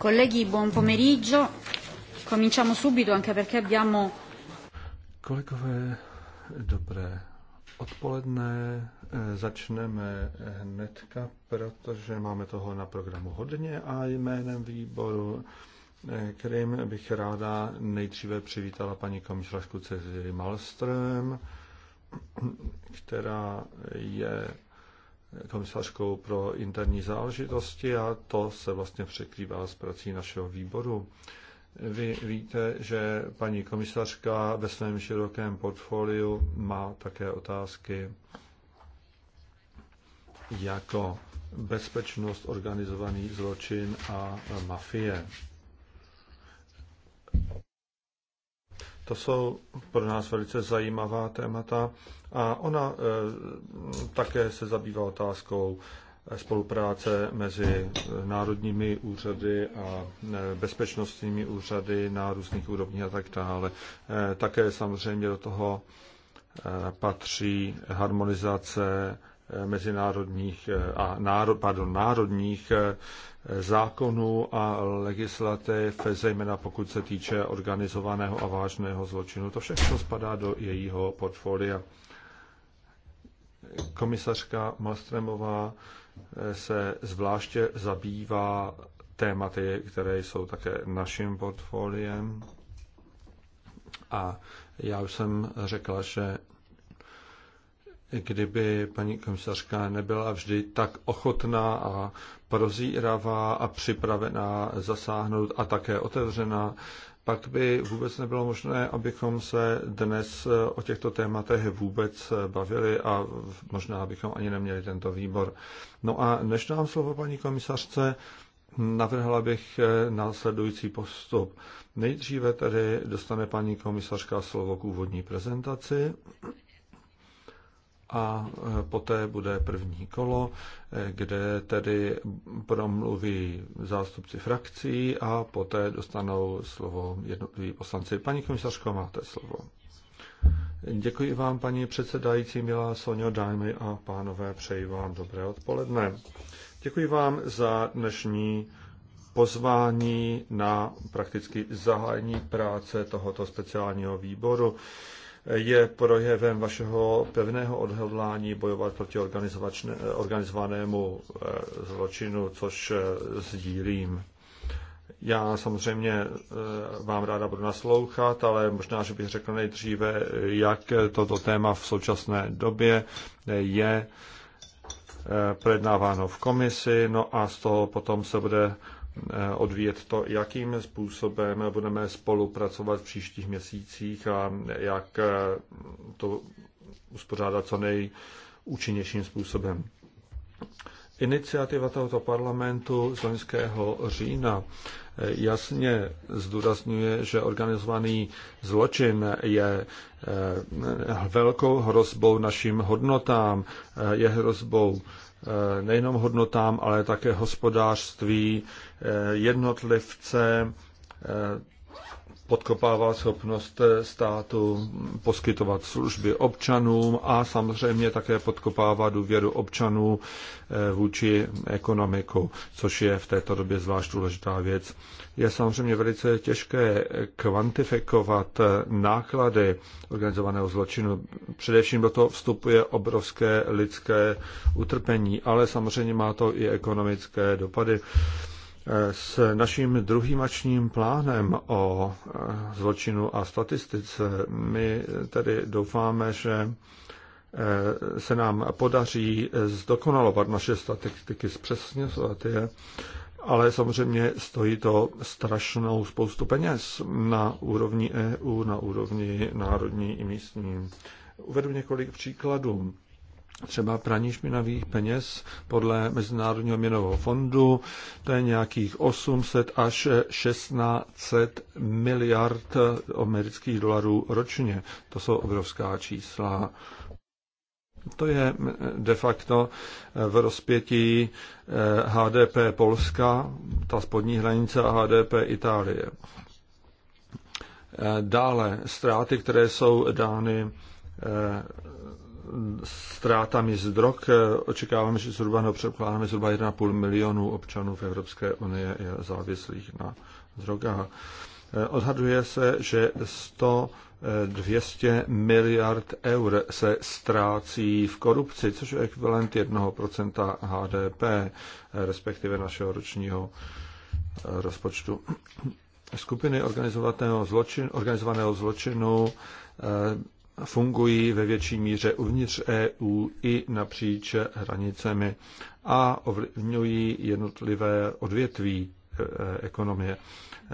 Colleghi, buon pomeriggio. Cominciamo subito anche perché abbiamo... Kolegové, dobré odpoledne. E, začneme hnedka, protože máme toho na programu hodně a jménem výboru e, kterým bych ráda nejdříve přivítala paní komisařku Cezary Malström, která je komisařkou pro interní záležitosti a to se vlastně překrývá s prací našeho výboru. Vy víte, že paní komisařka ve svém širokém portfoliu má také otázky jako bezpečnost, organizovaný zločin a mafie. To jsou pro nás velice zajímavá témata a ona eh, také se zabývá otázkou eh, spolupráce mezi eh, národními úřady a bezpečnostními úřady na různých úrovních a tak dále. Také samozřejmě do toho patří harmonizace mezinárodních eh, a národ, pardon, národních eh, zákonů a legislativ, zejména pokud se týče organizovaného a vážného zločinu. To všechno spadá do jejího portfolia. Komisařka Malstremová eh, se zvláště zabývá tématy, které jsou také naším portfoliem. A já už jsem řekla, že kdyby paní komisařka nebyla vždy tak ochotná a prozíravá a připravená zasáhnout a také otevřená, pak by vůbec nebylo možné, abychom se dnes o těchto tématech vůbec bavili a možná bychom ani neměli tento výbor. No a než dám slovo paní komisařce, navrhla bych následující postup. Nejdříve tedy dostane paní komisařka slovo k úvodní prezentaci a e, poté bude první kolo, e, kde tedy promluví zástupci frakcí a poté dostanou slovo jednotliví poslanci. Paní komisařko, máte slovo. Děkuji vám, paní předsedající, milá Sonio, dámy a pánové, přeji vám dobré odpoledne. Děkuji vám za dnešní pozvání na prakticky zahájení práce tohoto speciálního výboru je projevem vašeho pevného odhodlání bojovat proti organizovanému eh, zločinu, což eh, sdílím. Já samozřejmě eh, vám ráda budu naslouchat, ale možná, že bych řekl nejdříve, jak toto téma v současné době je projednáváno v komisi, no a z toho potom se bude Eh, odvíjet to, jakým způsobem budeme spolupracovat v příštích měsících a jak eh, to uspořádat co nejúčinnějším způsobem. Iniciativa tohoto parlamentu z loňského října eh, jasně zdůrazňuje, že organizovaný zločin je velkou hrozbou našim hodnotám, je hrozbou Eh, nejenom hodnotám, ale také hospodářství, eh, jednotlivce, eh, podkopává schopnost eh, státu poskytovat služby občanům a samozřejmě také podkopává důvěru občanů eh, vůči ekonomiku, což je v této době zvlášť důležitá věc. Je samozřejmě velice těžké kvantifikovat eh, náklady organizovaného zločinu. Především do toho vstupuje obrovské lidské utrpení, ale samozřejmě má to i ekonomické dopady. S naším druhým ačním plánem o eh, zločinu a statistice my tedy doufáme, že eh, se nám podaří zdokonalovat naše statistiky, zpřesňovat je, ale samozřejmě stojí to strašnou spoustu peněz na úrovni EU, na úrovni národní i místní. Uvedu několik příkladů třeba praní špinavých peněz podle Mezinárodního měnového fondu, to je nějakých 800 až 1600 miliard amerických dolarů ročně. To jsou obrovská čísla. To je de facto v rozpětí HDP eh, Polska, ta spodní hranice a HDP Itálie. Eh, dále ztráty, které jsou dány eh, ztrátami z drog. Očekáváme, že zhruba, no, předpokládáme zhruba 1,5 milionu občanů v Evropské unii je závislých na drogách. Odhaduje se, že 100 200 miliard eur se ztrácí v korupci, což je ekvivalent 1% HDP, respektive našeho ročního rozpočtu. Skupiny organizovaného zločinu, organizovaného zločinu fungují ve větší míře uvnitř EU i napříč hranicemi a ovlivňují jednotlivé odvětví e, ekonomie.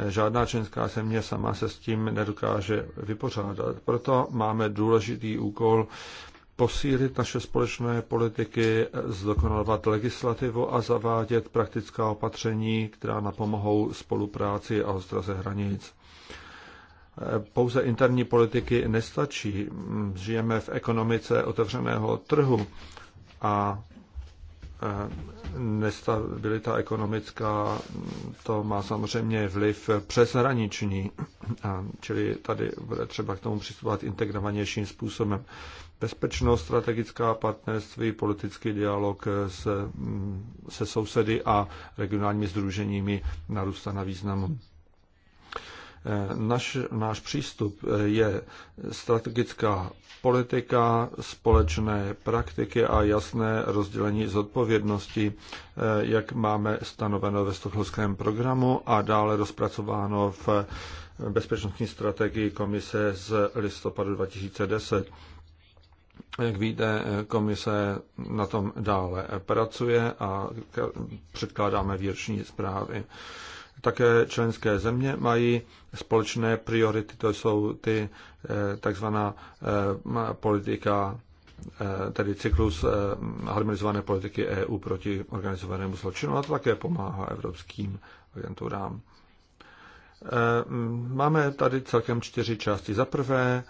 Žádná členská země sama se s tím nedokáže vypořádat. Proto máme důležitý úkol posílit naše společné politiky, zdokonalovat legislativu a zavádět praktická opatření, která napomohou spolupráci a ostraze hranic pouze interní politiky nestačí. Žijeme v ekonomice otevřeného trhu a eh, nestabilita ekonomická, to má samozřejmě vliv přeshraniční, čili tady bude třeba k tomu přistupovat integrovanějším způsobem. Bezpečnost, strategická partnerství, politický dialog se, se sousedy a regionálními združeními narůstá na významu. Naš, náš přístup je strategická politika, společné praktiky a jasné rozdělení zodpovědnosti, jak máme stanoveno ve stokholském programu a dále rozpracováno v bezpečnostní strategii komise z listopadu 2010. Jak víte, komise na tom dále pracuje a předkládáme výroční zprávy. Také členské země mají společné priority, to jsou ty eh, takzvaná eh, politika, eh, tedy cyklus harmonizované politiky EU proti organizovanému zločinu a to také pomáhá evropským agenturám. Máme tady celkem čtyři části. Za prvé,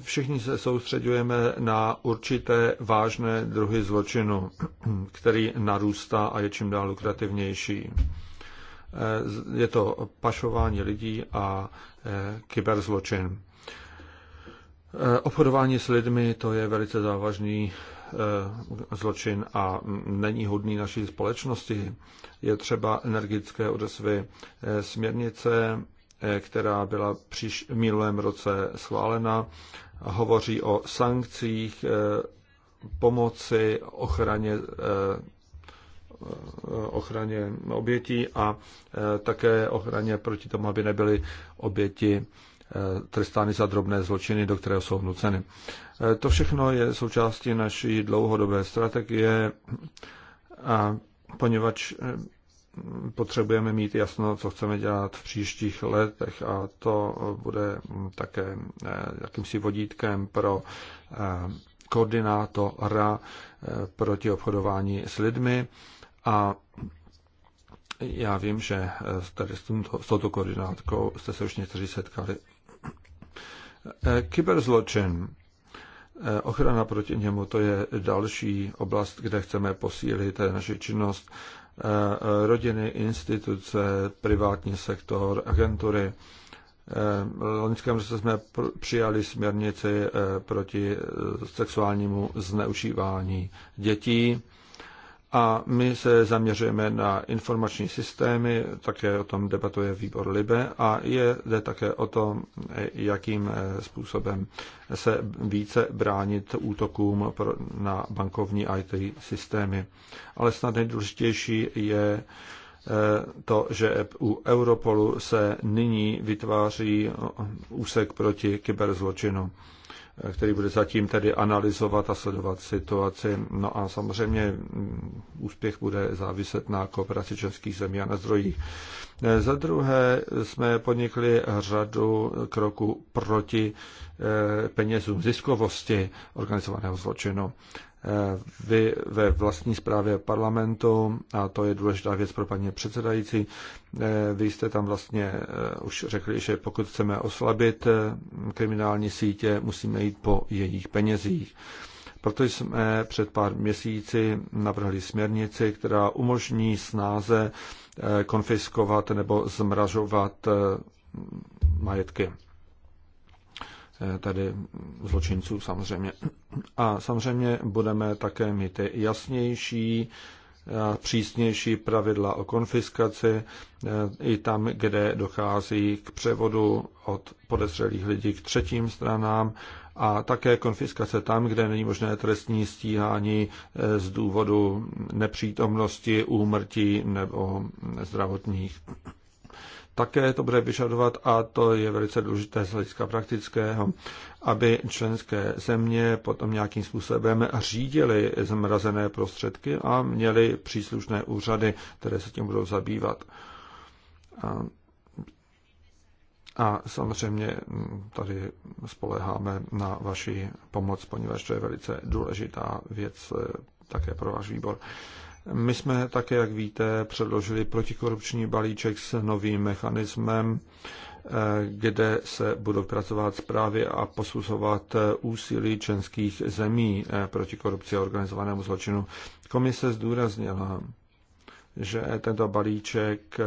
všichni se soustředujeme na určité vážné druhy zločinu, který narůstá a je čím dál lukrativnější. Eh, je to pašování lidí a eh, kyberzločin. Eh, obchodování s lidmi to je velice závažný zločin a není hodný naší společnosti. Je třeba energické odesvy směrnice, která byla příš, v minulém roce schválena, hovoří o sankcích, pomoci, ochraně Eh, ochraně obětí a eh, také ochraně proti tomu, aby nebyly oběti eh, trestány za drobné zločiny, do kterého jsou nuceny. To všechno je součástí naší dlouhodobé strategie a poněvadž potřebujeme mít jasno, co chceme dělat v příštích letech a to bude také jakýmsi vodítkem pro koordinátora proti obchodování s lidmi a já vím, že tady s, tímto, s touto koordinátkou jste se už někteří setkali. Eh, kyberzločin, eh, ochrana proti němu, to je další oblast, kde chceme posílit naši činnost. Eh, rodiny, instituce, privátní sektor, agentury. V loňském roce jsme přijali směrnici proti sexuálnímu zneužívání dětí a my se zaměřujeme na informační systémy, také o tom debatuje výbor Libe a je, jde také o tom, jakým eh, způsobem se více bránit útokům na bankovní IT systémy. Ale snad nejdůležitější je eh, to, že u Europolu se nyní vytváří eh, úsek proti kyberzločinu který bude zatím tedy analyzovat a sledovat situaci. No a samozřejmě mm, úspěch bude záviset na kooperaci českých zemí a na zdrojích. Za druhé jsme podnikli řadu kroků proti eh, penězům ziskovosti organizovaného zločinu. Eh, vy ve vlastní zprávě parlamentu, a to je důležitá věc pro paní předsedající, eh, vy jste tam vlastně eh, už řekli, že pokud chceme oslabit kriminální sítě, musíme jít po jejich penězích. Proto jsme před pár měsíci navrhli směrnici, která umožní snáze konfiskovat nebo zmražovat majetky. Eh, tady zločinců samozřejmě. A samozřejmě budeme také mít jasnější, přísnější pravidla o konfiskaci eh, i tam, kde dochází k převodu od podezřelých lidí k třetím stranám a také konfiskace tam, kde není možné trestní stíhání eh, z důvodu nepřítomnosti, úmrtí nebo zdravotních také to bude vyžadovat, a to je velice důležité z hlediska praktického, aby členské země potom nějakým způsobem řídily zmrazené prostředky a měly příslušné úřady, které se tím budou zabývat. A, a samozřejmě tady spoleháme na vaši pomoc, poněvadž to je velice důležitá věc eh, také pro váš výbor. My jsme také, jak víte, předložili protikorupční balíček s novým mechanismem, eh, kde se budou pracovat zprávy a posuzovat eh, úsilí členských zemí eh, proti korupci a organizovanému zločinu. Komise zdůraznila, že tento balíček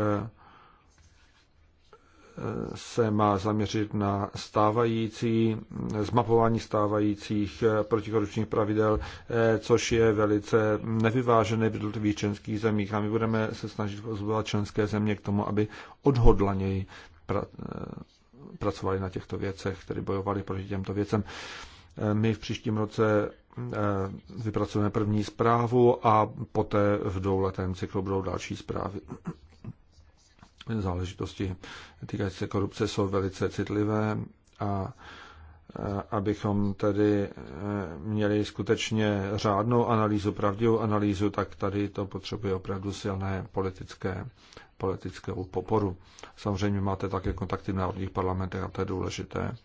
se má zaměřit na stávající, zmapování stávajících protikorupčních pravidel, eh, což je velice nevyvážené v jednotlivých členských zemích. A my budeme se snažit pozvat členské země k tomu, aby odhodlaněji pra, eh, pracovali na těchto věcech, které bojovali proti těmto věcem. Eh, my v příštím roce vypracujeme první zprávu a poté v dvouletém cyklu budou další zprávy záležitosti týkající se korupce jsou velice citlivé a eh, abychom tedy eh, měli skutečně řádnou analýzu, pravdivou analýzu, tak tady to potřebuje opravdu silné politické, politického poporu. Samozřejmě máte také kontakty v národních parlamentech a to je důležité.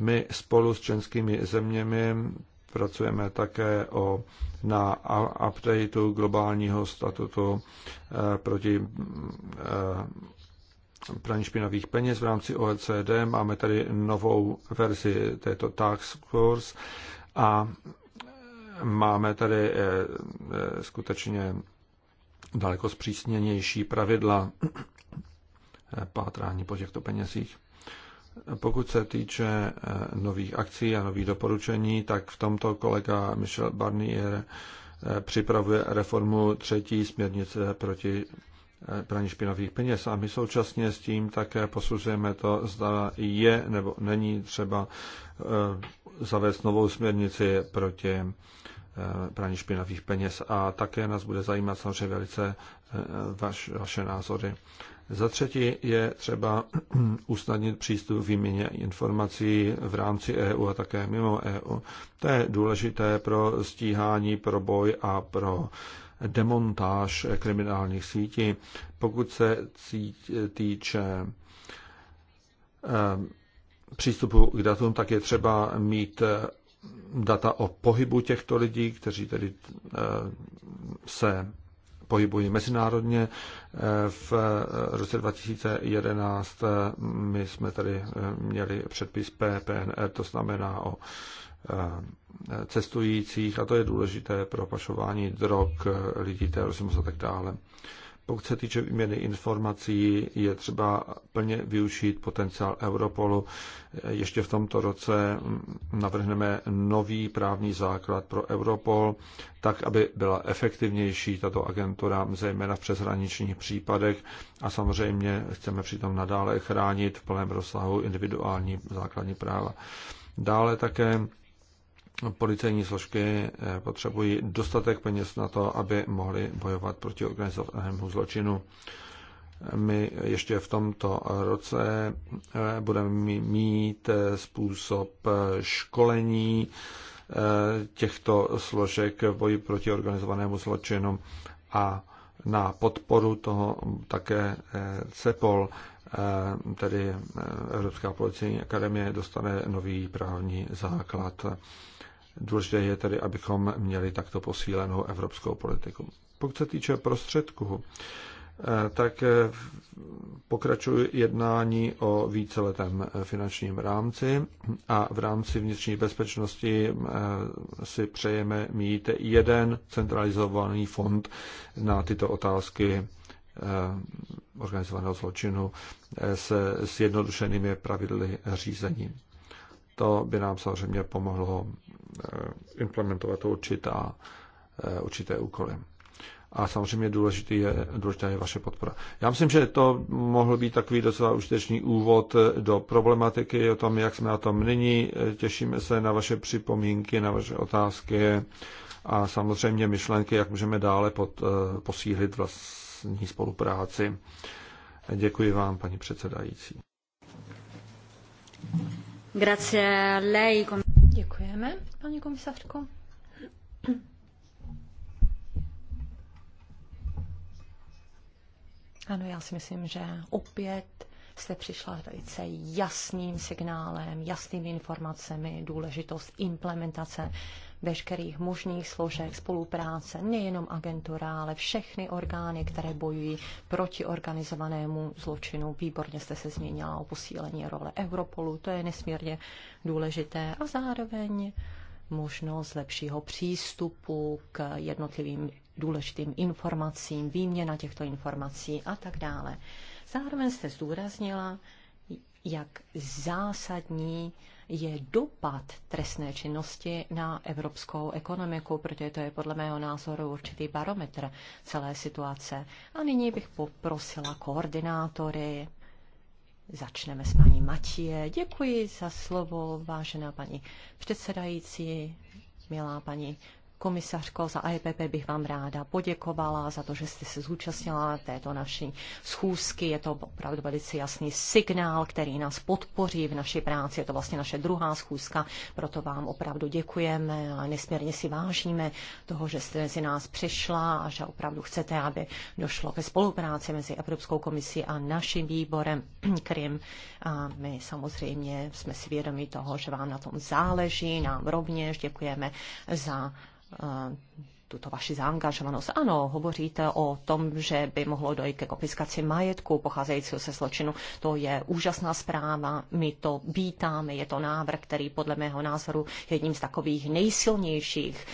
My spolu s členskými zeměmi Pracujeme také o, na updateu globálního statutu eh, proti eh, praní špinavých peněz v rámci OECD. Máme tady novou verzi této tax force a máme tady eh, skutečně daleko zpřísněnější pravidla pátrání po těchto penězích. Pokud se týče eh, nových akcí a nových doporučení, tak v tomto kolega Michel Barnier eh, připravuje reformu třetí směrnice proti eh, praní špinavých peněz a my současně s tím také posuzujeme to, zda je nebo není třeba zavést novou směrnici proti praní špinavých peněz a také nás bude zajímat samozřejmě velice vaš, vaše názory. Za třetí je třeba usnadnit přístup výměně informací v rámci EU a také mimo EU. To je důležité pro stíhání, pro boj a pro demontáž kriminálních sítí. Pokud se týče eh, přístupu k datům, tak je třeba mít eh, data o pohybu těchto lidí, kteří tedy eh, se pohybují mezinárodně. E, v roce 2011 e, my jsme tady e, měli předpis PPNR, to znamená o cestujících a to je důležité pro pašování drog, lidí, terorismus a tak dále. Pokud se týče výměny informací, je třeba plně využít potenciál Europolu. Ještě v tomto roce navrhneme nový právní základ pro Europol, tak aby byla efektivnější tato agentura, zejména v přeshraničních případech. A samozřejmě chceme přitom nadále chránit v plném rozsahu individuální základní práva. Dále také policejní složky eh, potřebují dostatek peněz na to, aby mohli bojovat proti organizovanému zločinu. My ještě v tomto roce eh, budeme mít eh, způsob školení těchto složek v boji proti organizovanému zločinu a na podporu toho také CEPOL, tedy Evropská policejní akademie, dostane nový právní základ. Důležité je tedy, abychom měli takto posílenou evropskou politiku. Pokud se týče prostředků, eh, tak eh, pokračuje jednání o víceletém eh, finančním rámci a v rámci vnitřní bezpečnosti si přejeme mít jeden centralizovaný fond na tyto otázky organizovaného zločinu se zjednodušenými pravidly řízení to by nám samozřejmě pomohlo eh, implementovat určitá, eh, určité úkoly. A samozřejmě důležitý je, důležitá je vaše podpora. Já myslím, že to mohl být takový docela užitečný úvod do problematiky, o tom, jak jsme na tom nyní. Těšíme se na vaše připomínky, na vaše otázky a samozřejmě myšlenky, jak můžeme dále pod, eh, posílit vlastní spolupráci. Děkuji vám, paní předsedající. Grazie lei. Děkujeme, paní komisařko. Ano, já si myslím, že opět jste přišla s velice jasným signálem, jasnými informacemi, důležitost implementace veškerých možných složek spolupráce, nejenom agentura, ale všechny orgány, které bojují proti organizovanému zločinu. Výborně jste se zmínila o posílení role Europolu, to je nesmírně důležité a zároveň možnost lepšího přístupu k jednotlivým důležitým informacím, výměna těchto informací a tak dále. Zároveň jste zdůraznila, jak zásadní je dopad trestné činnosti na evropskou ekonomiku, protože to je podle mého názoru určitý barometr celé situace. A nyní bych poprosila koordinátory. Začneme s paní Matěje. Děkuji za slovo, vážená paní předsedající, milá paní komisařko, za IPP e bych vám ráda poděkovala za to, že jste se zúčastnila této naší schůzky. Je to opravdu velice jasný signál, který nás podpoří v naší práci. Je to vlastně naše druhá schůzka, proto vám opravdu děkujeme a nesmírně si vážíme toho, že jste mezi nás přišla a že opravdu chcete, aby došlo ke spolupráci mezi Evropskou komisí a naším výborem Krim. A my samozřejmě jsme vědomi toho, že vám na tom záleží, nám rovněž děkujeme za tuto vaši zaangažovanost. Ano, hovoříte o tom, že by mohlo dojít ke konfiskaci majetku pocházejícího se zločinu. To je úžasná zpráva, my to vítáme, je to návrh, který podle mého názoru je jedním z takových nejsilnějších uh,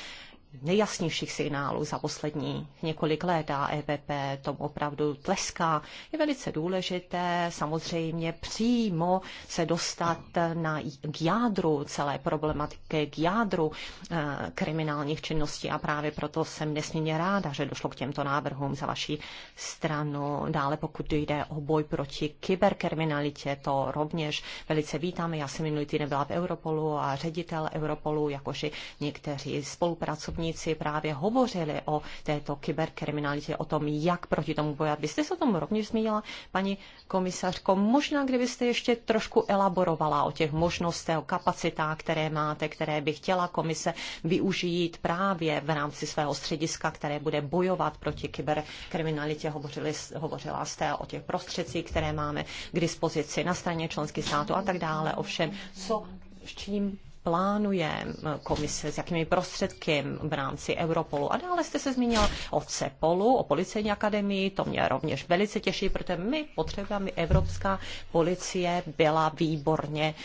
nejjasnějších signálů za poslední několik let a EPP tomu opravdu tleská. Je velice důležité samozřejmě přímo se dostat na, k jádru celé problematiky, k jádru e, kriminálních činností a právě proto jsem nesmírně ráda, že došlo k těmto návrhům za vaší stranu. Dále pokud jde o boj proti kyberkriminalitě, to rovněž velice vítáme. Já jsem minulý týden byla v Europolu a ředitel Europolu, jakož i někteří spolupracovali podvodníci právě hovořili o této kyberkriminalitě, o tom, jak proti tomu bojovat. Vy jste se o tom rovněž zmínila, paní komisařko. Možná, kdybyste ještě trošku elaborovala o těch možnostech, o kapacitách, které máte, které by chtěla komise využít právě v rámci svého střediska, které bude bojovat proti kyberkriminalitě. Hovořili, hovořila jste o těch prostředcích, které máme k dispozici na straně členských států a tak dále. Ovšem, co s čím plánuje komise, s jakými prostředky v rámci Europolu. A dále jste se zmínila o CEPOLu, o policejní akademii, to mě rovněž velice těší, protože my potřebujeme, aby evropská policie byla výborně uh,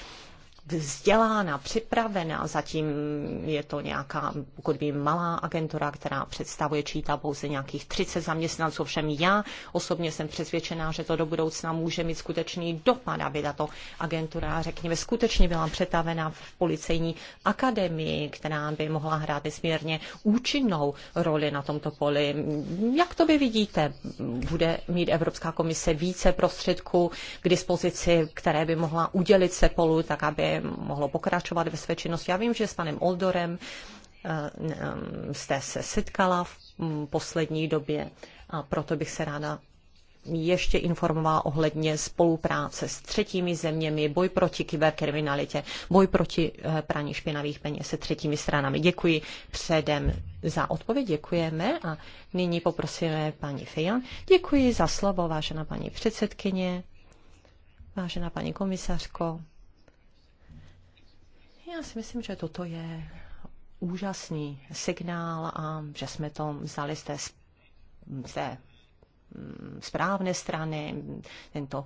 vzdělána, připravena. Zatím je to nějaká, pokud vím, malá agentura, která představuje čítá pouze nějakých 30 zaměstnanců. Všem já osobně jsem přesvědčená, že to do budoucna může mít skutečný dopad, aby tato agentura, řekněme, skutečně byla přetavena v policejní akademii, která by mohla hrát nesmírně účinnou roli na tomto poli. Jak to vy vidíte? Bude mít Evropská komise více prostředků k dispozici, které by mohla udělit se polu, tak aby mohlo pokračovat ve své činnosti. Já vím, že s panem Oldorem eh, jste se setkala v mm, poslední době a proto bych se ráda ještě informovala ohledně spolupráce s třetími zeměmi, boj proti kyberkriminalitě, boj proti eh, praní špinavých peněz se třetími stranami. Děkuji předem za odpověď, děkujeme a nyní poprosíme paní Fian. Děkuji za slovo, vážená paní předsedkyně, vážená paní komisařko, já si myslím, že toto je úžasný signál a že jsme to vzali z té, z té mm, správné strany, tento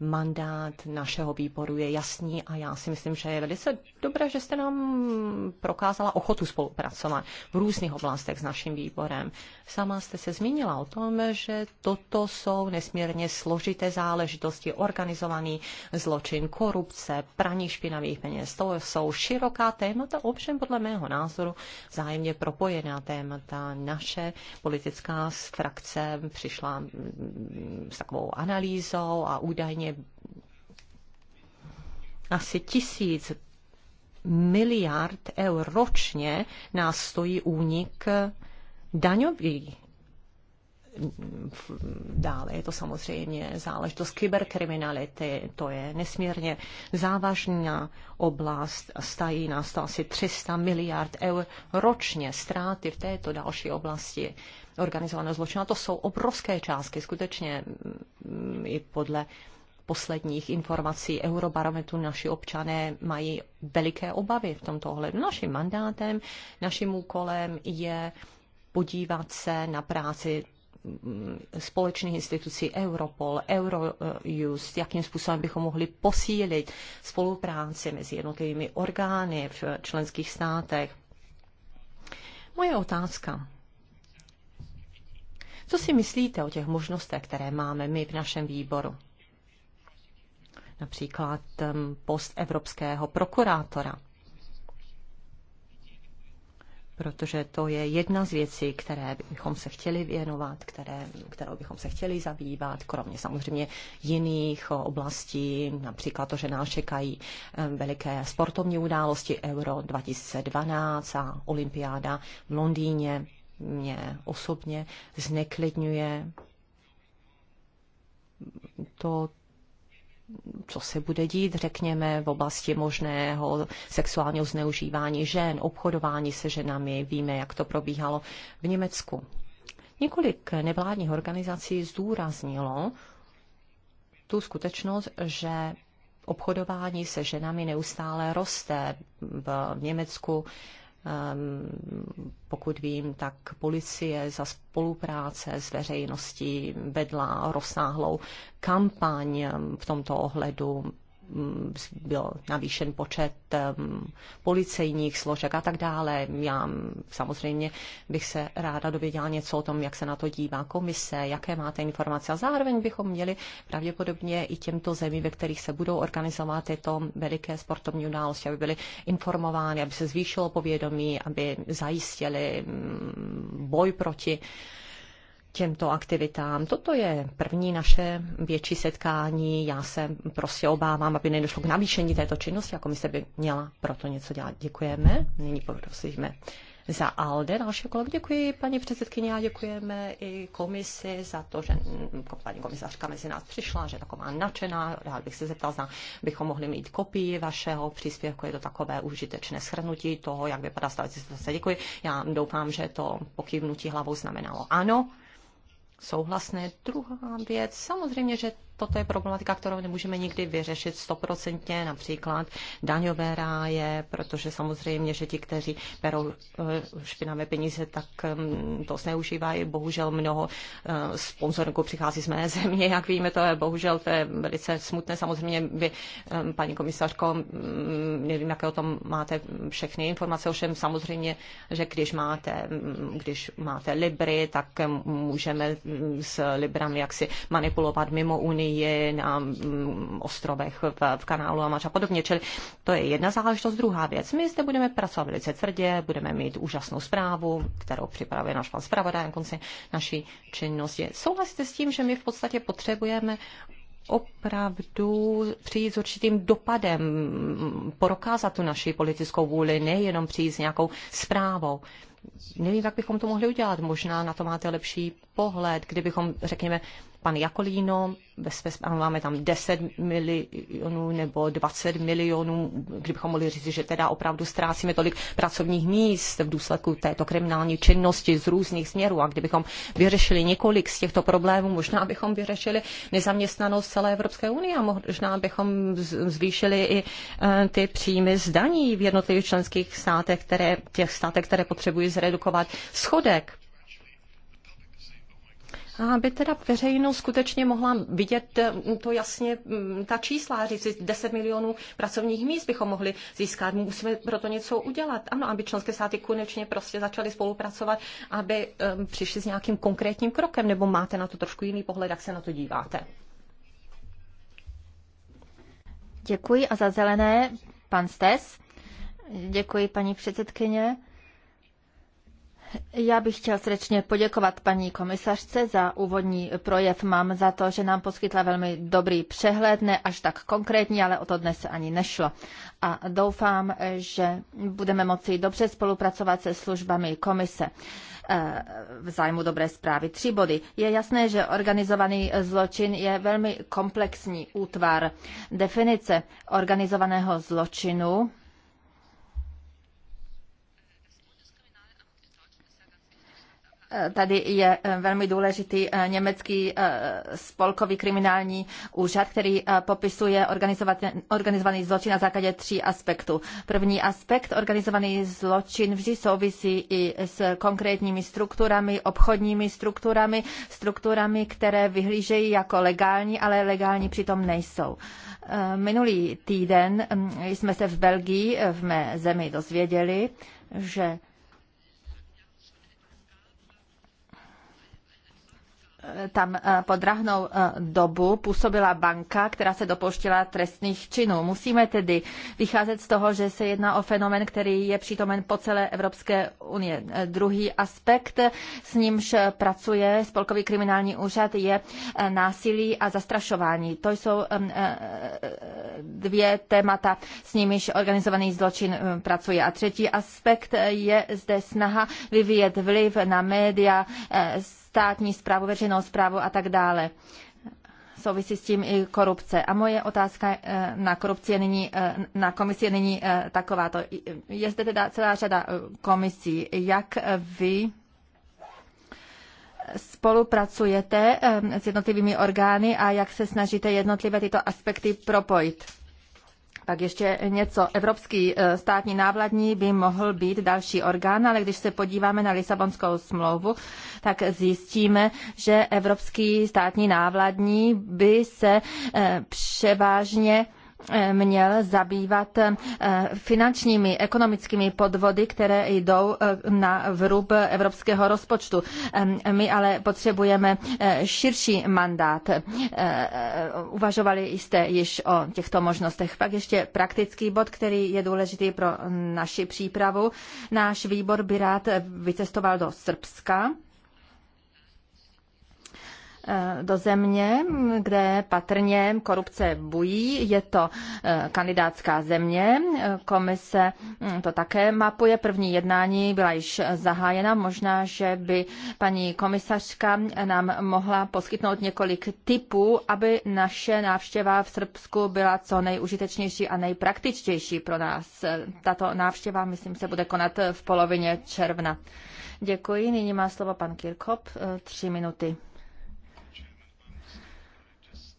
mandát našeho výboru je jasný a já si myslím, že je velice dobré, že jste nám prokázala ochotu spolupracovat v různých oblastech s naším výborem. Sama jste se zmínila o tom, že toto jsou nesmírně složité záležitosti, organizovaný zločin, korupce, praní špinavých peněz. To jsou široká témata, ovšem podle mého názoru zájemně propojená témata. Naše politická frakce přišla mm, s takovou analýzou a údajně je vlastně asi tisíc miliard eur ročně nás stojí únik daňový. Dále je to samozřejmě záležitost kyberkriminality, to je nesmírně závažná oblast, stají nás to asi 300 miliard eur ročně, ztráty v této další oblasti organizovaného zločinu. To jsou obrovské částky, skutečně mm, i podle posledních informací Eurobarometru naši občané mají veliké obavy v tomto ohledu. Naším mandátem, naším úkolem je podívat se na práci mm, společných institucí Europol, Eurojust, jakým způsobem bychom mohli posílit spolupráci mezi jednotlivými orgány v členských státech. Moje otázka. Co si myslíte o těch možnostech, které máme my v našem výboru? například post evropského prokurátora. Protože to je jedna z věcí, které bychom se chtěli věnovat, které, kterou bychom se chtěli zabývat, kromě samozřejmě jiných oblastí, například to, že nás čekají veliké sportovní události Euro 2012 a Olympiáda v Londýně mě osobně zneklidňuje to, co se bude dít, řekněme, v oblasti možného sexuálního zneužívání žen, obchodování se ženami. Víme, jak to probíhalo v Německu. Několik nevládních organizací zdůraznilo tu skutečnost, že obchodování se ženami neustále roste v Německu Ehm, pokud vím, tak policie za spolupráce s veřejností vedla rozsáhlou kampaň v tomto ohledu Mm, byl navýšen počet mm, policejních složek a tak dále. Já mm, samozřejmě bych se ráda dověděla něco o tom, jak se na to dívá komise, jaké máte informace. A zároveň bychom měli pravděpodobně i těmto zemím, ve kterých se budou organizovat tyto veliké sportovní události, aby byly informovány, aby se zvýšilo povědomí, aby zajistili boj proti těmto aktivitám. Toto je první naše větší setkání. Já se prostě obávám, aby nedošlo k navýšení této činnosti a se by měla proto něco dělat. Děkujeme. Nyní poprosíme za ALDE. Další kolegy děkuji paní předsedkyně a děkujeme i komisi za to, že paní komisařka mezi nás přišla, že je taková nadšená. Rád bych se zeptal, zda bychom mohli mít kopii vašeho příspěvku. Je to takové užitečné shrnutí toho, jak vypadá stavící situace. Děkuji. Já doufám, že to pokývnutí hlavou znamenalo ano souhlasné. Druhá věc, samozřejmě, že toto je problematika, kterou nemůžeme nikdy vyřešit stoprocentně, například daňové ráje, protože samozřejmě, že ti, kteří berou eh, špinavé peníze, tak mm, to zneužívají. Bohužel mnoho eh, sponzorů přichází z mé země, jak víme, to je bohužel to je velice smutné. Samozřejmě vy, eh, paní komisařko, mm, nevím, jaké o tom máte všechny informace, ovšem samozřejmě, že když máte, mm, když máte Libry, tak můžeme s Librami jaksi manipulovat mimo Unii je na mm, ostrovech v, v kanálu a a podobně. Čili to je jedna záležitost. Druhá věc. My zde budeme pracovat velice tvrdě, budeme mít úžasnou zprávu, kterou připravuje náš pan zpravodaj na konci naší činnosti. Souhlasíte s tím, že my v podstatě potřebujeme opravdu přijít s určitým dopadem, prokázat tu naši politickou vůli, nejenom přijít s nějakou zprávou. Nevím, jak bychom to mohli udělat. Možná na to máte lepší pohled, kdybychom, řekněme, pan Jakolíno, máme tam 10 milionů nebo 20 milionů, kdybychom mohli říct, že teda opravdu ztrácíme tolik pracovních míst v důsledku této kriminální činnosti z různých směrů. A kdybychom vyřešili několik z těchto problémů, možná bychom vyřešili nezaměstnanost celé Evropské unie a možná bychom zvýšili i eh, ty příjmy z daní v jednotlivých členských státech, které, těch státech, které potřebují zredukovat schodek aby teda veřejnost skutečně mohla vidět eh, to jasně, mm, ta čísla, a říct 10 milionů pracovních míst bychom mohli získat, musíme proto něco udělat. Ano, aby členské státy konečně prostě začaly spolupracovat, aby eh, přišli s nějakým konkrétním krokem, nebo máte na to trošku jiný pohled, jak se na to díváte? Děkuji a za zelené pan Stes. Děkuji paní předsedkyně. Já bych chtěl srdečně poděkovat paní komisařce za úvodní projev. Mám za to, že nám poskytla velmi dobrý přehled, ne až tak konkrétní, ale o to dnes ani nešlo. A doufám, že budeme moci dobře spolupracovat se službami komise e, v zájmu dobré zprávy. Tři body. Je jasné, že organizovaný zločin je velmi komplexní útvar. Definice organizovaného zločinu Tady je eh, velmi důležitý eh, německý eh, spolkový kriminální úřad, který popisuje organizovaný zločin na základě tří aspektů. První aspekt, organizovaný zločin vždy souvisí i s konkrétními strukturami, obchodními strukturami, strukturami, které vyhlížejí jako legální, ale legální přitom nejsou. Minulý týden hm, jsme se v Belgii, v mé zemi, dozvěděli, že tam eh, pod rahnou eh, dobu působila banka, která se dopouštěla trestných činů. Musíme tedy vycházet z toho, že se jedná o fenomen, který je přítomen po celé Evropské unie. Eh, druhý aspekt, s nímž pracuje Spolkový kriminální úřad, je násilí a zastrašování. To jsou dvě témata, s nimiž organizovaný zločin pracuje. A třetí aspekt je zde snaha vyvíjet vliv na média, státní zprávu, veřejnou zprávu a tak dále. Souvisí s tím i korupce. A moje otázka eh, na korupci je nyní, eh, na komisi je nyní eh, takováto. Je zde teda celá řada komisí. Jak vy spolupracujete s jednotlivými orgány a jak se snažíte jednotlivé tyto aspekty propojit? Pak ještě něco. Evropský eh, státní návladní by mohl být další orgán, ale když se podíváme na Lisabonskou smlouvu, tak zjistíme, že Evropský státní návladní by se eh, převážně měl zabývat eh, finančními, ekonomickými podvody, které jdou eh, na vrub evropského rozpočtu. My ale potřebujeme eh, širší mandát. Uvažovali jste již o těchto možnostech. Pak ještě praktický bod, který je důležitý pro naši přípravu. Náš výbor by rád vycestoval do Srbska Eh, do země, kde patrně korupce bují. Je to eh, kandidátská země. Komise hm, to také mapuje. První jednání byla již zahájena. Možná, že by paní komisařka nám mohla poskytnout několik typů, aby naše návštěva v Srbsku byla co nejužitečnější a nejpraktičtější pro nás. Tato návštěva, myslím, se bude konat v polovině června. Děkuji. Nyní má slovo pan Kirkop. Eh, tři minuty.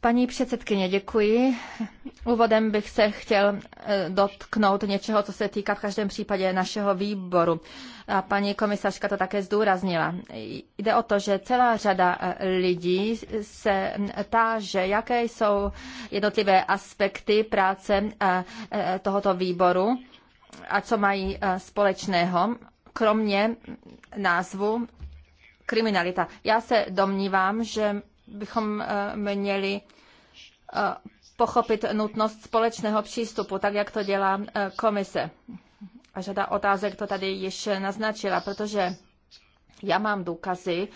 Paní předsedkyně, děkuji. Úvodem bych se chtěl eh, dotknout něčeho, co se týká v každém případě našeho výboru. A paní komisařka to také zdůraznila. Jde o to, že celá řada eh, lidí se mm, táže, jaké jsou jednotlivé aspekty práce eh, tohoto výboru a co mají společného, kromě mm, názvu kriminalita. Já se domnívám, že bychom eh, měli eh, pochopit nutnost společného přístupu, tak jak to dělá eh, komise. A řada otázek to tady již naznačila, protože já mám důkazy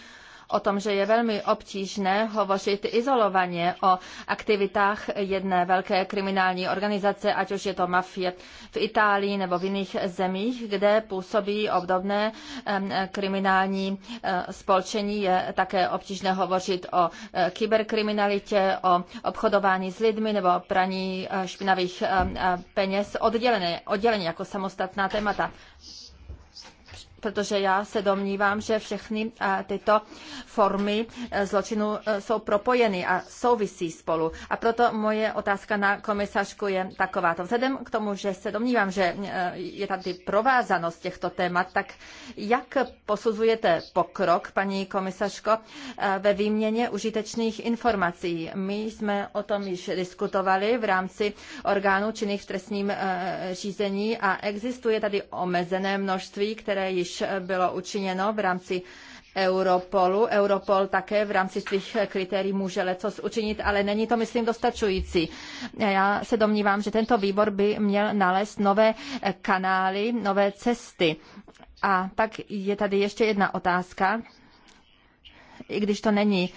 o tom, že je velmi obtížné hovořit izolovaně o aktivitách jedné velké kriminální organizace, ať už je to mafie v Itálii nebo v jiných zemích, kde působí obdobné kriminální eh, spolčení. Je také obtížné hovořit o eh, kyberkriminalitě, o obchodování s lidmi nebo o praní eh, špinavých peněz odděleně, odděleně jako samostatná témata protože já se domnívám, že všechny tyto formy e, zločinu e, jsou propojeny a souvisí spolu. A proto moje otázka na komisařku je taková. To vzhledem k tomu, že se domnívám, že e, je tady provázanost těchto témat, tak jak posuzujete pokrok, paní komisařko, ve výměně užitečných informací? My jsme o tom již diskutovali v rámci orgánů činných v trestním řízení a existuje tady omezené množství, které již již bylo učiněno v rámci Europolu. Europol také v rámci svých kritérií může lecos učinit, ale není to, myslím, dostačující. Já se domnívám, že tento výbor by měl nalézt nové kanály, nové cesty. A pak je tady ještě jedna otázka, i když to není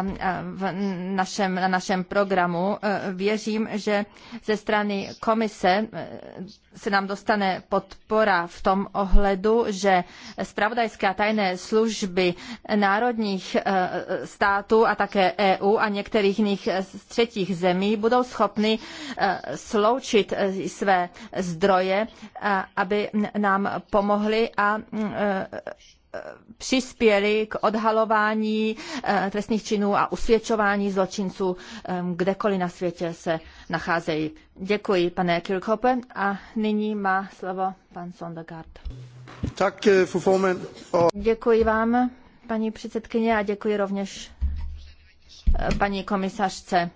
um, um, v našem, na našem programu, uh, věřím, že ze strany komise uh, se nám dostane podpora v tom ohledu, že spravodajské a tajné služby národních uh, států a také EU a některých jiných třetích zemí budou schopny sloučit své zdroje, aby nám pomohly a přispěli k odhalování eh, trestných činů a usvědčování zločinců kdekoliv na světě se nacházejí. Děkuji, pane Kirchhope. A nyní má slovo pan Sondergaard. Tak, eh, Děkuji vám, paní předsedkyně, a děkuji rovněž eh, paní komisařce.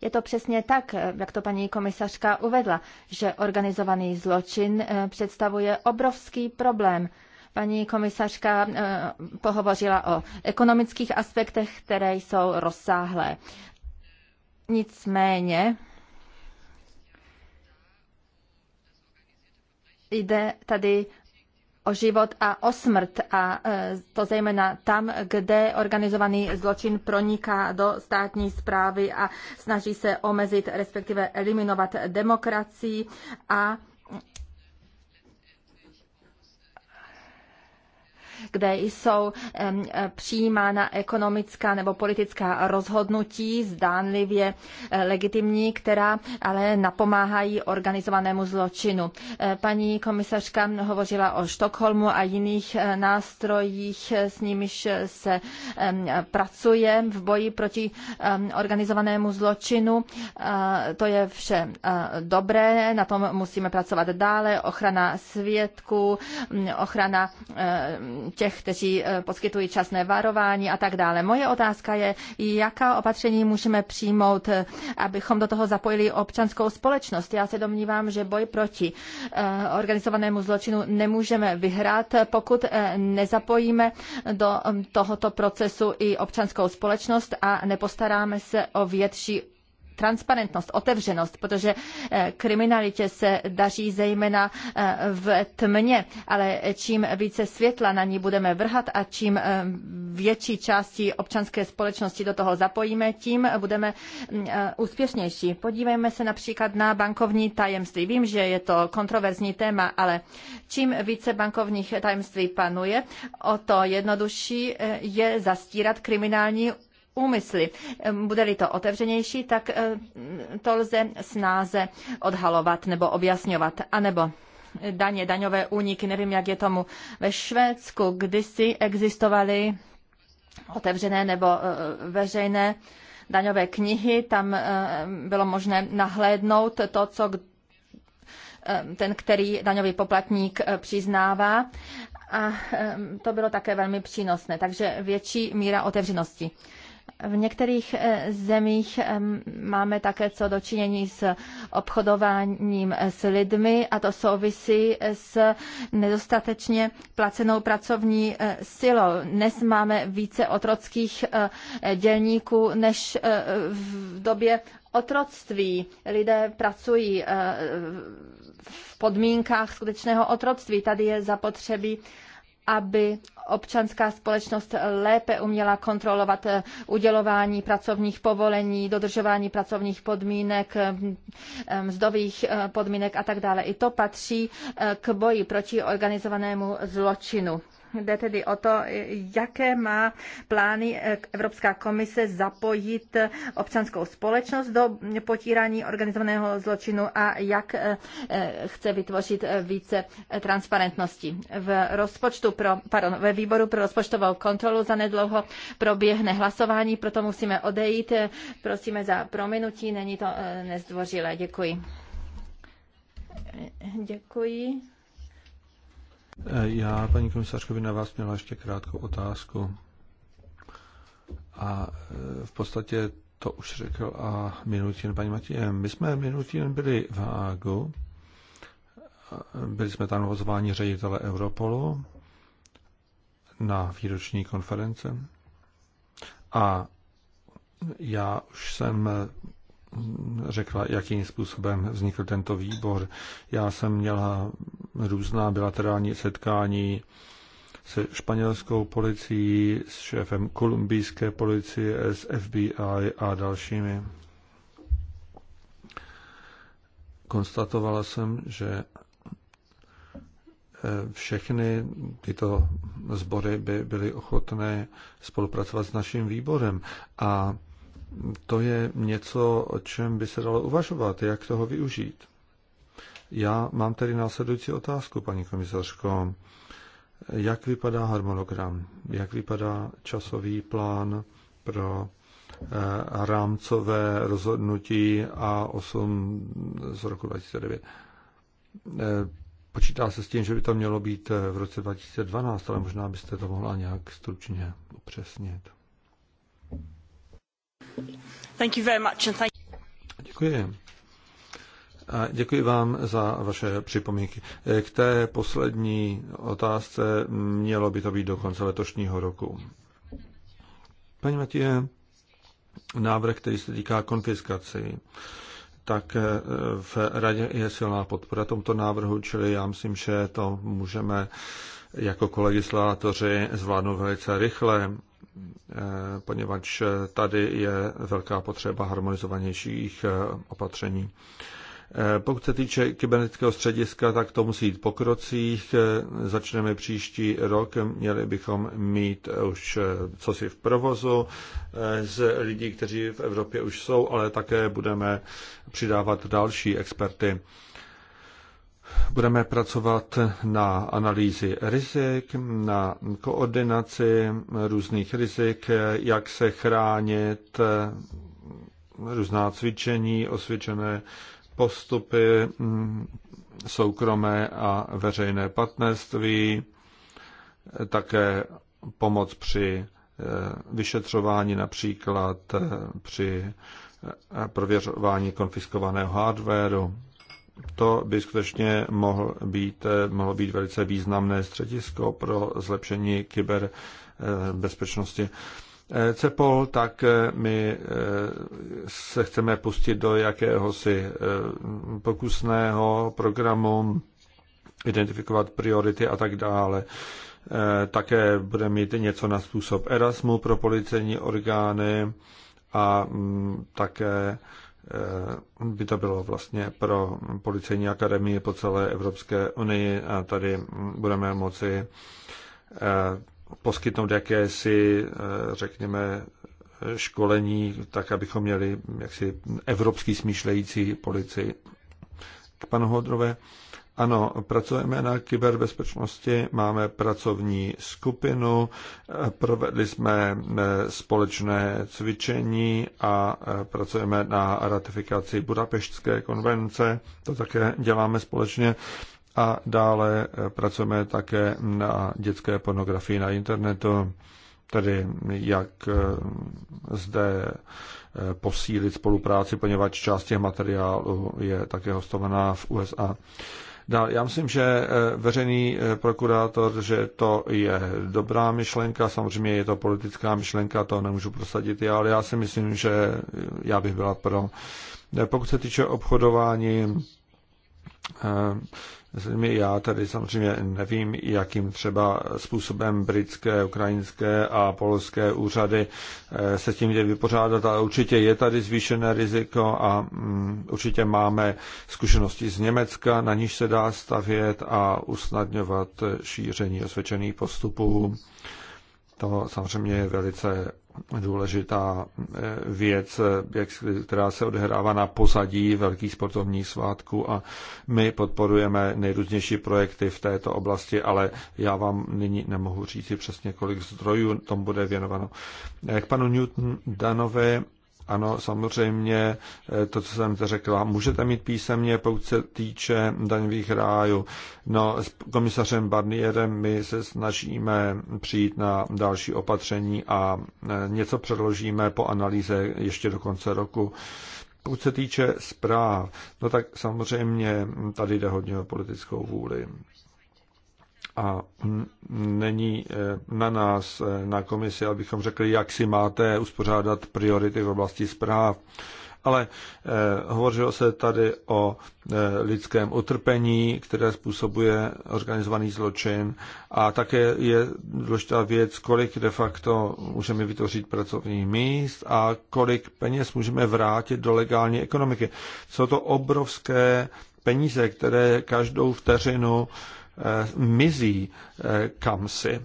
Je to přesně tak, jak to paní komisařka uvedla, že organizovaný zločin představuje obrovský problém Paní komisařka eh, pohovořila o ekonomických aspektech, které jsou rozsáhlé. Nicméně jde tady o život a o smrt a eh, to zejména tam, kde organizovaný zločin proniká do státní zprávy a snaží se omezit, respektive eliminovat demokracii a kde jsou e, přijímána ekonomická nebo politická rozhodnutí zdánlivě e, legitimní, která ale napomáhají organizovanému zločinu. E, paní komisařka hovořila o Štokholmu a jiných nástrojích, s nimiž se pracuje v boji proti organizovanému zločinu. To je vše dobré, na tom musíme pracovat dále. Ochrana svědků, ochrana těch, kteří eh, poskytují časné varování a tak dále. Moje otázka je, jaká opatření můžeme přijmout, eh, abychom do toho zapojili občanskou společnost. Já se domnívám, že boj proti eh, organizovanému zločinu nemůžeme vyhrát, pokud nezapojíme do mm, tohoto procesu i občanskou společnost a nepostaráme se o větší transparentnost, otevřenost, protože eh, kriminalitě se daří zejména eh, v tmě, ale čím více světla na ní budeme vrhat a čím eh, větší části občanské společnosti do toho zapojíme, tím budeme mm, úspěšnější. Podívejme se například na bankovní tajemství. Vím, že je to kontroverzní téma, ale čím více bankovních tajemství panuje, o to jednodušší je zastírat kriminální úmysly. Bude-li to otevřenější, tak eh, to lze snáze odhalovat nebo objasňovat. A nebo daně, daňové úniky, nevím, jak je tomu ve Švédsku, kdysi existovaly otevřené nebo eh, veřejné daňové knihy, tam eh, bylo možné nahlédnout to, co ten, který daňový poplatník přiznává. A to bylo také velmi přínosné, takže větší míra otevřenosti. V některých eh, zemích eh, máme také co dočinění s obchodováním eh, s lidmi a to souvisí s nedostatečně placenou pracovní silou. Dnes máme více otrockých dělníků než v době otroctví. Lidé pracují v podmínkách skutečného otroctví. Tady je zapotřebí aby občanská společnost lépe uměla kontrolovat eh, udělování pracovních povolení, dodržování pracovních podmínek, eh, eh, mzdových podmínek a tak dále. I to patří k boji proti organizovanému zločinu. Jde tedy o to, jaké má plány eh, Evropská komise zapojit eh, občanskou společnost do potírání organizovaného zločinu a jak eh, chce vytvořit více transparentnosti. V rozpočtu pro, pardon, ve výboru pro rozpočtovou kontrolu zanedlouho proběhne hlasování, proto musíme odejít. Prosíme za prominutí, není to nezdvořilé. Děkuji. Děkuji. Já, paní komisařko, by na vás měla ještě krátkou otázku. A e, v podstatě to už řekl a minulý týden paní Matěje. My jsme minulý týden byli v Hágu, byli jsme tam pozváni ředitele Europolu na výroční konference a já už jsem řekla, jakým způsobem vznikl tento výbor. Já jsem měla různá bilaterální setkání se španělskou policií, s šéfem kolumbijské policie, s FBI a dalšími. Konstatovala jsem, že eh, všechny tyto sbory by byly ochotné spolupracovat s naším výborem. A to je něco, o čem by se dalo uvažovat, jak toho využít. Já mám tedy následující otázku, paní komisařko. Jak vypadá harmonogram? Jak vypadá časový plán pro eh, rámcové rozhodnutí A8 z roku 2009? Eh, počítá se s tím, že by to mělo být eh, v roce 2012, ale možná byste to mohla nějak stručně upřesnit. Děkuji. děkuji vám za vaše připomínky. K té poslední otázce mělo by to být do konce letošního roku. Paní Matěje, návrh, který se týká konfiskací, tak eh, v radě je silná podpora tomto návrhu, čili já myslím, že to můžeme jako kolegislátoři zvládnout velice rychle. Eh, poněvadž tady je velká potřeba harmonizovanějších eh, opatření. Eh, pokud se týče kybernetického střediska, tak to musí jít po krocích. Začneme příští rok, měli bychom mít už co si v provozu z lidí, kteří v Evropě už jsou, ale také budeme přidávat další experty. Budeme pracovat na analýzi rizik, na koordinaci různých rizik, jak se chránit, různá cvičení, osvědčené postupy, soukromé a veřejné partnerství, také pomoc při eh, vyšetřování například eh, při eh, prověřování konfiskovaného hardwareu to by skutečně mohl být, eh, mohlo být velice významné středisko pro zlepšení kyberbezpečnosti. Eh, eh, CEPOL, tak my se chceme pustit do jakéhosi pokusného programu, identifikovat priority a tak dále. Také bude mít něco na způsob Erasmu pro policejní orgány a mm, také Eh, by to bylo vlastně pro policejní akademii po celé Evropské unii a tady budeme moci eh, poskytnout jakési, eh, řekněme, školení, tak abychom měli jaksi evropský smýšlející policii. K panu Hodrové, ano, pracujeme na kyberbezpečnosti, máme pracovní skupinu, provedli jsme e, společné cvičení a e, pracujeme na ratifikaci Budapeštské konvence, to také děláme společně. A dále e, pracujeme také na dětské pornografii na internetu, tedy jak zde posílit spolupráci, poněvadž část těch materiálů je také hostovaná v USA. Dál, já myslím, že eh, veřejný eh, prokurátor, že to je dobrá myšlenka, samozřejmě je to politická myšlenka, to nemůžu prosadit já, ale já si myslím, že eh, já bych byla pro. Pokud se týče obchodování, Zřejmě Já tady samozřejmě nevím, jakým třeba způsobem britské, ukrajinské a polské úřady eh, se tím jde vypořádat, ale určitě je tady zvýšené riziko a mm, určitě máme zkušenosti z Německa, na níž se dá stavět a usnadňovat šíření osvědčených postupů. To samozřejmě je velice důležitá eh, věc, která se odehrává na pozadí velkých sportovních svátků a my podporujeme nejrůznější projekty v této oblasti, ale já vám nyní nemohu říct přesně, kolik zdrojů tomu bude věnováno. Eh, k panu Newton Danové ano, samozřejmě, eh, to, co jsem řekla, můžete mít písemně, pokud se týče daňových rájů. No, s komisařem Barnierem my se snažíme přijít na další opatření a eh, něco předložíme po analýze ještě do konce roku. Pokud se týče zpráv, no tak samozřejmě tady jde hodně o politickou vůli. A není eh, na nás, eh, na komisi, abychom řekli, jak si máte uspořádat priority v oblasti zpráv. Ale eh, hovořilo se tady o lidském utrpení, které způsobuje organizovaný zločin. A také je důležitá věc, kolik de facto můžeme vytvořit pracovních míst a kolik peněz můžeme vrátit do legální ekonomiky. Jsou to obrovské peníze, které každou vteřinu eh, Eh, mizí eh, kam si.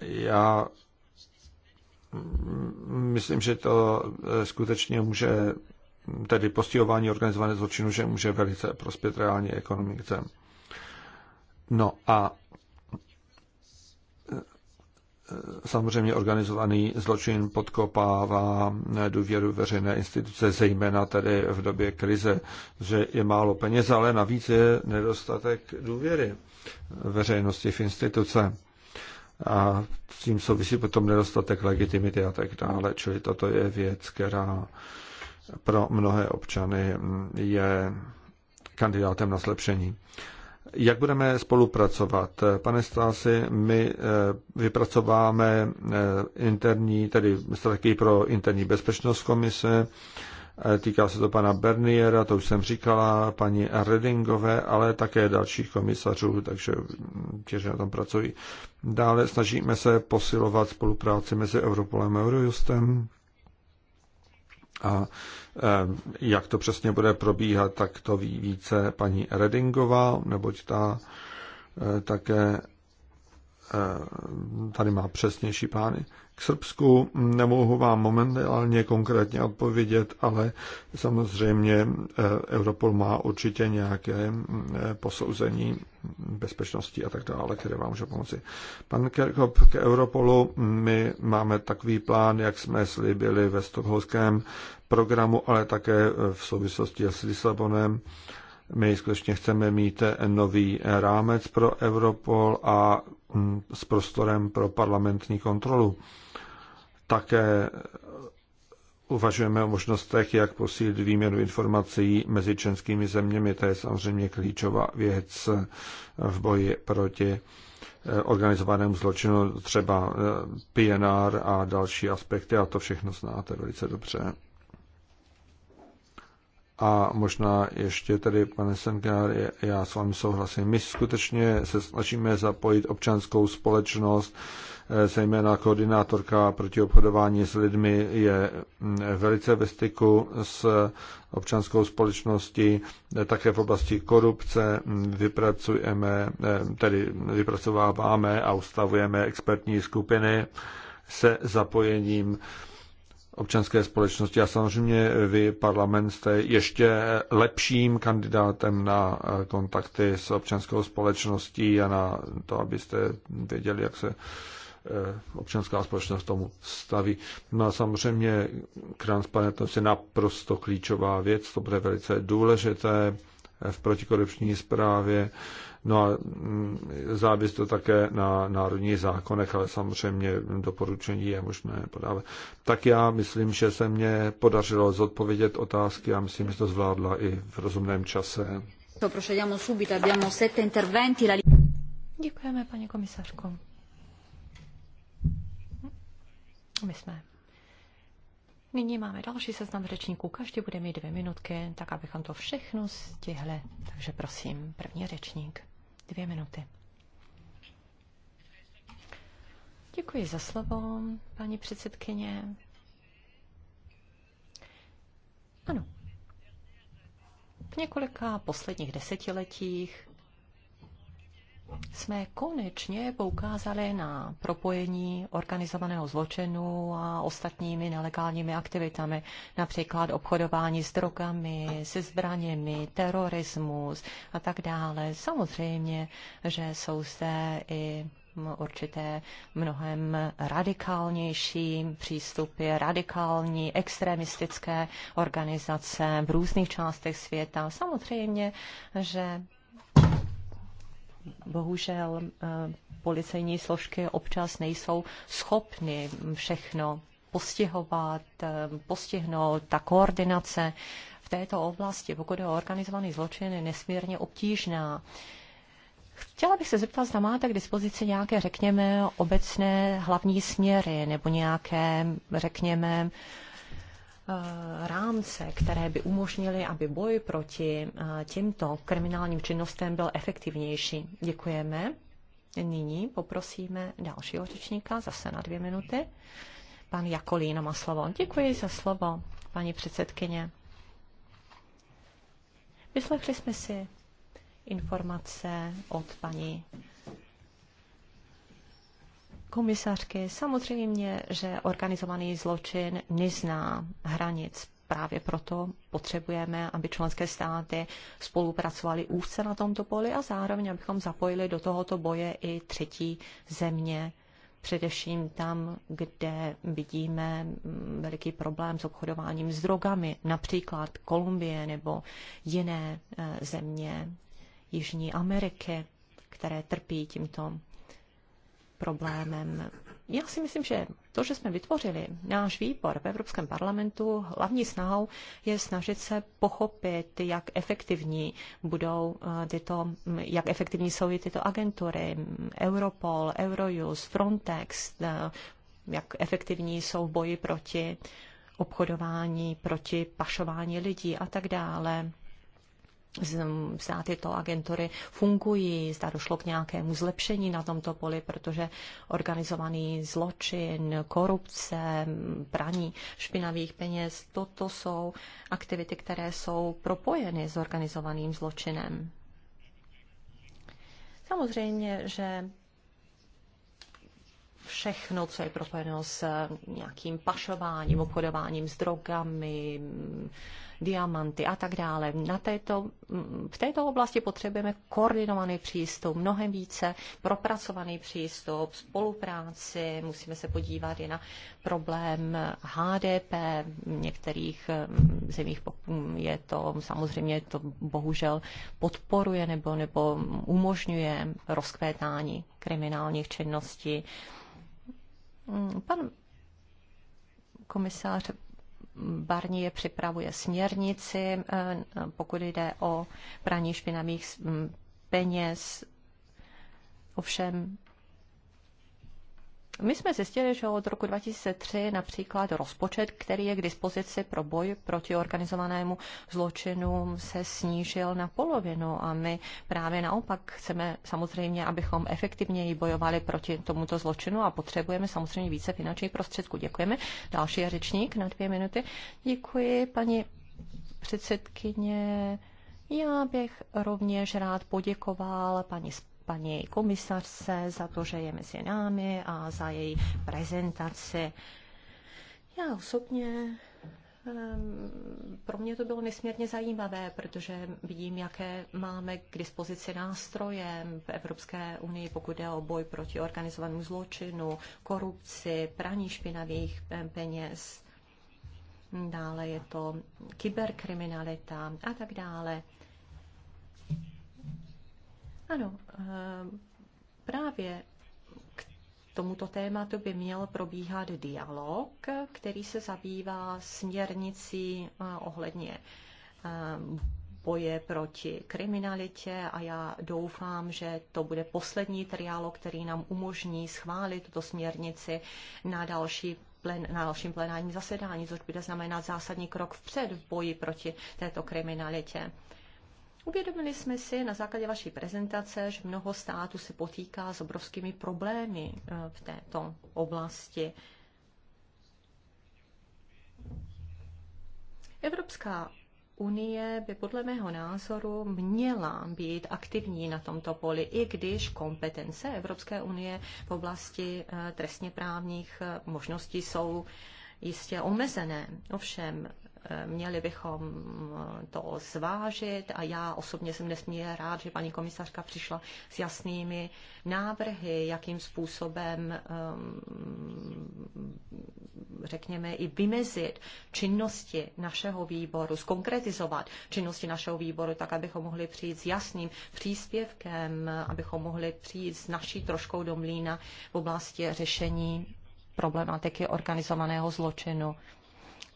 Já myslím, že to eh, skutečně může, tedy postihování organizované zločinu, že může velice prospět reálně ekonomice. No a samozřejmě organizovaný zločin podkopává důvěru veřejné instituce, zejména tedy v době krize, že je málo peněz, ale navíc je nedostatek důvěry veřejnosti v instituce. A s tím souvisí potom nedostatek legitimity a tak dále. Čili toto je věc, která pro mnohé občany je kandidátem na zlepšení. Jak budeme spolupracovat? Pane Stasi, my eh, vypracováme eh, interní, tedy strategii pro interní bezpečnost komise. Eh, týká se to pana Berniera, to už jsem říkala, paní Redingové, ale také dalších komisařů, takže těžké na tom pracují. Dále snažíme se posilovat spolupráci mezi Europolem a Eurojustem a Eh, jak to přesně bude probíhat, tak to ví více paní Redingová, neboť ta eh, také eh, tady má přesnější plány. K Srbsku nemohu vám momentálně konkrétně odpovědět, ale samozřejmě Europol má určitě nějaké posouzení bezpečnosti a tak dále, které vám může pomoci. Pan Kerkop k Europolu, my máme takový plán, jak jsme slíbili ve stokholském programu, ale také e, v souvislosti s Lisabonem. My skutečně chceme mít e, nový e, rámec pro Europol a mm, s prostorem pro parlamentní kontrolu. Také uvažujeme o možnostech, jak posílit výměnu informací mezi členskými zeměmi. To je samozřejmě klíčová věc v boji proti organizovanému zločinu, třeba PNR a další aspekty, a to všechno znáte velice dobře. A možná ještě tady, pane Senkár, já s vámi souhlasím. My skutečně se snažíme zapojit občanskou společnost, eh, zejména koordinátorka proti obchodování s lidmi je mm, velice ve styku s občanskou společností, eh, také v oblasti korupce mm, vypracujeme, eh, tedy vypracováváme a ustavujeme expertní skupiny se zapojením občanské společnosti. A samozřejmě vy, parlament, jste ještě lepším kandidátem na eh, kontakty s občanskou společností a na to, abyste věděli, jak se eh, občanská společnost tomu staví. No a samozřejmě transparentnost je naprosto klíčová věc, to bude velice důležité v protikorupční zprávě No a mm, závisí to také na národních zákonech, ale samozřejmě doporučení je možné podávat. Tak já myslím, že se mě podařilo zodpovědět otázky a myslím, že to zvládla i v rozumném čase. procediamo subito, abbiamo sette interventi. Děkujeme, paní komisařko. My jsme. Nyní máme další seznam řečníků. Každý bude mít dvě minutky, tak abychom to všechno stihli. Takže prosím, první řečník dvě minuty. Děkuji za slovo, paní předsedkyně. Ano. V několika posledních desetiletích jsme konečně poukázali na propojení organizovaného zločinu a ostatními nelegálními aktivitami, například obchodování s drogami, se zbraněmi, terorismus a tak dále. Samozřejmě, že jsou zde i určité mnohem radikálnější přístupy, radikální extremistické organizace v různých částech světa. Samozřejmě, že bohužel eh, policejní složky občas nejsou schopny všechno postihovat, eh, postihnout, ta koordinace v této oblasti, pokud je organizovaný zločin, je nesmírně obtížná. Chtěla bych se zeptat, zda máte k dispozici nějaké, řekněme, obecné hlavní směry nebo nějaké, řekněme, uh, Eh, rámce, které by umožnily, aby boj proti eh, těmto kriminálním činnostem byl efektivnější. Děkujeme. Nyní poprosíme dalšího řečníka, zase na dvě minuty. Pan Jakolína má slovo. Děkuji za slovo, paní předsedkyně. Vyslechli jsme si informace od paní komisařky, samozřejmě, že organizovaný zločin nezná hranic. Právě proto potřebujeme, aby členské státy spolupracovaly úzce na tomto poli a zároveň, abychom zapojili do tohoto boje i třetí země, především tam, kde vidíme mm, veliký problém s obchodováním s drogami, například Kolumbie nebo jiné eh, země Jižní Ameriky, které trpí tímto problémem. Já si myslím, že to, že jsme vytvořili náš výbor v Evropském parlamentu, hlavní snahou je snažit se pochopit, jak efektivní budou eh, tyto, jak efektivní jsou i tyto agentury, Europol, Eurojust, Frontex, eh, jak efektivní jsou v boji proti obchodování, proti pašování lidí a tak dále zda tyto agentury fungují, zda došlo k nějakému zlepšení na tomto poli, protože organizovaný zločin, korupce, praní špinavých peněz, toto jsou aktivity, které jsou propojeny s organizovaným zločinem. Samozřejmě, že všechno, co je propojeno s eh, nějakým pašováním, obchodováním s drogami, diamanty a tak dále. Na této, mm, v této oblasti potřebujeme koordinovaný přístup, mnohem více propracovaný přístup, spolupráci, musíme se podívat i na problém HDP. V některých mm, zemích mm, je to samozřejmě to bohužel podporuje nebo, nebo umožňuje rozkvétání kriminálních činností. Mm, pan komisář Barnier připravuje směrnici, eh, pokud jde o praní špinavých mm, peněz. Ovšem my jsme zjistili, že od roku 2003 například rozpočet, který je k dispozici pro boj proti organizovanému zločinu, se snížil na polovinu a my právě naopak chceme samozřejmě, abychom efektivněji bojovali proti tomuto zločinu a potřebujeme samozřejmě více finančních prostředků. Děkujeme. Další řečník na dvě minuty. Děkuji, paní předsedkyně. Já bych rovněž rád poděkoval paní paní komisarce za to, že je mezi námi a za její prezentaci. Já osobně ehm, pro mě to bylo nesmírně zajímavé, protože vidím, jaké máme k dispozici nástroje v Evropské unii, pokud jde o boj proti organizovanému zločinu, korupci, praní špinavých peněz, dále je to kyberkriminalita a tak dále. Ano, eh, právě k tomuto tématu by měl probíhat dialog, který se zabývá směrnicí eh, ohledně eh, boje proti kriminalitě a já doufám, že to bude poslední triálo, který nám umožní schválit tuto směrnici na další plen, na dalším plenárním zasedání, což bude znamenat zásadní krok vpřed v boji proti této kriminalitě. Uvědomili jsme si na základě vaší prezentace, že mnoho států se potýká s obrovskými problémy eh, v této oblasti. Evropská unie by podle mého názoru měla být aktivní na tomto poli, i když kompetence Evropské unie v oblasti eh, trestně právních eh, možností jsou jistě omezené. Ovšem, měli bychom eh, to zvážit a já osobně jsem nesmírně rád, že paní komisařka přišla s jasnými návrhy, jakým způsobem, ehm, řekněme, i vymezit činnosti našeho výboru, skonkretizovat činnosti našeho výboru, tak abychom mohli přijít s jasným příspěvkem, abychom mohli přijít s naší troškou do mlína v oblasti řešení problematiky organizovaného zločinu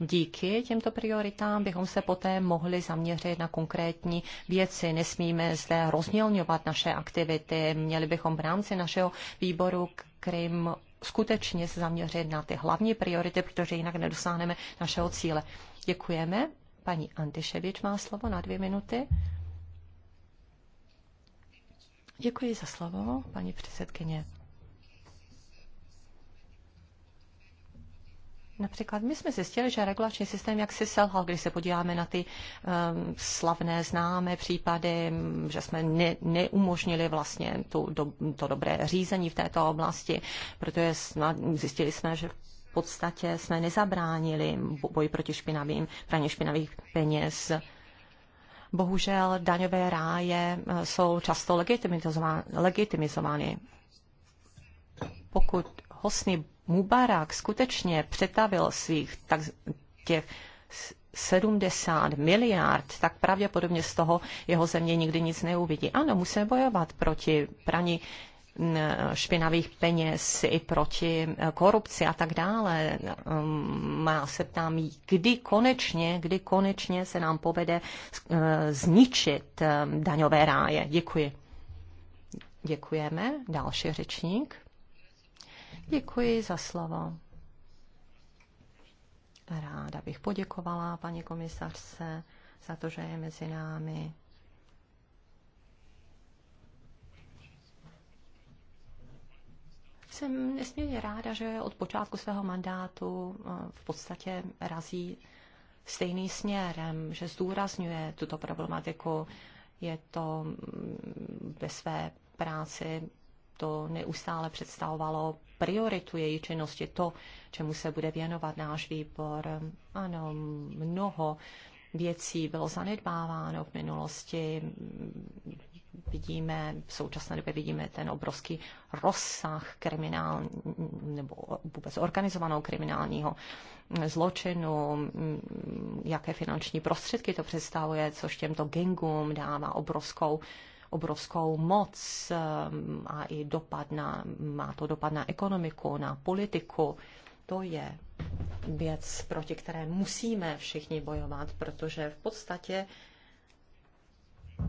díky těmto prioritám bychom se poté mohli zaměřit na konkrétní věci. Nesmíme zde rozmělňovat naše aktivity. Měli bychom v rámci našeho výboru Krim skutečně se zaměřit na ty hlavní priority, protože jinak nedosáhneme našeho cíle. Děkujeme. Paní Antiševič má slovo na dvě minuty. Děkuji za slovo, paní předsedkyně. Například my jsme zjistili, že regulační systém jaksi selhal, když se podíváme na ty um, slavné známé případy, že jsme ne, neumožnili vlastně tu, do, to dobré řízení v této oblasti, protože snad, zjistili jsme, že v podstatě jsme nezabránili boji proti špinavým, praně špinavých peněz. Bohužel daňové ráje e, jsou často legitimizovány. Pokud hosný Mubarak skutečně přetavil svých tak, těch 70 miliard, tak pravděpodobně z toho jeho země nikdy nic neuvidí. Ano, musíme bojovat proti praní špinavých peněz i proti e, korupci a tak dále. Má mm, se tam, kdy konečně, kdy konečně se nám povede e, zničit e, daňové ráje. Děkuji. Děkujeme. Další řečník. Děkuji za slovo. Ráda bych poděkovala paní komisařce za to, že je mezi námi. Jsem nesmírně ráda, že od počátku svého mandátu eh, v podstatě razí stejný směrem, že zdůrazňuje tuto problematiku. Je to mm, ve své práci to neustále představovalo prioritu její činnosti, to, čemu se bude věnovat náš výbor. Ano, mnoho věcí bylo zanedbáváno v minulosti. Vidíme, v současné době vidíme ten obrovský rozsah kriminál, nebo vůbec organizovanou kriminálního zločinu, jaké finanční prostředky to představuje, což těmto gangům dává obrovskou obrovskou moc ehm, a i dopad na, má to dopad na ekonomiku, na politiku. To je věc, proti které musíme všichni bojovat, protože v podstatě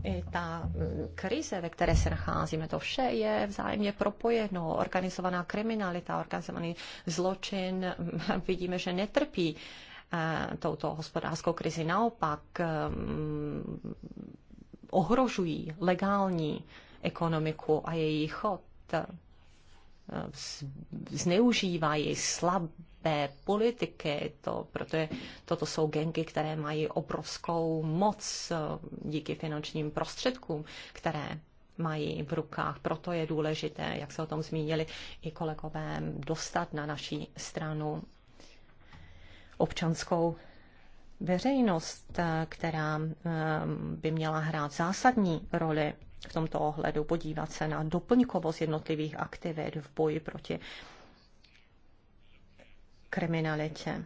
i ta ehm, krize, ve které se nacházíme, to vše je vzájemně propojeno. Organizovaná kriminalita, organizovaný zločin, ehm, vidíme, že netrpí touto hospodářskou krizi. Naopak ohrožují legální ekonomiku a její chod, eh, zneužívají slabé politiky, to, protože toto jsou genky, které mají obrovskou moc eh, díky finančním prostředkům, které mají v rukách. Proto je důležité, jak se o tom zmínili i kolegové, dostat na naší stranu občanskou veřejnost, eh, která eh, by měla hrát zásadní roli v tomto ohledu, podívat se na doplňkovost jednotlivých aktivit v boji proti kriminalitě.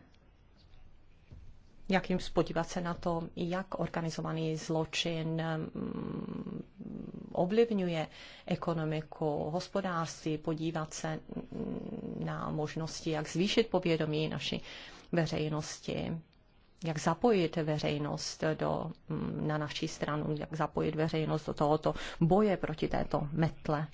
Jak jim spodívat se na to, jak organizovaný zločin mm, ovlivňuje ekonomiku, hospodářství, podívat se na možnosti, jak zvýšit povědomí naší veřejnosti, jak zapojit veřejnost do, mm, na naší stranu, jak zapojit veřejnost do tohoto boje proti této metle.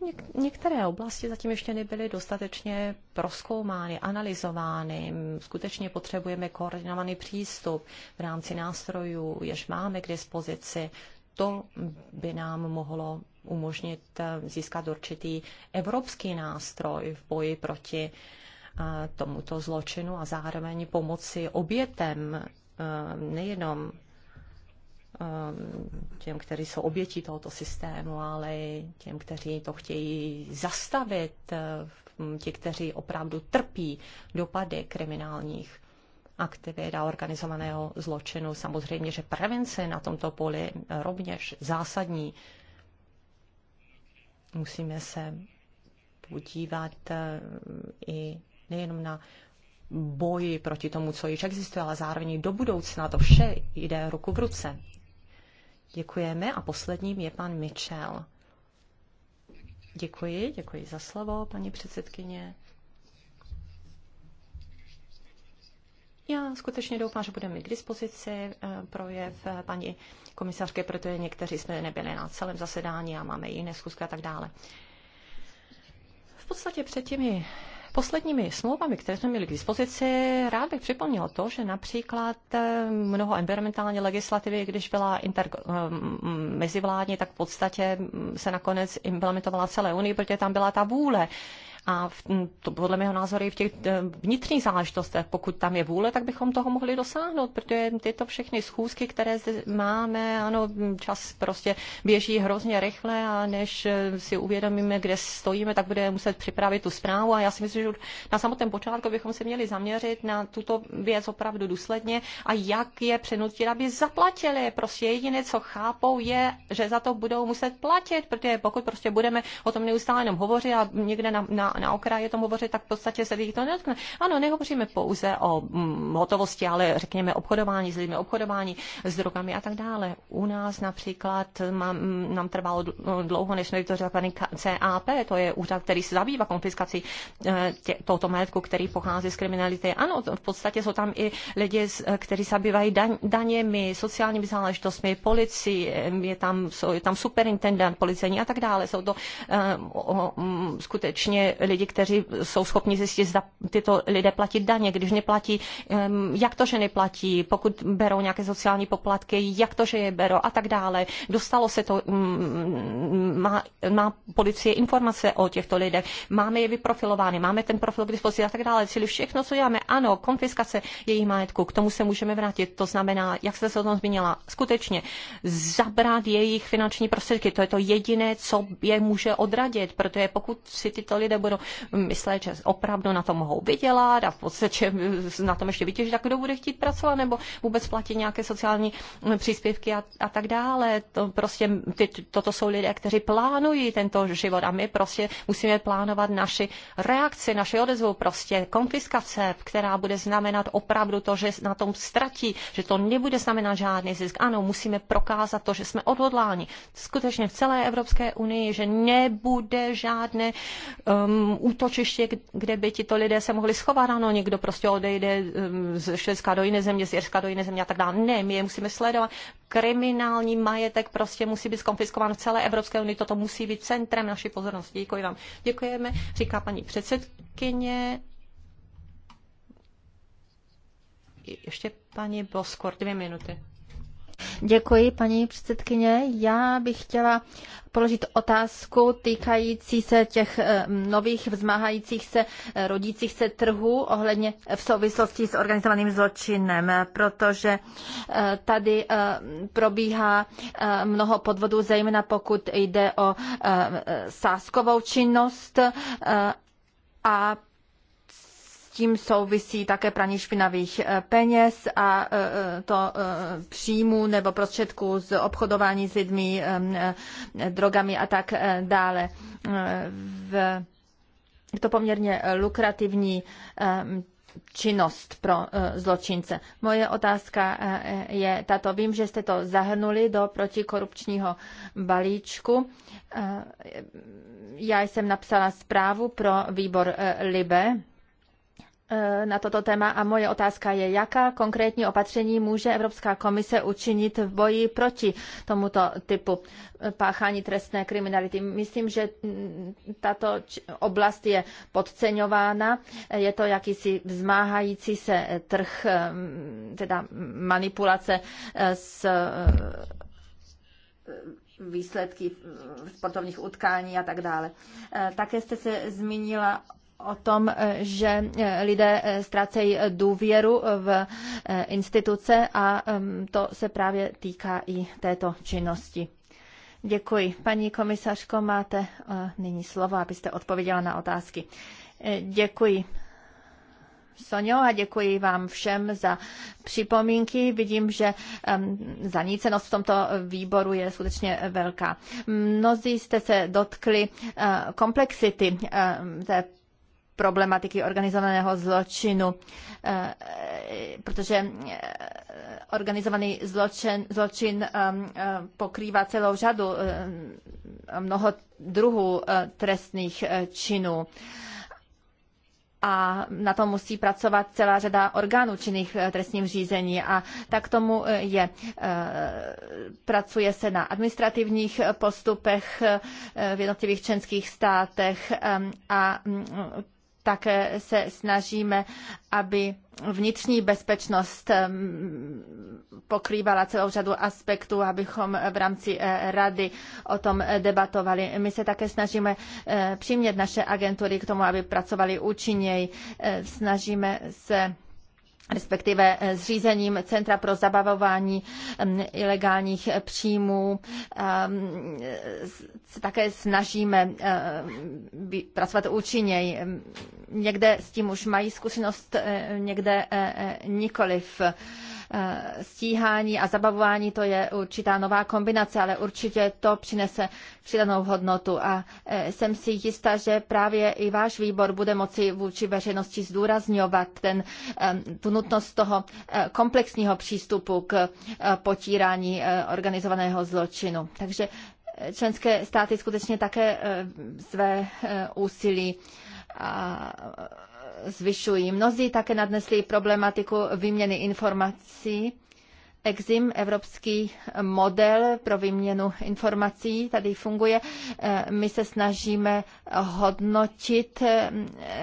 Něk- některé oblasti zatím ještě nebyly dostatečně proskoumány, analyzovány. Skutečně potřebujeme koordinovaný přístup v rámci nástrojů, jež máme k dispozici. To by nám mohlo umožnit eh, získat určitý evropský nástroj v boji proti uh, tomuto zločinu a zároveň pomoci obětem, e, nejenom e, těm, kteří jsou obětí tohoto systému, ale i těm, kteří to chtějí zastavit, e, ti, kteří opravdu trpí dopady kriminálních aktivit a organizovaného zločinu. Samozřejmě, že prevence na tomto poli rovněž zásadní. Musíme se podívat i nejenom na boji proti tomu, co již existuje, ale zároveň do budoucna. To vše jde ruku v ruce. Děkujeme a posledním je pan Mitchell. Děkuji, děkuji za slovo, paní předsedkyně. Já skutečně doufám, že budeme mít k dispozici eh, projev eh, paní komisařky, protože někteří jsme nebyli na celém zasedání a máme jiné schůzky a tak dále. V podstatě před těmi posledními smlouvami, které jsme měli k dispozici, rád bych připomněl to, že například eh, mnoho environmentální legislativy, když byla inter, eh, mezivládní, tak v podstatě mm, se nakonec implementovala celé Unii, protože tam byla ta vůle a v, to podle mého názoru i v těch e, vnitřních záležitostech, pokud tam je vůle, tak bychom toho mohli dosáhnout, protože tyto všechny schůzky, které zde máme, ano, čas prostě běží hrozně rychle a než e, si uvědomíme, kde stojíme, tak budeme muset připravit tu zprávu a já si myslím, že na samotném počátku bychom se měli zaměřit na tuto věc opravdu důsledně a jak je přinutit, aby zaplatili. Prostě jediné, co chápou, je, že za to budou muset platit, protože pokud prostě budeme o tom neustále jenom hovořit a někde na, na na, okraji tomu hovořit, tak v podstatě se jich to nedotkne. Ano, nehovoříme pouze o hm, hotovosti, ale řekněme obchodování s lidmi, obchodování s drogami a tak dále. U nás například mám, nám trvalo no, dlouho, než jsme vytvořili CAP, to je úřad, který se zabývá konfiskací eh, tě, tohoto majetku, který pochází z kriminality. Ano, v podstatě jsou tam i lidi, eh, kteří se zabývají daň, daněmi, sociálními záležitostmi, policií, eh, je tam, je tam superintendent policejní a tak dále. Jsou to um, skutečně lidi, kteří jsou schopni zjistit, zda tyto lidé platí daně, když neplatí, jak to, že neplatí, pokud berou nějaké sociální poplatky, jak to, že je berou a tak dále. Dostalo se to, mm, mm, má, má policie informace o těchto lidech, máme je vyprofilovány, máme ten profil k dispozici a tak dále. Čili všechno, co děláme, ano, konfiskace jejich majetku, k tomu se můžeme vrátit. To znamená, jak jste se o tom zmínila, skutečně zabrat jejich finanční prostředky, to je to jediné, co je může odradit, protože pokud si tyto lidé budou budou myslet, že opravdu na to mohou vydělat a v podstatě na tom ještě vytěžit, tak kdo bude chtít pracovat nebo vůbec platit nějaké sociální příspěvky a, a tak dále. To prostě ty, toto jsou lidé, kteří plánují tento život a my prostě musíme plánovat naši reakci, naši odezvu, prostě konfiskace, která bude znamenat opravdu to, že na tom ztratí, že to nebude znamenat žádný zisk. Ano, musíme prokázat to, že jsme odhodláni skutečně v celé Evropské unii, že nebude žádné um, Mm, útočiště, kde by tito lidé se mohli schovat. Ano, někdo prostě odejde mm, z Švédska do jiné země, z Jirska do jiné země a tak dále. Ne, my je musíme sledovat. Kriminální majetek prostě musí být skonfiskován v celé Evropské unii. Toto musí být centrem naší pozornosti. Děkuji vám. Děkujeme, říká paní předsedkyně. Ještě paní Boskor, dvě minuty. Děkuji, paní předsedkyně. Já bych chtěla položit otázku týkající se těch eh, nových vzmáhajících se, eh, rodících se trhů ohledně eh, v souvislosti s organizovaným zločinem, protože tady probíhá mnoho podvodů, zejména pokud jde o sáskovou činnost a tím souvisí také praní špinavých eh, peněz a eh, eh, to příjmu nebo prostředků z obchodování s lidmi, drogami a tak dále. V to poměrně lukrativní činnost pro zločince. Moje otázka je tato. Vím, že jste to zahrnuli do protikorupčního balíčku. Já jsem napsala zprávu pro výbor LIBE Eh, na toto téma a moje otázka je, jaká konkrétní opatření může Evropská komise učinit v boji proti tomuto typu eh, páchání trestné kriminality. Myslím, že mm, tato oblast je podceňována, eh, je to jakýsi vzmáhající se trh, teda manipulace s výsledky sportovních utkání a tak dále. Také jste se zmínila o tom, eh, že eh, lidé eh, ztrácejí důvěru v instituce a ehm, to se právě týká i této činnosti. Děkuji. Paní komisařko, máte nyní slovo, abyste odpověděla na otázky. Děkuji. Sonio a děkuji vám všem za připomínky. Vidím, že um, zanícenost v tomto výboru je skutečně velká. Mnozí jste se dotkli uh, komplexity uh, té problematiky organizovaného zločinu, eh, protože eh, organizovaný zločin, zločin eh, pokrývá celou řadu mnoho druhů trestných činů a na tom musí pracovat celá řada orgánů činných trestním řízení a tak tomu je. Pracuje se na administrativních postupech v jednotlivých členských státech a mm, také se snažíme, aby vnitřní bezpečnost pokrývala celou řadu aspektů, abychom v rámci eh, rady o tom eh, debatovali. My se také snažíme eh, přimět naše agentury k tomu, aby pracovali účinněji. Snažíme se respektive eh, zřízením Centra pro zabavování mm, ilegálních příjmů. Ehm, Se také snažíme ehm, pracovat účinněji. Ehm, někde s tím už mají zkušenost, eh, někde eh, nikoliv. Eh, stíhání a zabavování, to je určitá nová kombinace, ale určitě to přinese přidanou hodnotu. A eh, jsem si jistá, že právě i váš výbor bude moci vůči veřejnosti zdůrazňovat ten, tu nutnost toho eh, komplexního přístupu k potírání organizovaného zločinu. Takže členské státy skutečně také své úsilí zvyšují. Mnozí také nadnesli problematiku výměny informací. Exim, evropský model pro výměnu informací, tady funguje. Eh, my se snažíme hodnotit eh,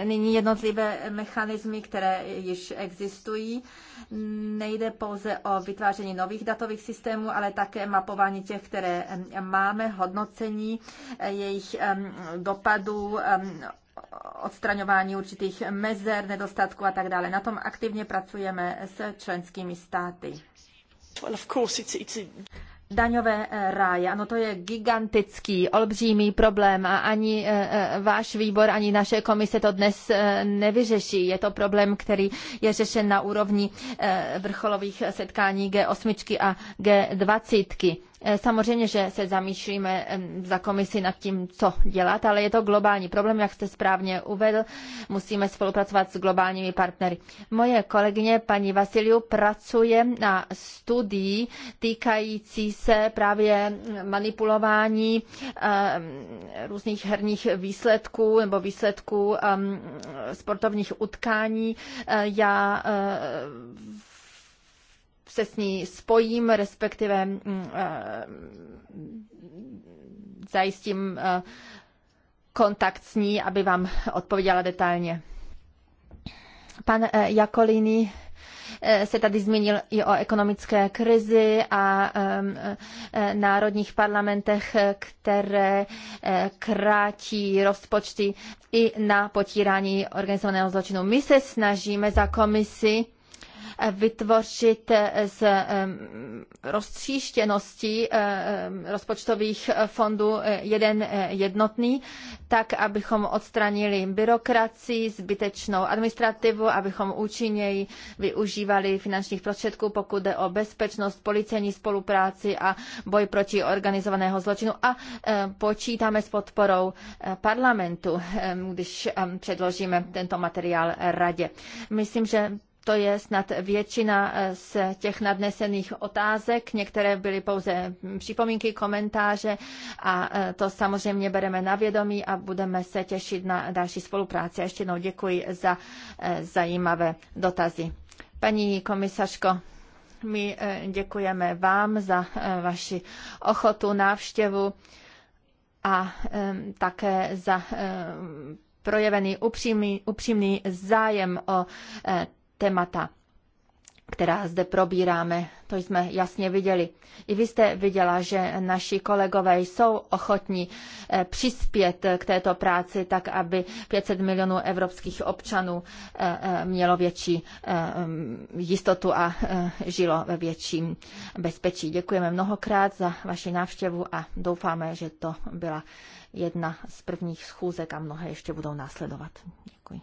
nyní jednotlivé mechanismy, které již existují. Nejde pouze o vytváření nových datových systémů, ale také mapování těch, které máme, hodnocení eh, jejich dopadů, odstraňování určitých mezer, nedostatků a tak dále. Na tom aktivně pracujeme s členskými státy. Daňové eh, ráje, ano, to je gigantický, olbřímý problém a ani eh, eh, váš výbor, ani naše komise to dnes nevyřeší. Je to problém, který je řešen na úrovni vrcholových setkání G8 a G20. Eh, samozřejmě, že se zamýšlíme za komisi nad tím, co dělat, ale je to globální problém, jak jste správně uvedl. Musíme spolupracovat s globálními partnery. Moje kolegyně paní Vasiliu pracuje na studii týkající se právě manipulování různých herních výsledků nebo výsledků sportovních utkání. Eh, já eh, se s ní spojím, respektive mm, eh, zajistím eh, kontakt s ní, aby vám odpověděla detailně. Pan eh, Jakolini se tady zmínil i o ekonomické krizi a ehm, národních parlamentech, které krátí rozpočty i na potírání organizovaného zločinu. My se snažíme za komisi vytvořit z roztříštěnosti rozpočtových fondů eh, jeden eh, jednotný, tak abychom odstranili byrokracii, zbytečnou administrativu, abychom účinněji využívali finančních prostředků, pokud jde o bezpečnost, policejní spolupráci a boj proti organizovaného zločinu. A počítáme s podporou eh, parlamentu, když předložíme tento materiál radě. Myslím, že to je snad většina eh, z těch nadnesených otázek. Některé byly pouze hm, připomínky, komentáře a eh, to samozřejmě bereme na vědomí a budeme se těšit na další spolupráci. ještě jednou děkuji za eh, zajímavé dotazy. Paní komisařko, my děkujeme vám za vaši ochotu, návštěvu a ehm, také za ehm, projevený upřímný, upřímný zájem o témata která zde probíráme. To jsme jasně viděli. I vy jste viděla, že naši kolegové jsou ochotní eh, přispět k této práci tak, aby 500 milionů evropských občanů eh, eh, mělo větší mm, jistotu a žilo ve větším bezpečí. Děkujeme mnohokrát za vaši návštěvu a doufáme, že to byla jedna z prvních schůzek a mnohé ještě budou následovat. Děkuji.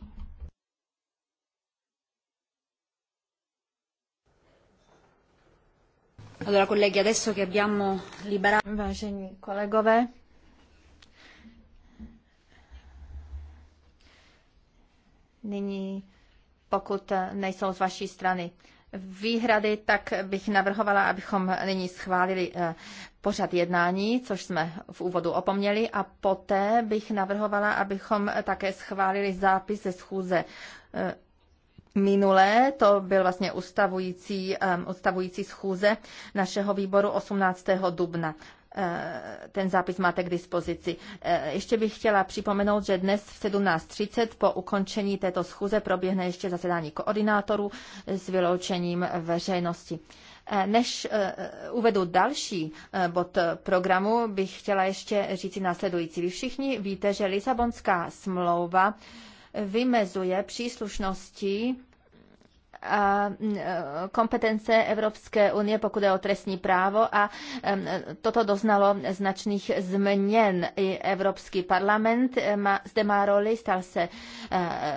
Allora, colleghi, adesso che abbiamo liberato... Vážení kolegové, nyní, pokud nejsou z vaší strany výhrady, tak bych navrhovala, abychom nyní schválili eh, pořad jednání, což jsme v úvodu opomněli, a poté bych navrhovala, abychom také schválili zápis ze schůze eh, minulé, to byl vlastně ustavující, um, ustavující schůze našeho výboru 18. dubna. Eh, ten zápis máte k dispozici. Eh, ještě bych chtěla připomenout, že dnes v 17.30 po ukončení této schůze proběhne ještě zasedání koordinátorů s vyloučením veřejnosti. Eh, než uvedu další bod programu, bych chtěla ještě říci následující. Vy všichni víte, že Lisabonská smlouva vymezuje příslušnosti a e, kompetence Evropské unie, pokud je o trestní právo a e, toto doznalo značných změn. I Evropský parlament e, má, zde má roli, stal se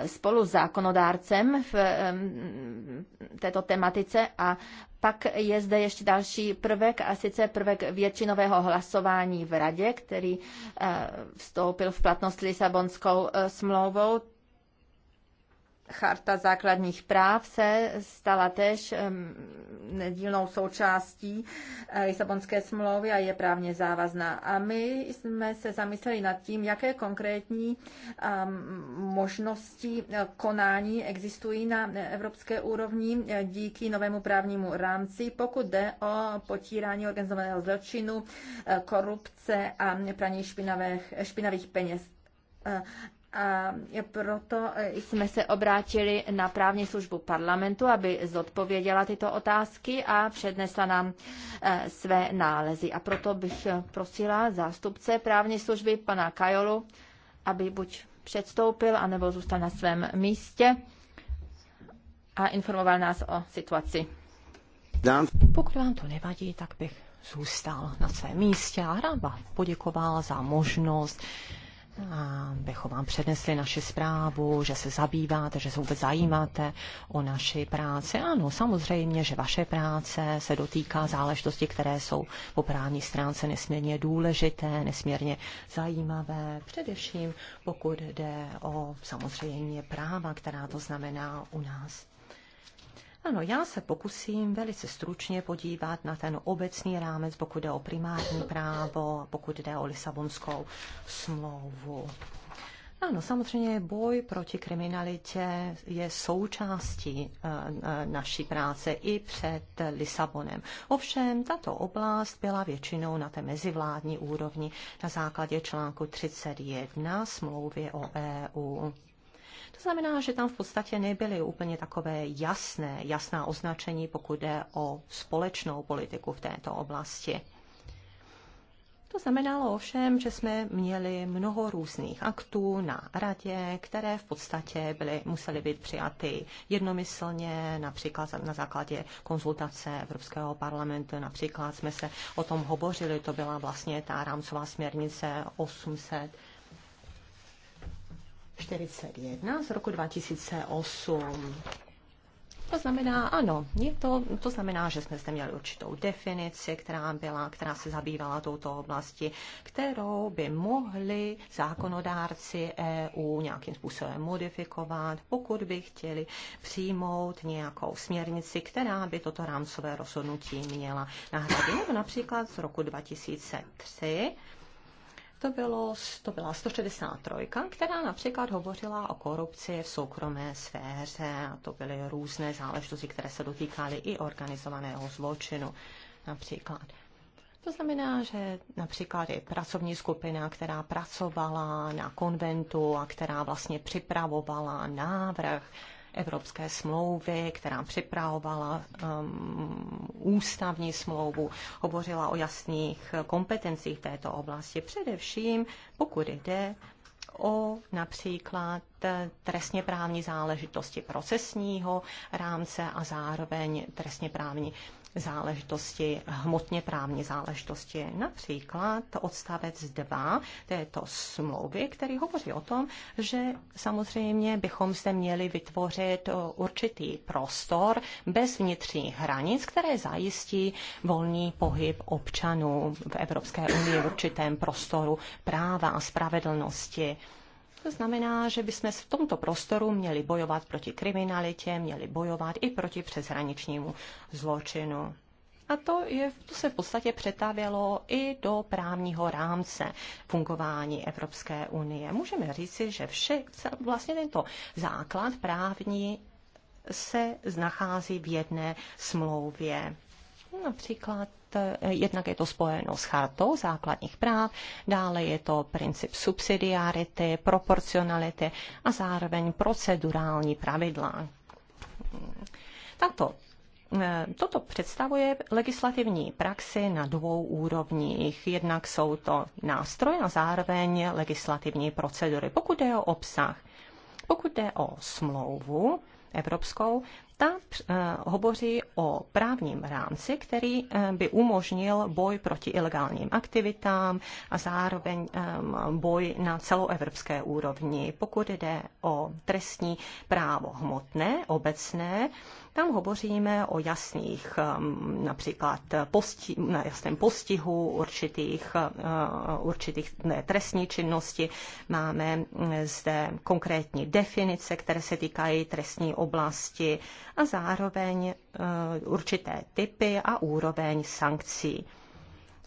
spolu zákonodárcem v této tematice a pak je zde ještě další prvek, a sice prvek většinového hlasování v Radě, který vstoupil v platnost Lisabonskou smlouvou. Charta základních práv se stala tež nedílnou součástí eh, Lisabonské smlouvy a je právně závazná. A my jsme se zamysleli nad tím, jaké konkrétní možnosti eh, konání existují na evropské úrovni eh, díky novému právnímu rámci, pokud jde o potírání organizovaného zločinu, korupce a praní špinavých, špinavých peněz a proto e, jsme se obrátili na právní službu parlamentu, aby zodpověděla tyto otázky a přednesla nám e, své nálezy. A proto bych e, prosila zástupce právní služby, pana Kajolu, aby buď předstoupil, anebo zůstal na svém místě a informoval nás o situaci. Pokud vám to nevadí, tak bych zůstal na svém místě a rád vám poděkoval za možnost a bychom vám přednesli naši zprávu, že se zabýváte, že se vůbec zajímáte o naši práci. Ano, samozřejmě, že vaše práce se dotýká záležitosti, které jsou po právní stránce nesmírně důležité, nesmírně zajímavé, především pokud jde o samozřejmě práva, která to znamená u nás ano, já se pokusím velice stručně podívat na ten obecný rámec, pokud jde o primární právo, pokud jde o Lisabonskou smlouvu. Ano, samozřejmě boj proti kriminalitě je součástí eh, eh, naší práce i před Lisabonem. Ovšem, tato oblast byla většinou na té mezivládní úrovni na základě článku 31 smlouvy o EU. To znamená, že tam v podstatě nebyly úplně takové jasné, jasná označení, pokud jde o společnou politiku v této oblasti. To znamenalo ovšem, že jsme měli mnoho různých aktů na radě, které v podstatě byly, musely být přijaty jednomyslně, například na základě konzultace Evropského parlamentu, například jsme se o tom hovořili, to byla vlastně ta rámcová směrnice 800 41 z roku 2008. To znamená, ano, je to, to znamená, že jsme zde měli určitou definici, která byla, která se zabývala touto oblasti, kterou by mohli zákonodárci EU nějakým způsobem modifikovat, pokud by chtěli přijmout nějakou směrnici, která by toto rámcové rozhodnutí měla nahradit. Nebo například z roku 2003 to, bylo, to byla 163, která například hovořila o korupci v soukromé sféře a to byly různé záležitosti, které se dotýkaly i organizovaného zločinu například. To znamená, že například je pracovní skupina, která pracovala na konventu a která vlastně připravovala návrh Evropské smlouvy, která připravovala um, ústavní smlouvu, hovořila o jasných kompetencích této oblasti, především pokud jde o například trestně právní záležitosti procesního rámce a zároveň trestně právní záležitosti, hmotně právní záležitosti. Například odstavec 2 této smlouvy, který hovoří o tom, že samozřejmě bychom se měli vytvořit eh, určitý prostor bez vnitřních hranic, které zajistí volný pohyb občanů v Evropské unii v určitém prostoru práva a spravedlnosti. To znamená, že bychom v tomto prostoru měli bojovat proti kriminalitě, měli bojovat i proti přeshraničnímu zločinu. A to, je, to se v podstatě přetavilo i do právního rámce fungování Evropské unie. Můžeme říci, že vše, vlastně tento základ právní se nachází v jedné smlouvě. Například Eh, jednak je to spojeno s chartou základních práv, dále je to princip subsidiarity, proporcionality a zároveň procedurální pravidla. Tato eh, Toto představuje legislativní praxi na dvou úrovních. Jednak jsou to nástroje a zároveň legislativní procedury. Pokud jde o obsah, pokud jde o smlouvu evropskou, ta eh, hovoří o právním rámci, který eh, by umožnil boj proti ilegálním aktivitám a zároveň ehm, boj na celoevropské úrovni, pokud jde o trestní právo hmotné, obecné, tam hovoříme o jasných um, například posti, na jasném postihu určitých, uh, určitých ne, trestní činnosti. Máme mm, zde konkrétní definice, které se týkají trestní oblasti a zároveň uh, určité typy a úroveň sankcí.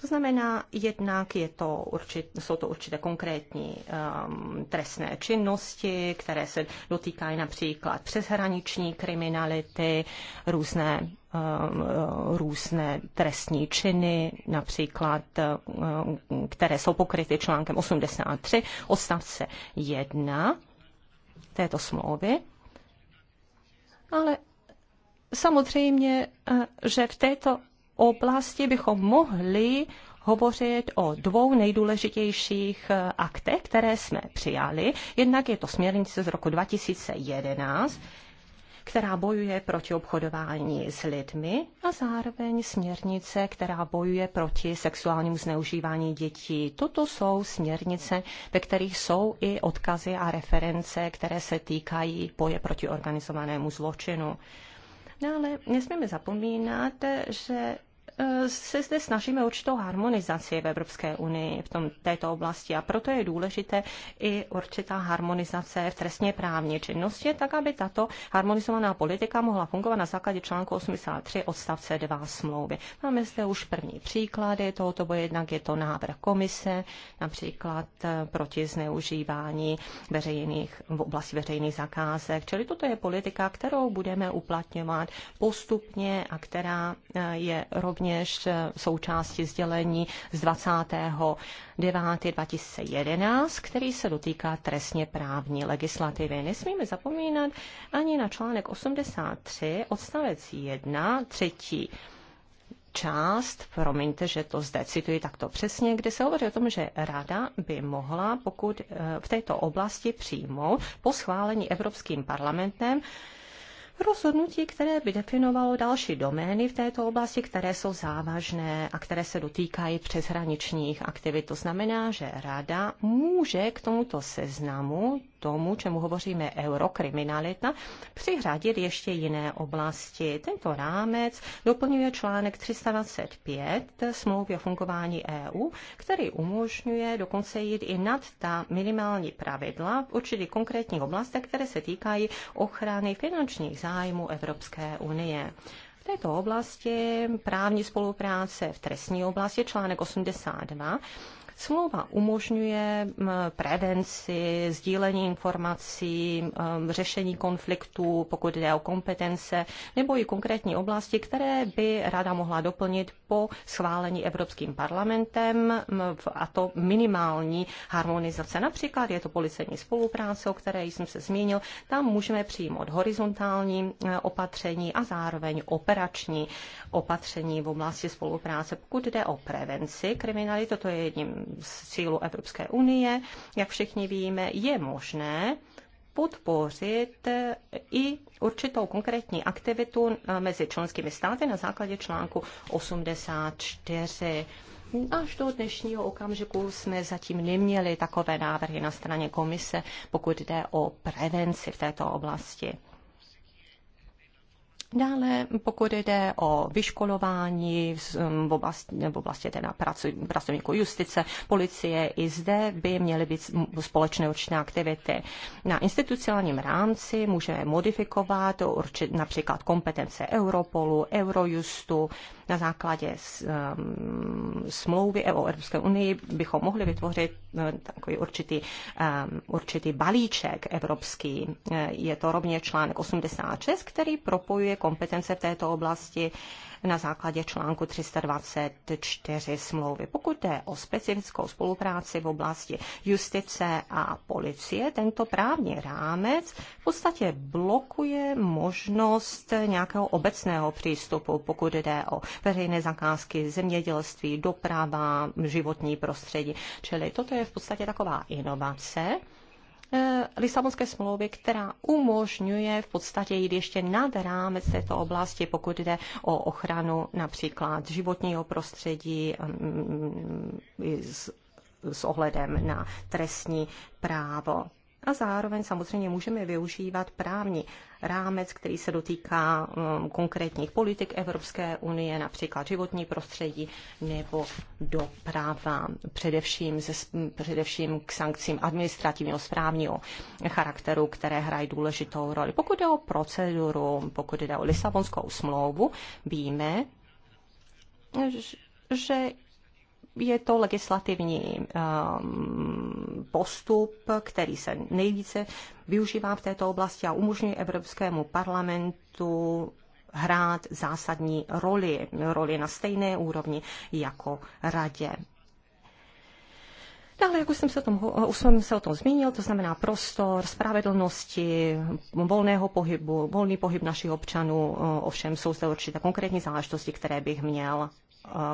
To znamená, jednak je to určit, jsou to určité konkrétní um, trestné činnosti, které se dotýkají například přeshraniční kriminality, různé um, různé trestní činy, například, um, které jsou pokryty článkem 83 odstavce 1 této smlouvy. Ale samozřejmě, eh, že v této oblasti bychom mohli hovořit o dvou nejdůležitějších eh, aktech, které jsme přijali. Jednak je to směrnice z roku 2011, která bojuje proti obchodování s lidmi a zároveň směrnice, která bojuje proti sexuálnímu zneužívání dětí. Toto jsou směrnice, ve kterých jsou i odkazy a reference, které se týkají boje proti organizovanému zločinu. No ale nesmíme zapomínat, že Eh, se zde snažíme určitou harmonizaci v Evropské unii v tom, této oblasti a proto je důležité i určitá harmonizace v trestně právní činnosti, tak aby tato harmonizovaná politika mohla fungovat na základě článku 83 odstavce 2 smlouvy. Máme zde už první příklady tohoto boje, jednak je to návrh komise, například eh, proti zneužívání veřejných, v oblasti veřejných zakázek. Čili toto je politika, kterou budeme uplatňovat postupně a která eh, je rovně rovněž eh, součástí sdělení z 20.9.2011, který se dotýká trestně právní legislativy. Nesmíme zapomínat ani na článek 83 odstavec 1 třetí část, promiňte, že to zde cituji takto přesně, kde se hovoří o tom, že Rada by mohla, pokud eh, v této oblasti přijmout po schválení Evropským parlamentem, rozhodnutí, které by definovalo další domény v této oblasti, které jsou závažné a které se dotýkají přeshraničních aktivit. To znamená, že rada může k tomuto seznamu tomu, čemu hovoříme eurokriminalita, přiřadit ještě jiné oblasti. Tento rámec doplňuje článek 325 smlouvy o fungování EU, který umožňuje dokonce jít i nad ta minimální pravidla v určitých konkrétních oblastech, které se týkají ochrany finančních zájmů Evropské unie. V této oblasti právní spolupráce v trestní oblasti článek 82 Smlouva umožňuje prevenci, sdílení informací, řešení konfliktů, pokud jde o kompetence, nebo i konkrétní oblasti, které by Rada mohla doplnit po schválení Evropským parlamentem, a to minimální harmonizace. Například je to policejní spolupráce, o které jsem se zmínil. Tam můžeme přijmout horizontální e, opatření a zároveň operační opatření v oblasti spolupráce. Pokud jde o prevenci kriminality, to je jedním sílu Evropské unie, jak všichni víme, je možné podpořit i určitou konkrétní aktivitu mezi členskými státy na základě článku 84. Až do dnešního okamžiku jsme zatím neměli takové návrhy na straně komise, pokud jde o prevenci v této oblasti. Dále, pokud jde o vyškolování v oblasti, v oblasti teda pracovníků justice, policie, i zde by měly být společné určité aktivity. Na institucionálním rámci můžeme modifikovat určit, například kompetence Europolu, Eurojustu, na základě ehm, smlouvy e o Evropské unii bychom mohli vytvořit eh, takový určitý, ehm, určitý balíček evropský. Eh, je to rovně článek 86, který propojuje kompetence v této oblasti na základě článku 324 smlouvy. Pokud jde o specifickou spolupráci v oblasti justice a policie, tento právní rámec v podstatě blokuje možnost nějakého obecného přístupu, pokud jde o veřejné zakázky, zemědělství, doprava, životní prostředí. Čili toto je v podstatě taková inovace, Eh, Lisabonské smlouvy, která umožňuje v podstatě jít ještě nad rámec této oblasti, pokud jde o ochranu například životního prostředí, mm, mm, mm, s ohledem na trestní právo. A zároveň samozřejmě můžeme využívat právní rámec, který se dotýká um, konkrétních politik Evropské unie, například životní prostředí nebo doprava, především, ze, především k sankcím administrativního správního charakteru, které hrají důležitou roli. Pokud jde o proceduru, pokud jde o Lisabonskou smlouvu, víme, že je to legislativní ehm, postup, který se nejvíce využívá v této oblasti a umožňuje Evropskému parlamentu hrát zásadní roli, roli na stejné úrovni jako radě. Dále, jak už jsem, se o tom, už jsem se o tom zmínil, to znamená prostor, spravedlnosti, volného pohybu, volný pohyb našich občanů, eh, ovšem jsou zde určité konkrétní záležitosti, které bych měl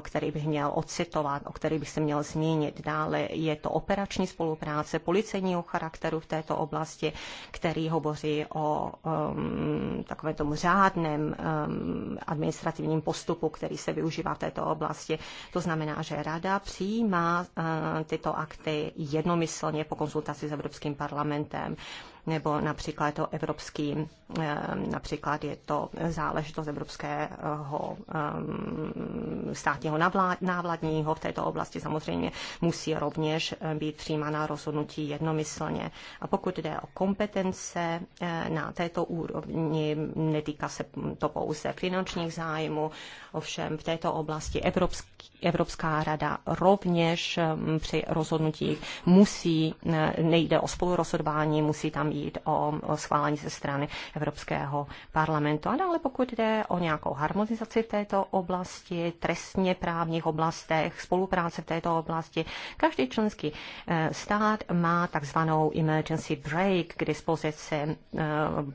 který bych měl ocitovat, o který bych se měl zmínit. Dále je to operační spolupráce policejního charakteru v této oblasti, který hovoří o um, takovém tom řádném um, administrativním postupu, který se využívá v této oblasti. To znamená, že Rada přijímá uh, tyto akty jednomyslně po konzultaci s Evropským parlamentem nebo například to evropský, eh, například je to záležitost evropského eh, státního návladního v této oblasti samozřejmě musí rovněž eh, být přijímána rozhodnutí jednomyslně. A pokud jde o kompetence na této úrovni, netýká se to pouze finančních zájmů, ovšem v této oblasti Evropský, Evropská rada rovněž při rozhodnutích musí, nejde o spolurozhodování, musí tam jít o, o schválení ze strany Evropského parlamentu. A dále, pokud jde o nějakou harmonizaci v této oblasti, trestně právních oblastech, spolupráce v této oblasti, každý členský eh, stát má takzvanou emergency break k dispozici, eh,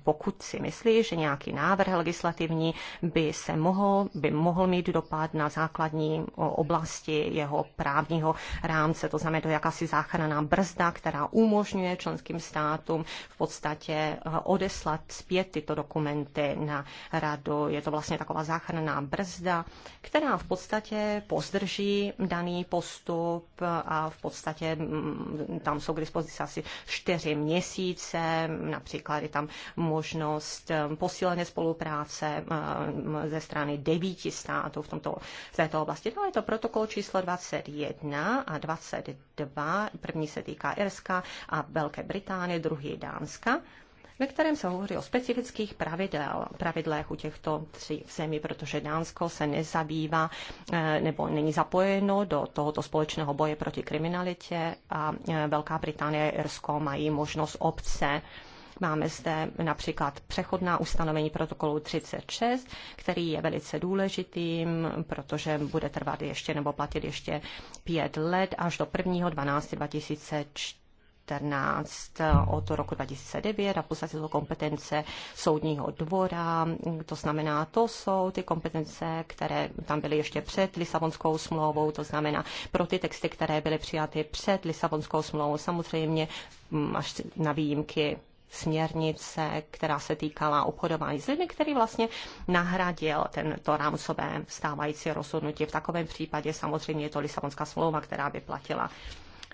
pokud si myslí, že nějaký návrh legislativní by se mohl, by mohl mít dopad na základní oblasti jeho právního rámce, to znamená, to jakási záchranná brzda, která umožňuje členským státům v podstatě eh, odeslat zpět tyto dokumenty na radu. Je to vlastně taková záchranná brzda, která v podstatě pozdrží daný postup a v podstatě mm, tam jsou k dispozici asi čtyři měsíce, například je tam možnost eh, posílené spolupráce eh, ze strany devíti států v, tomto, v této oblasti. To no, je to protokol číslo 21 a 22. První se týká Irska a Velké Británie, druhý dá Dánska, ve kterém se hovoří o specifických pravidel, pravidlech u těchto tří zemí, protože Dánsko se nezabývá eh, nebo není zapojeno do tohoto společného boje proti kriminalitě a eh, Velká Británie a Irsko mají možnost obce Máme zde například přechodná ustanovení protokolu 36, který je velice důležitým, protože bude trvat ještě nebo platit ještě pět let až do 1. 12. 2004 14 od roku 2009 a v podstatě jsou kompetence soudního dvora. To znamená, to jsou ty kompetence, které tam byly ještě před Lisabonskou smlouvou, to znamená pro ty texty, které byly přijaty před Lisabonskou smlouvou, samozřejmě mm, až na výjimky směrnice, která se týkala obchodování s lidmi, který vlastně nahradil tento rámcové stávající rozhodnutí. V takovém případě samozřejmě je to Lisabonská smlouva, která by platila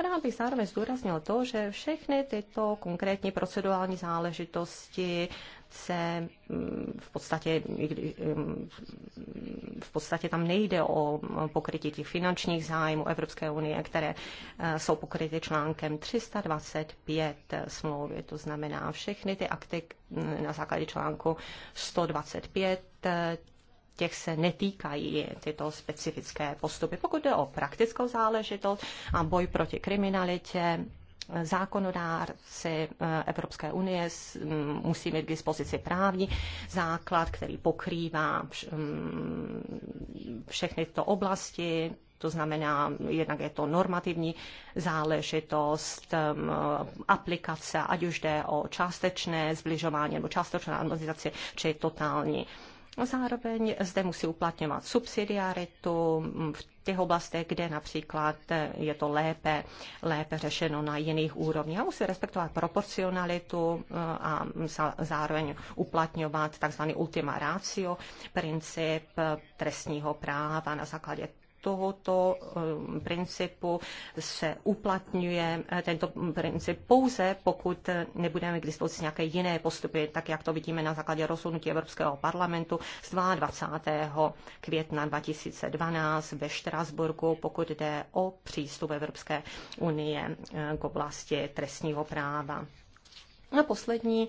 Rád bych zároveň zdůraznil to, že všechny tyto konkrétní procedurální záležitosti se mm, v podstatě, mm, v podstatě tam nejde o mm, pokrytí těch finančních zájmů Evropské unie, které eh, jsou pokryty článkem 325 smlouvy. To znamená všechny ty akty na základě článku 125 těch se netýkají tyto specifické postupy. Pokud jde o praktickou záležitost a boj proti kriminalitě, zákonodárci eh, Evropské unie mm, musí mít k dispozici právní základ, který pokrývá mm, všechny tyto oblasti, to znamená, jednak je to normativní záležitost, mm, aplikace, ať už jde o částečné zbližování nebo částečné harmonizaci, či totální Zároveň zde musí uplatňovat subsidiaritu v těch oblastech, kde například je to lépe, lépe řešeno na jiných úrovních. A musí respektovat proporcionalitu eh, a zároveň uplatňovat tzv. ultima ratio, princip trestního práva na základě tohoto eh, principu se uplatňuje eh, tento princip pouze, pokud eh, nebudeme k dispozici nějaké jiné postupy, tak jak to vidíme na základě rozhodnutí Evropského parlamentu z 22. května 2012 ve Štrasburku, pokud jde o přístup Evropské unie k oblasti trestního práva. A poslední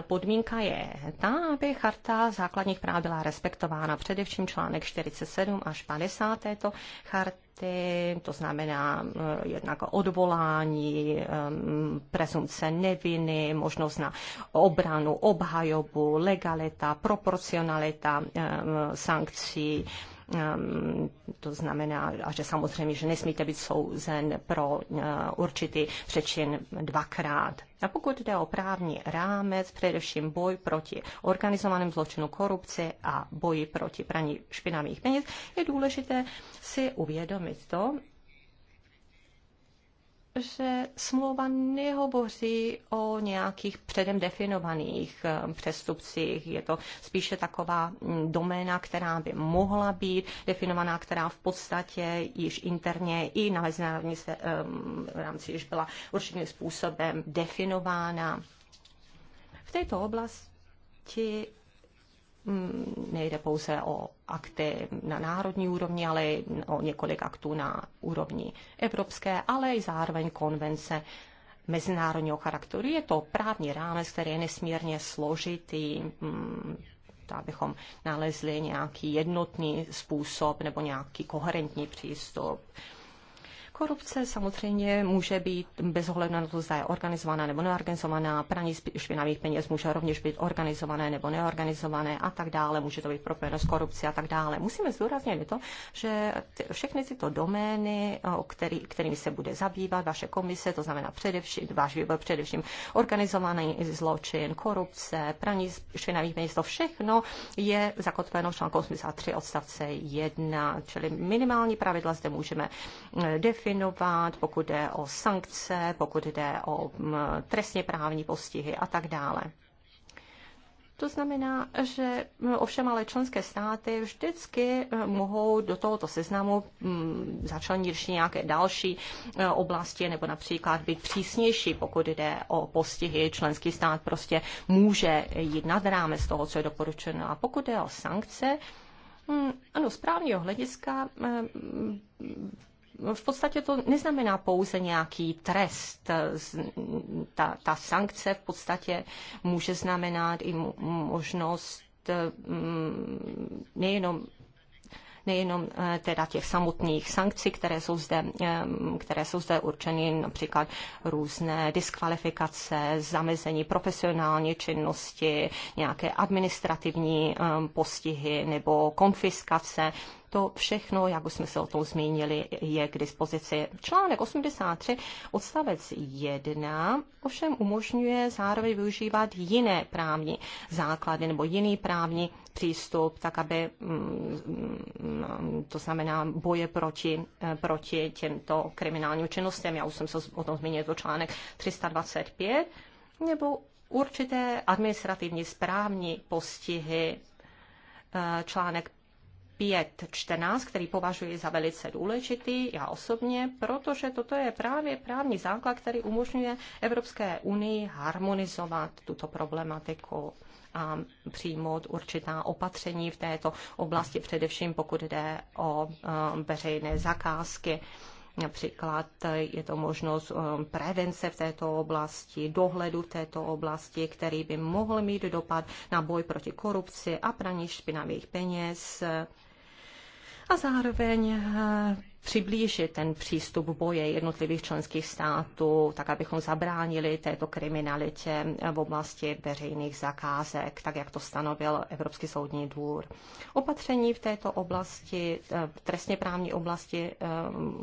podmínka je ta, aby charta základních práv byla respektována, především článek 47 až 50 této charty, to znamená eh, jednak odvolání, eh, prezumce neviny, možnost na obranu, obhajobu, legalita, proporcionalita eh, sankcí, Ehm, to znamená, a že samozřejmě, že nesmíte být souzen pro eh, určitý přečin dvakrát. A pokud jde o právní rámec, především boj proti organizovaným zločinu korupci a boji proti praní špinavých peněz, je důležité si uvědomit to, že smlouva nehovoří o nějakých předem definovaných eh, přestupcích. Je to spíše taková mm, doména, která by mohla být definovaná, která v podstatě již interně i na mezinárodní eh, rámci již byla určitým způsobem definována. V této oblasti Mm, nejde pouze o akty na národní úrovni, ale i o několik aktů na úrovni evropské, ale i zároveň konvence mezinárodního charakteru. Je to právní rámec, který je nesmírně složitý, mm, abychom nalezli nějaký jednotný způsob nebo nějaký koherentní přístup Korupce samozřejmě může být bez ohledu na to, zda je organizovaná nebo neorganizovaná, praní špinavých peněz může rovněž být organizované nebo neorganizované a tak dále, může to být propojeno s korupcí a tak dále. Musíme zdůraznit to, že všechny tyto domény, o který, kterými se bude zabývat vaše komise, to znamená především, váš výbor především organizovaný zločin, korupce, praní špinavých peněz, to všechno je zakotveno v článku 83 odstavce 1, čili minimální pravidla zde můžeme definovat eh, definovat, pokud jde o sankce, pokud jde o mm, trestně právní postihy a tak dále. To znamená, že mm, ovšem ale členské státy vždycky mm, mohou do tohoto seznamu začlenit ještě nějaké další oblasti nebo například být přísnější, pokud jde o postihy. Členský stát prostě může jít nad rámec toho, co je doporučeno. A pokud jde o sankce, ano, z právního hlediska v podstatě to neznamená pouze nějaký trest. Ta, ta sankce v podstatě může znamenat i možnost eh, mm, nejenom nejenom eh, teda těch samotných sankcí, které jsou zde, eh, které jsou zde určeny, například různé diskvalifikace, zamezení profesionální činnosti, nějaké administrativní postihy nebo konfiskace to všechno, jak už jsme se o tom zmínili, je k dispozici. Článek 83 odstavec 1 ovšem umožňuje zároveň využívat jiné právní základy nebo jiný právní přístup, tak aby mm, mm, to znamená boje proti, eh, proti těmto kriminálním činnostem. Já už jsem se o tom zmínil, to článek 325 nebo určité administrativní správní postihy, eh, článek 5.14, který považuji za velice důležitý, já osobně, protože toto je právě právní základ, který umožňuje Evropské unii harmonizovat tuto problematiku a přijmout určitá opatření v této oblasti, především pokud jde o eh, veřejné zakázky. Například eh, je to možnost eh, prevence v této oblasti, dohledu v této oblasti, který by mohl mít dopad na boj proti korupci a praní špinavých peněz, a zároveň eh, přiblížit ten přístup boje jednotlivých členských států, tak abychom zabránili této kriminalitě v oblasti veřejných zakázek, tak jak to stanovil Evropský soudní dvůr. Opatření v této oblasti, eh, v trestně právní oblasti, eh,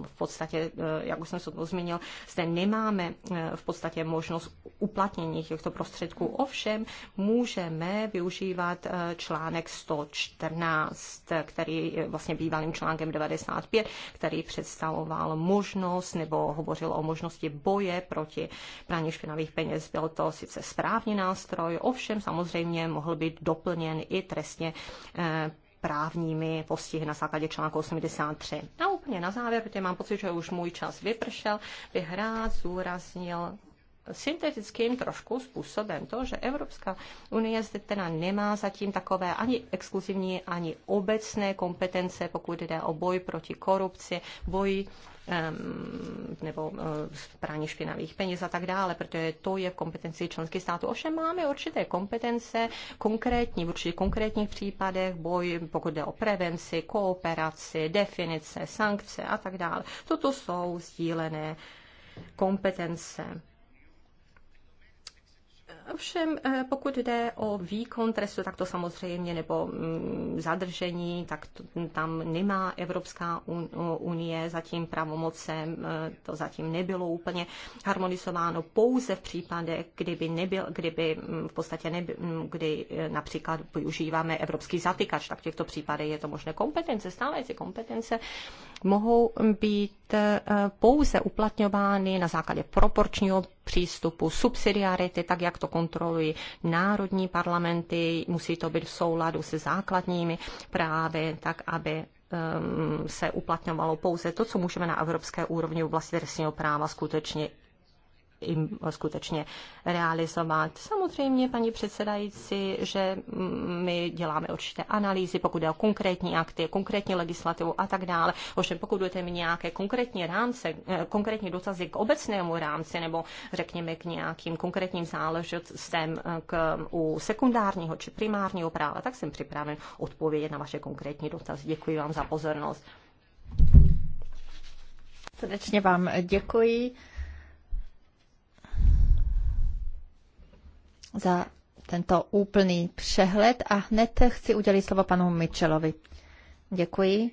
v podstatě, eh, jak už jsem se to zmínil, zde nemáme v podstatě možnost uplatnění těchto prostředků. Ovšem můžeme využívat článek 114, který je vlastně bývalým článkem 95, který který představoval možnost nebo hovořil o možnosti boje proti praní špinavých peněz. Byl to sice správný nástroj, ovšem samozřejmě mohl být doplněn i trestně eh, právními postihy na základě článku 83. A úplně na závěr, protože mám pocit, že už můj čas vypršel, bych rád zúraznil syntetickým trošku způsobem. To, že Evropská unie zde teda nemá zatím takové ani exkluzivní, ani obecné kompetence, pokud jde o boj proti korupci, boj nebo eh, praní špinavých peněz a tak dále, protože to je v kompetenci členských států. Ovšem máme určité kompetence konkrétní, v určitých konkrétních případech, boj, pokud jde o prevenci, kooperaci, definice, sankce a tak dále. Toto jsou sdílené kompetence. Ovšem, eh, pokud jde o výkon trestu, tak to samozřejmě, nebo mm, zadržení, tak to, mm, tam nemá Evropská unie zatím pravomocem, eh, to zatím nebylo úplně harmonizováno pouze v případech, kdyby, nebyl, kdyby mm, v podstatě neby, kdy eh, například využíváme evropský zatykač, tak v těchto případech je to možné kompetence, Stále stávající kompetence mohou být pouze uplatňovány na základě proporčního přístupu, subsidiarity, tak jak to kontrolují národní parlamenty, musí to být v souladu se základními právy, tak aby um, se uplatňovalo pouze to, co můžeme na evropské úrovni v oblasti trestního práva skutečně ho skutečně realizovat. Samozřejmě, paní předsedající, že my děláme určité analýzy, pokud je o konkrétní akty, konkrétní legislativu a tak dále. Ovšem, pokud budete mít nějaké konkrétní rámce, eh, konkrétní dotazy k obecnému rámci nebo řekněme k nějakým konkrétním záležitostem eh, k, u sekundárního či primárního práva, tak jsem připraven odpovědět na vaše konkrétní dotazy. Děkuji vám za pozornost. Srdečně vám děkuji. za tento úplný přehled a hned chci udělit slovo panu Mitchellovi. Děkuji.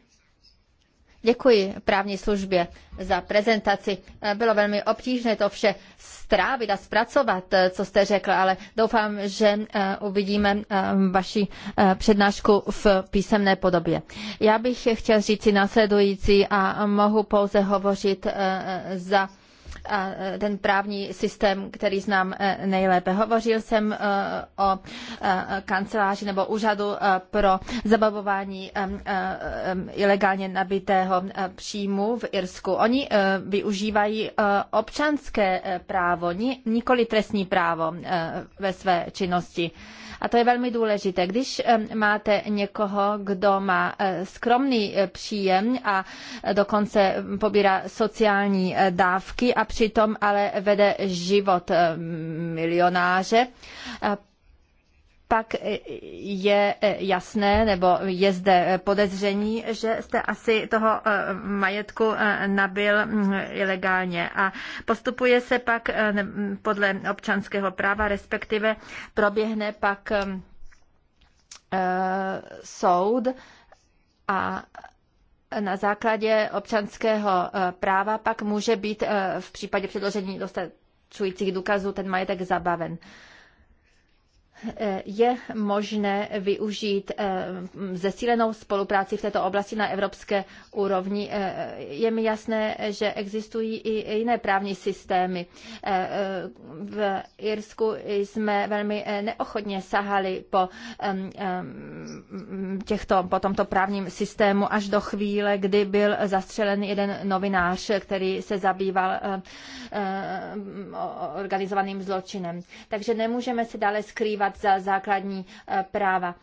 Děkuji právní službě za prezentaci. Bylo velmi obtížné to vše strávit a zpracovat, co jste řekl, ale doufám, že eh, uvidíme eh, vaši eh, přednášku v písemné podobě. Já bych chtěl říci následující a mohu pouze hovořit za E, ten právní systém, který znám e, nejlépe. Hovořil jsem e, o kanceláři nebo úřadu pro zabavování ilegálně nabitého příjmu v Irsku. Oni využívají občanské právo, nikoli trestní právo ve své činnosti. A to je velmi důležité. Když eh, máte někoho, kdo má eh, skromný eh, příjem a dokonce hm, pobírá sociální dávky a přitom ale vede život milionáře, pak je jasné, nebo je zde podezření, že jste asi toho eh, majetku eh, nabil hm, ilegálně. A postupuje se pak eh, podle občanského práva, respektive proběhne pak hm, soud a na základě občanského práva pak může být v případě předložení dostačujících důkazů ten majetek zabaven je možné využít eh, zesílenou spolupráci v této oblasti na evropské úrovni. Eh, je mi jasné, že existují i jiné právní systémy. Eh, v Irsku jsme velmi neochotně sahali po, těchto, po tomto právním systému až do chvíle, kdy byl zastřelen jeden novinář, který se zabýval organizovaným zločinem. Takže nemůžeme se dále skrývat považovat za základní eh, práva.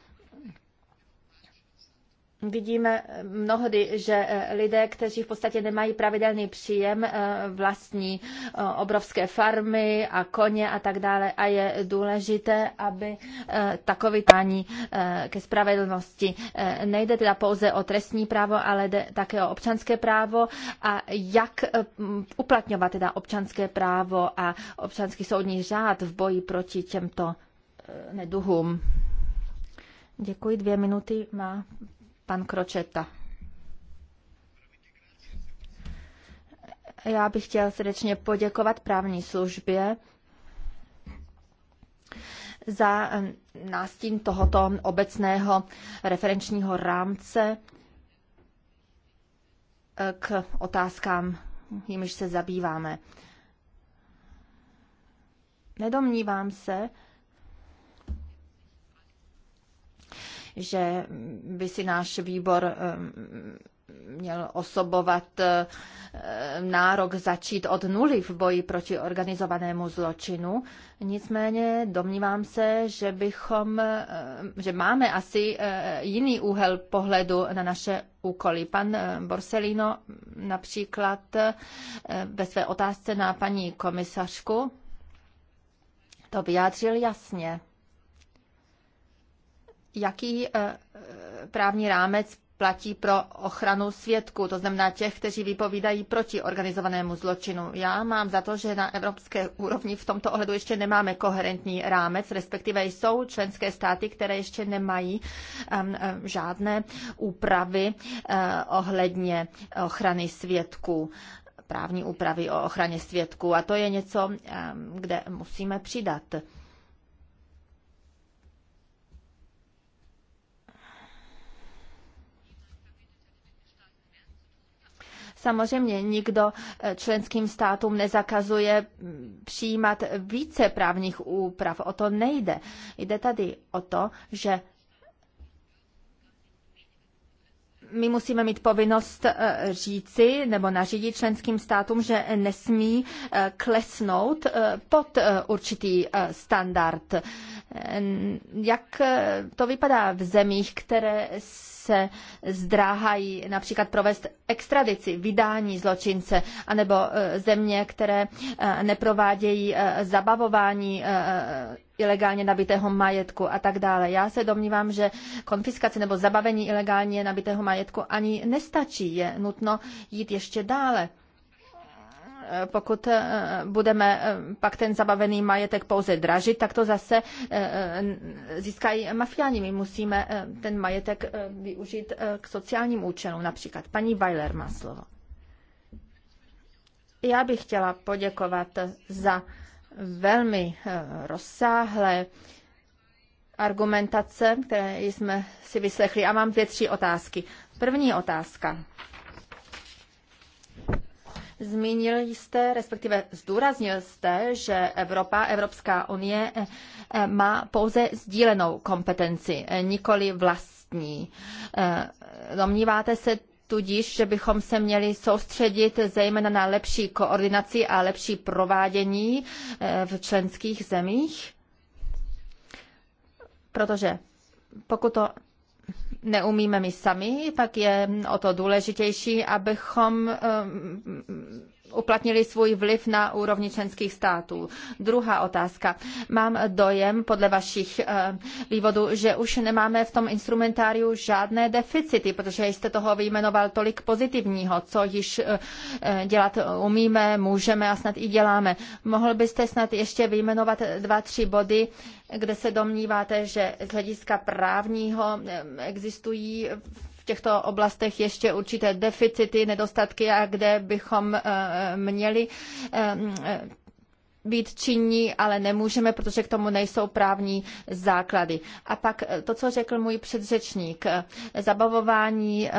Vidíme eh, mnohdy, že eh, lidé, kteří v podstatě nemají pravidelný příjem, vlastní obrovské farmy a koně a tak dále a je důležité, aby takový tání ke spravedlnosti nejde teda pouze o trestní právo, ale jde také o občanské právo a jak uplatňovat teda občanské právo a občanský soudní řád v boji proti těmto neduhům. Děkuji. Dvě minuty má pan Kročeta. Já bych chtěl srdečně poděkovat právní službě za eh, nástín tohoto obecného referenčního rámce eh, k otázkám, jimiž se zabýváme. Nedomnívám se, že by si náš výbor eh, měl osobovat eh, nárok začít od nuly v boji proti organizovanému zločinu. Nicméně domnívám se, že bychom, eh, že máme asi jiný úhel pohledu na naše úkoly. Pan Borsellino například ve své otázce na paní komisařku to vyjádřil jasně jaký eh, právní rámec platí pro ochranu svědků, to znamená těch, kteří vypovídají proti organizovanému zločinu. Já mám za to, že na evropské úrovni v tomto ohledu ještě nemáme koherentní rámec, respektive jsou členské státy, které ještě nemají um, žádné úpravy uh, ohledně ochrany svědků právní úpravy o ochraně svědků. A to je něco, um, kde musíme přidat. Samozřejmě nikdo eh, členským státům nezakazuje mm, přijímat více právních úprav. O to nejde. Jde tady o to, že my musíme mít povinnost eh, říci nebo nařídit členským státům, že nesmí eh, klesnout pod určitý standard. Eh, jak eh, to vypadá v zemích, které se zdráhají například provést extradici, vydání zločince, anebo eh, země, které neprovádějí zabavování ilegálně nabitého majetku a tak dále. Já se domnívám, že konfiskace nebo zabavení ilegálně nabitého majetku ani nestačí. Je nutno jít ještě dále pokud eh, budeme eh, pak ten zabavený majetek pouze dražit, tak to zase eh, získají mafiáni. My musíme ten majetek využít k sociálním účelům například. Paní Weiler má slovo. Já bych chtěla poděkovat za velmi rozsáhlé argumentace, které jsme si vyslechli a mám dvě, tři otázky. První otázka. Zmínil jste, respektive zdůraznil jste, že Evropa, Evropská unie eh, eh, má pouze sdílenou kompetenci, eh, nikoli vlastní. Domníváte se tudíž, že bychom se měli soustředit zejména na lepší koordinaci a lepší provádění v členských zemích? Protože pokud to neumíme my sami, pak je o to důležitější, abychom eh, uplatnili svůj vliv na úrovni členských států. Druhá otázka. Mám dojem podle vašich eh, vývodů, že už nemáme v tom instrumentáriu žádné deficity, protože jste toho vyjmenoval tolik pozitivního, co již eh, eh, dělat umíme, můžeme a snad i děláme. Mohl byste snad ještě vyjmenovat dva, tři body, kde se domníváte, že z hlediska právního existují v těchto oblastech ještě určité deficity, nedostatky a kde bychom eh, měli eh, být činní, ale nemůžeme, protože k tomu nejsou právní základy. A pak eh, to, co řekl můj předřečník, eh, zabavování eh,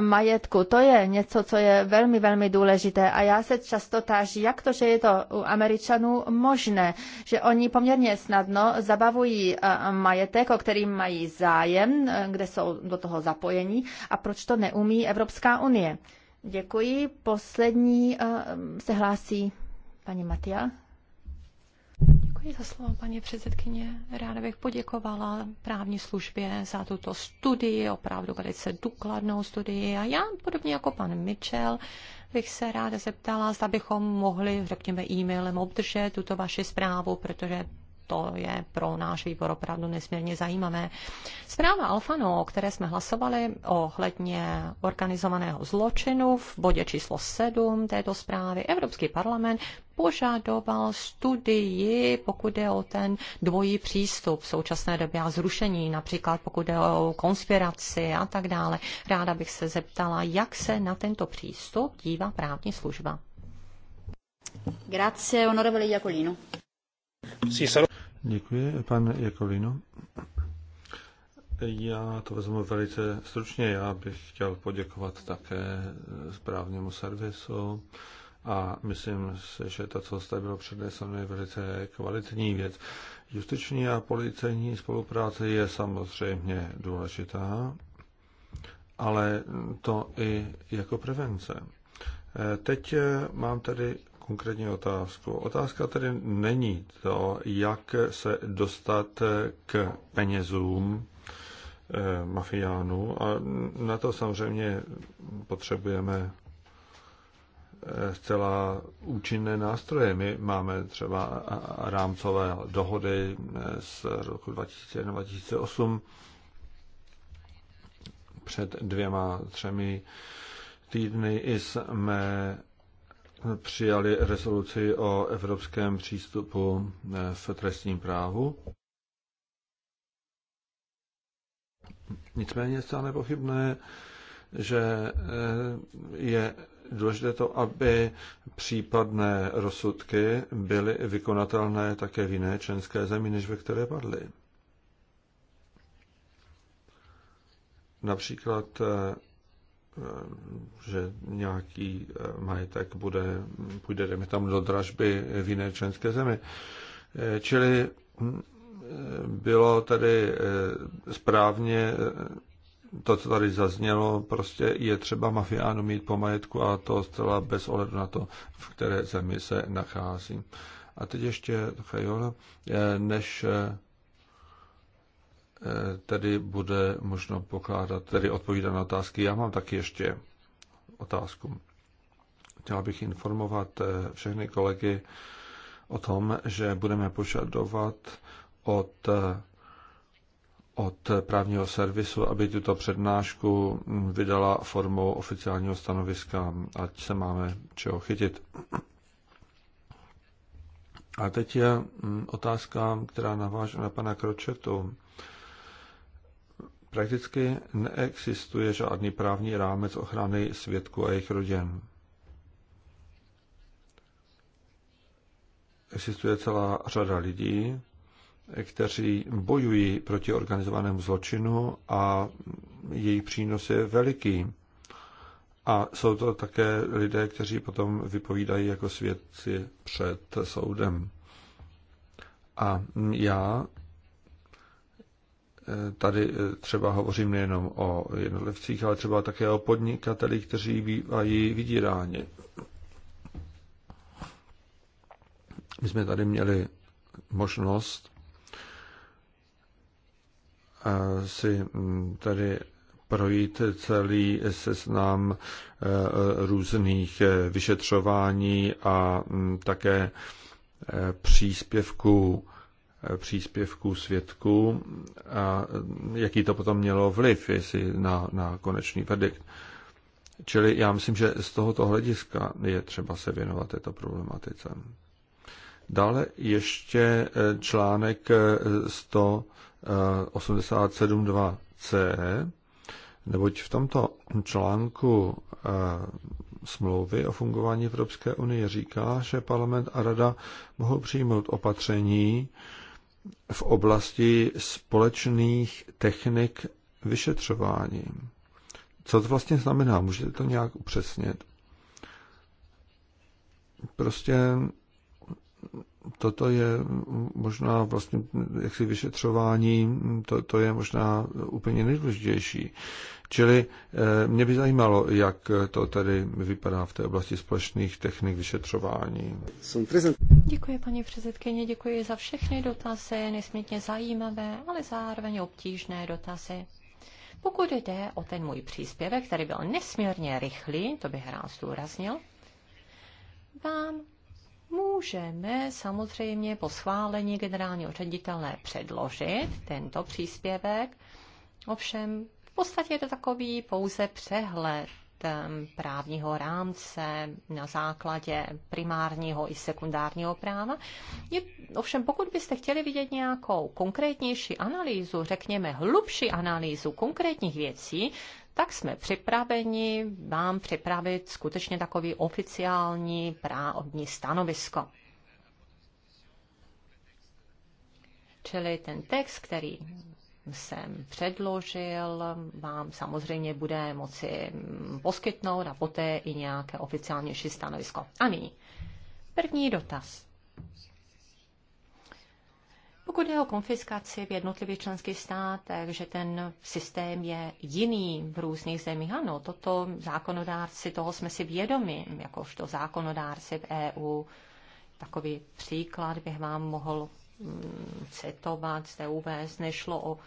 majetku, to je něco, co je velmi, velmi důležité. A já se často táží, jak to, že je to u Američanů možné, že oni poměrně snadno zabavují majetek, o který mají zájem, kde jsou do toho zapojení a proč to neumí Evropská unie. Děkuji. Poslední se hlásí paní Matia. Děkuji za slovo, paní předsedkyně. Ráda bych poděkovala právní službě za tuto studii, opravdu velice důkladnou studii. A já, podobně jako pan Mitchell, bych se ráda zeptala, zda bychom mohli, řekněme, e-mailem obdržet tuto vaši zprávu, protože to je pro náš výbor opravdu nesmírně zajímavé. Zpráva Alfano, o které jsme hlasovali ohledně organizovaného zločinu v bodě číslo 7 této zprávy, Evropský parlament požadoval studii, pokud je o ten dvojí přístup v současné době a zrušení, například pokud je o konspiraci a tak dále. Ráda bych se zeptala, jak se na tento přístup dívá právní služba. Grazie, onorevole Jacolino. Děkuji, pan Jakolino. Já to vezmu velice stručně. Já bych chtěl poděkovat také správnímu servisu a myslím si, že to, co jste bylo předneseno, je velice kvalitní věc. Justiční a policejní spolupráce je samozřejmě důležitá, ale to i jako prevence. Teď mám tady konkrétní otázku. Otázka tedy není to, jak se dostat k penězům eh, mafiánů a na to samozřejmě potřebujeme eh, zcela účinné nástroje. My máme třeba rámcové dohody eh, z roku 2001-2008 před dvěma, třemi týdny jsme přijali rezoluci o evropském přístupu eh, v trestním právu. Nicméně je zcela nepochybné, že eh, je důležité to, aby případné rozsudky byly vykonatelné také v jiné členské zemi, než ve které padly. Například eh, Eh, že nějaký eh, majetek bude, půjde dejme tam do dražby v jiné členské zemi. Eh, čili hm, bylo tady správně to, co tady zaznělo, prostě je třeba mafiánu mít po majetku a to zcela bez ohledu na to, v které zemi se nachází. A teď ještě, Chajor, než Eh, tedy bude možno pokládat, tedy odpovídat na otázky. Já mám taky ještě otázku. Chtěla bych informovat eh, všechny kolegy o tom, že budeme požadovat od, eh, od právního servisu, aby tuto přednášku vydala formou oficiálního stanoviska, ať se máme čeho chytit. A teď je mm, otázka, která naváže na pana Kročetu. Prakticky neexistuje žádný právní rámec ochrany svědků a jejich rodin. Existuje celá řada lidí, kteří bojují proti organizovanému zločinu a jejich přínos je veliký. A jsou to také lidé, kteří potom vypovídají jako svědci před soudem. A já Eh, tady eh, třeba hovořím nejenom o jednotlivcích, ale třeba také o podnikatelích, kteří bývají vydíráni. My jsme tady měli možnost eh, si hm, tady projít celý seznam různých vyšetřování a hm, také příspěvků příspěvků svědků a jaký to potom mělo vliv jestli na, na konečný verdikt. Čili já myslím, že z tohoto hlediska je třeba se věnovat této problematice. Dále ještě eh, článek 187.2c, eh, eh, neboť v tomto článku smlouvy o fungování Evropské unie říká, že parlament a rada mohou přijmout opatření, v oblasti společných technik vyšetřování. Co to vlastně znamená? Můžete to nějak upřesnit? Prostě toto je možná vlastně jaksi vyšetřování, to, to je možná úplně nejdůležitější. Čili eh, mě by zajímalo, jak to tady vypadá v té oblasti společných technik vyšetřování. Děkuji, paní předsedkyně, děkuji za všechny dotazy, nesmírně zajímavé, ale zároveň obtížné dotazy. Pokud jde o ten můj příspěvek, který byl nesmírně rychlý, to bych rád zdůraznil, vám Můžeme samozřejmě po schválení generálního ředitele předložit tento příspěvek, ovšem v podstatě je to takový pouze přehled ehm, právního rámce na základě primárního i sekundárního práva. Je, ovšem, pokud byste chtěli vidět nějakou konkrétnější analýzu, řekněme hlubší analýzu konkrétních věcí, tak jsme připraveni vám připravit skutečně takový oficiální právní stanovisko. Čili ten text, který jsem předložil, vám samozřejmě bude moci poskytnout a poté i nějaké oficiálnější stanovisko. A nyní, první dotaz. Pokud je o konfiskaci v jednotlivých členských státech, že ten systém je jiný v různých zemích, ano, toto zákonodárci, toho jsme si vědomi, jakožto zákonodárci v EU. Takový příklad bych vám mohl mm, citovat, zde uvést, nešlo o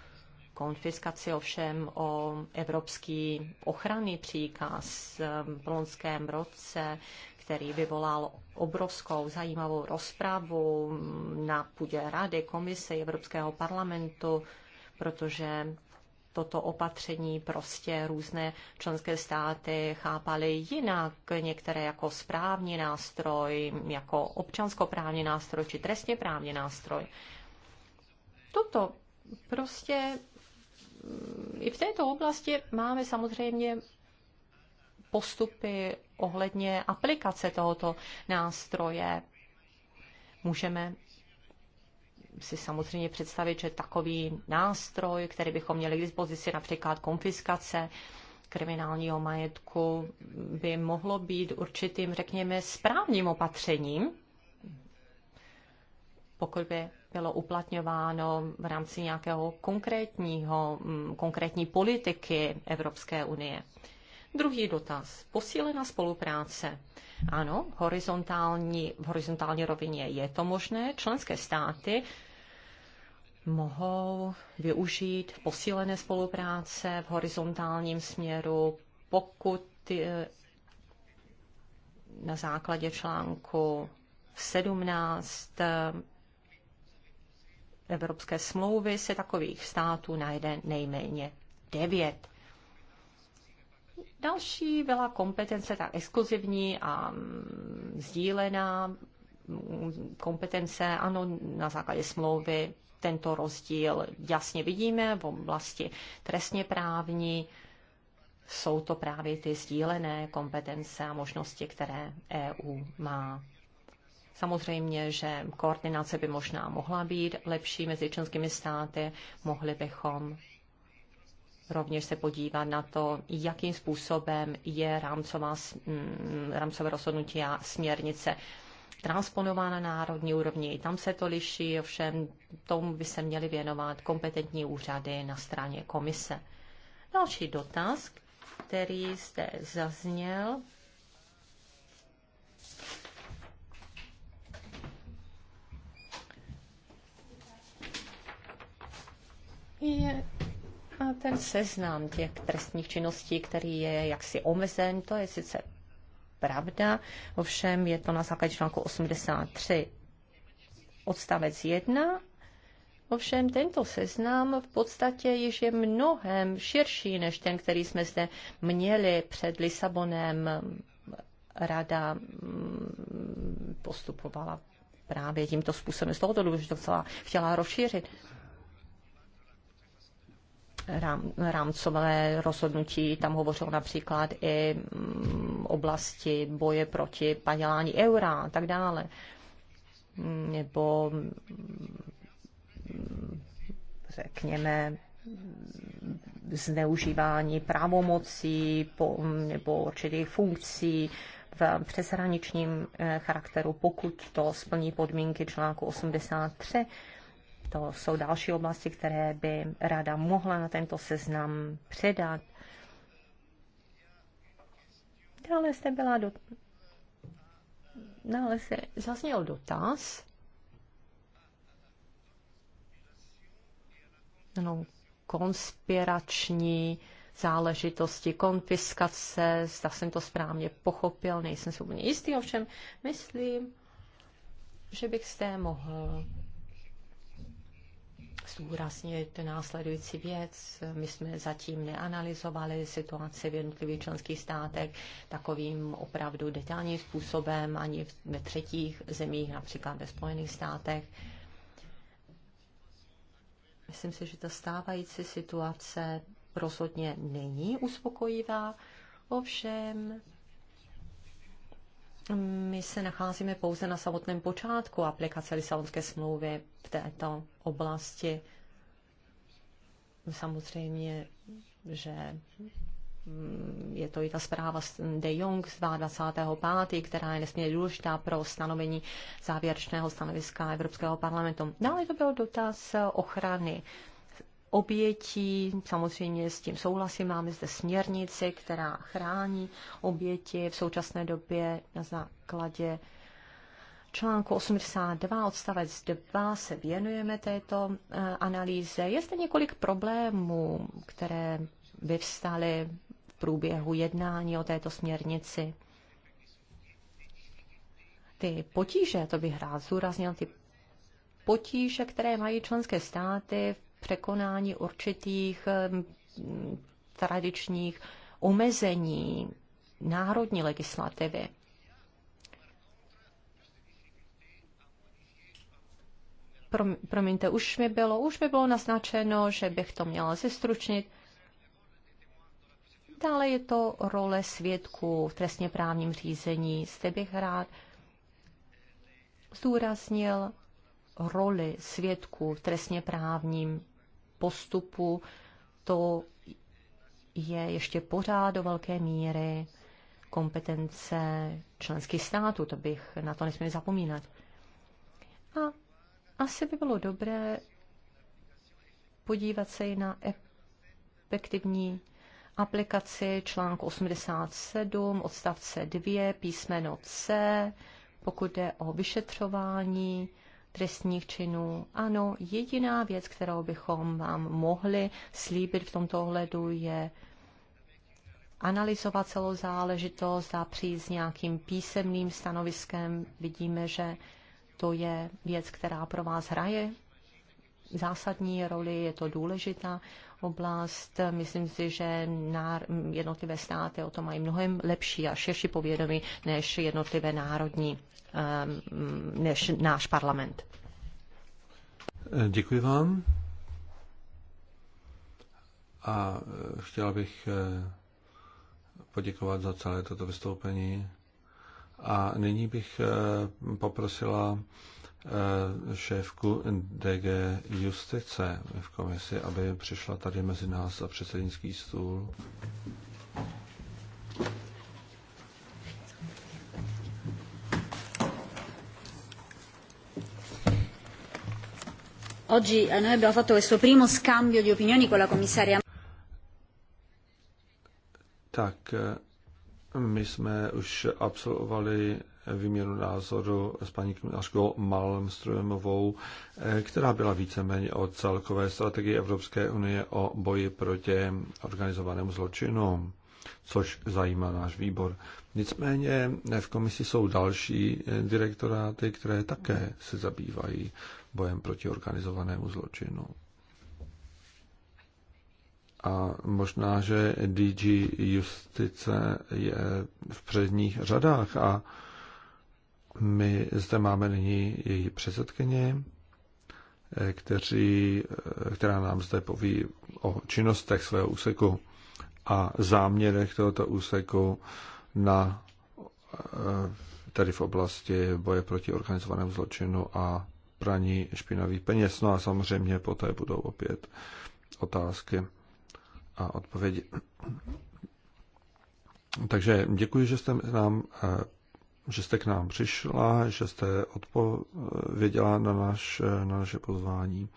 konfiskaci, ovšem o evropský ochranný příkaz v loňském roce který vyvolal obrovskou zajímavou rozpravu na půdě Rady, Komise Evropského parlamentu, protože toto opatření prostě různé členské státy chápaly jinak, některé jako správní nástroj, jako občanskoprávní nástroj či trestně právní nástroj. Toto prostě mm, i v této oblasti máme samozřejmě postupy ohledně aplikace tohoto nástroje. Můžeme si samozřejmě představit, že takový nástroj, který bychom měli k dispozici, například konfiskace kriminálního majetku, by mohlo být určitým, řekněme, správním opatřením, pokud by bylo uplatňováno v rámci nějakého konkrétního, mm, konkrétní politiky Evropské unie. Druhý dotaz. Posílená spolupráce. Ano, horizontální, v horizontální rovině je to možné. Členské státy mohou využít posílené spolupráce v horizontálním směru, pokud e, na základě článku 17 e, Evropské smlouvy se takových států najde nejméně devět. Další byla kompetence tak exkluzivní a mm, sdílená mm, kompetence, ano, na základě smlouvy tento rozdíl jasně vidíme v oblasti trestně právní. Jsou to právě ty sdílené kompetence a možnosti, které EU má. Samozřejmě, že koordinace by možná mohla být lepší mezi členskými státy, mohli bychom rovněž se podívat na to, jakým způsobem je rámcová, mm, rámcové rozhodnutí a směrnice transponována na národní úrovni. I tam se to liší, ovšem tomu by se měly věnovat kompetentní úřady na straně komise. Další dotaz, který jste zazněl, je a ten seznam těch trestních činností, který je jaksi omezen, to je sice pravda, ovšem je to na základě článku 83 odstavec 1 Ovšem tento seznam v podstatě již je mnohem širší než ten, který jsme zde měli před Lisabonem. Rada mm, postupovala právě tímto způsobem. Z tohoto důvodu to chtěla rozšířit rámcové rozhodnutí, tam hovořil například i mm, oblasti boje proti padělání eura a tak dále. Nebo mm, řekněme, zneužívání právomocí po, nebo určitých funkcí v přeshraničním eh, charakteru, pokud to splní podmínky článku 83 to jsou další oblasti, které by ráda mohla na tento seznam předat. Dále jste byla do... Dále se zazněl dotaz. No, konspirační záležitosti, konfiskace, zda jsem to správně pochopil, nejsem si úplně jistý, ovšem myslím, že bych zde mohl zdůraznit následující věc. My jsme zatím neanalyzovali situaci v jednotlivých členských státech takovým opravdu detailním způsobem, ani ve třetích zemích, například ve Spojených státech. Myslím si, že ta stávající situace rozhodně není uspokojivá, ovšem my se nacházíme pouze na samotném počátku aplikace Lisabonské smlouvy v této oblasti. Samozřejmě, že mm, je to i ta zpráva De Jong z 25. která je nesmírně důležitá pro stanovení závěrečného stanoviska Evropského parlamentu. Dále to byl dotaz ochrany obětí. Samozřejmě s tím souhlasím, máme zde směrnici, která chrání oběti v současné době na základě článku 82 odstavec 2 se věnujeme této eh, analýze. Je zde několik problémů, které vyvstaly v průběhu jednání o této směrnici. Ty potíže, to bych rád zúraznil, ty potíže, které mají členské státy v překonání určitých tradičních omezení národní legislativy. Promiňte, už mi bylo, už mi bylo naznačeno, že bych to měla zestručnit. Dále je to role svědků v trestně právním řízení. Zde bych rád zdůraznil roli svědků v trestně právním postupu, to je ještě pořád do velké míry kompetence členských států, to bych na to nesměl zapomínat. A asi by bylo dobré podívat se i na efektivní aplikaci článku 87 odstavce 2 písmeno C, pokud jde o vyšetřování trestních činů. Ano, jediná věc, kterou bychom vám mohli slíbit v tomto ohledu, je analyzovat celou záležitost a přijít s nějakým písemným stanoviskem. Vidíme, že to je věc, která pro vás hraje zásadní roli, je to důležitá oblast. Myslím si, že jednotlivé státy o tom mají mnohem lepší a širší povědomí než jednotlivé národní Ehm, než náš parlament. Eh, děkuji vám. A eh, chtěl bych eh, poděkovat za celé toto vystoupení. A nyní bych poprosila šéfku DG Justice v komisi, aby přišla tady mezi nás a předsednický stůl. Oggi eh, noi abbiamo fatto questo primo scambio di opinioni con la commissaria. Tak, eh, my jsme už absolvovali výměnu názoru s paní komisařkou Malmströmovou, eh, která byla víceméně o celkové strategii Evropské unie o boji proti organizovanému zločinu, což zajímá náš výbor. Nicméně v komisi jsou další direktoráty, které také se zabývají bojem proti organizovanému zločinu. A možná, že DG Justice je v předních řadách a my zde máme nyní její předsedkyně, kteří, která nám zde poví o činnostech svého úseku a záměrech tohoto úseku na, eh, tedy v oblasti boje proti organizovanému zločinu a praní špinavých peněz. No a samozřejmě poté budou opět otázky a odpovědi. Takže děkuji, že jste, nám, eh, že jste k nám přišla, že jste odpověděla na, naš, eh, na naše pozvání.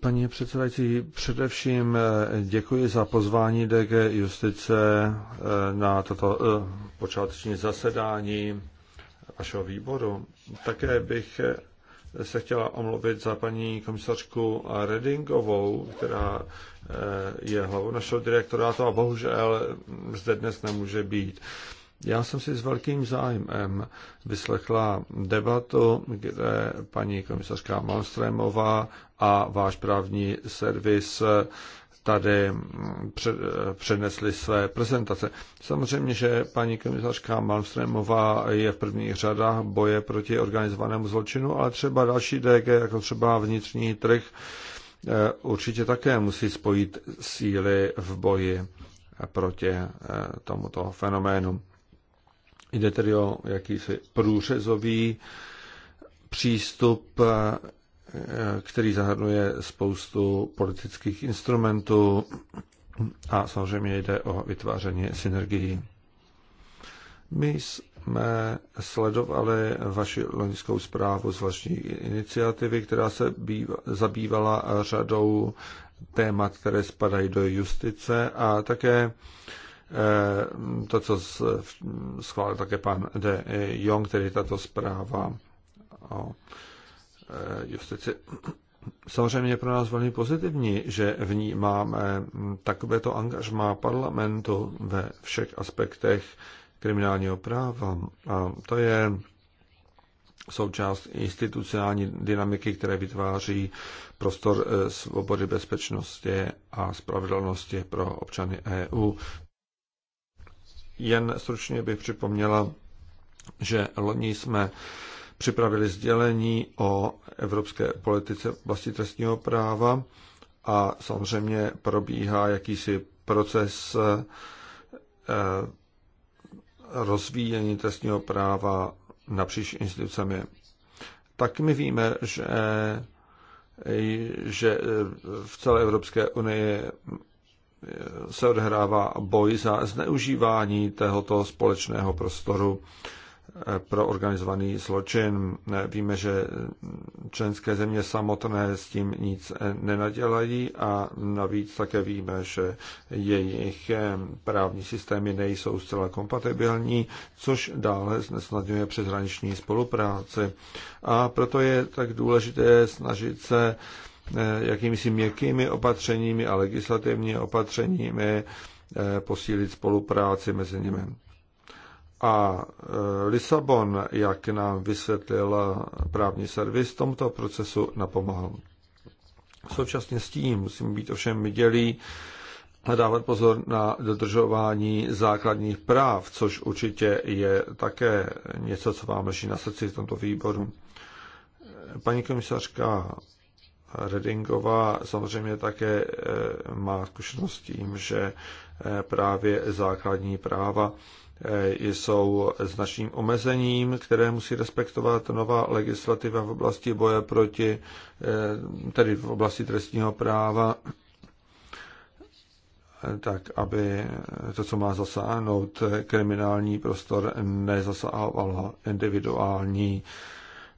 Paní předsedající, především eh, děkuji za pozvání DG Justice na toto počáteční zasedání vašeho výboru. Také bych se chtěla omluvit za paní komisařku Redingovou, která eh, je hlavou našeho direktorátu a bohužel zde dnes nemůže být. Já jsem si s velkým zájmem vyslechla debatu, kde paní komisařka Malmströmová a váš právní servis tady přednesli své prezentace. Samozřejmě, že paní komisařka Malmströmová je v prvních řadách boje proti organizovanému zločinu, ale třeba další DG, jako třeba vnitřní trh, eh, určitě také musí spojit síly v boji proti eh, tomuto fenoménu. Jde tedy o jakýsi průřezový přístup eh, který zahrnuje spoustu politických instrumentů a samozřejmě jde o vytváření synergií. My jsme sledovali vaši loňskou zprávu z vaší iniciativy, která se býva, zabývala řadou témat, které spadají do justice a také eh, to, co schválil také pan De Jong, který tato zpráva o Eh, justici. Samozřejmě je pro nás velmi pozitivní, že v ní máme takovéto angažmá parlamentu ve všech aspektech kriminálního práva. A to je součást institucionální dynamiky, které vytváří prostor eh, svobody, bezpečnosti a spravedlnosti pro občany EU. Jen stručně bych připomněla, že loni jsme připravili sdělení o evropské politice oblasti trestního práva a samozřejmě probíhá jakýsi proces eh, rozvíjení trestního práva napříč institucemi. Tak my víme, že, eh, že eh, v celé Evropské unii se odehrává boj za zneužívání tohoto společného prostoru pro organizovaný zločin. Víme, že členské země samotné s tím nic nenadělají a navíc také víme, že jejich právní systémy nejsou zcela kompatibilní, což dále znesnadňuje přeshraniční spolupráci. A proto je tak důležité snažit se eh, jakýmisi měkkými opatřeními a legislativními opatřeními eh, posílit spolupráci mezi nimi. A e, Lisabon, jak nám vysvětlil právní servis, tomuto procesu napomohl. Současně s tím musíme být ovšem dělí a dávat pozor na dodržování základních práv, což určitě je také něco, co vám leží na srdci v tomto výboru. Paní komisařka Redingová samozřejmě také e, má zkušenost s tím, že e, právě základní práva E, jsou značným omezením, které musí respektovat nová legislativa v oblasti boje proti, e, tedy v oblasti trestního práva, tak aby to, co má zasáhnout kriminální prostor, nezasahovalo individuální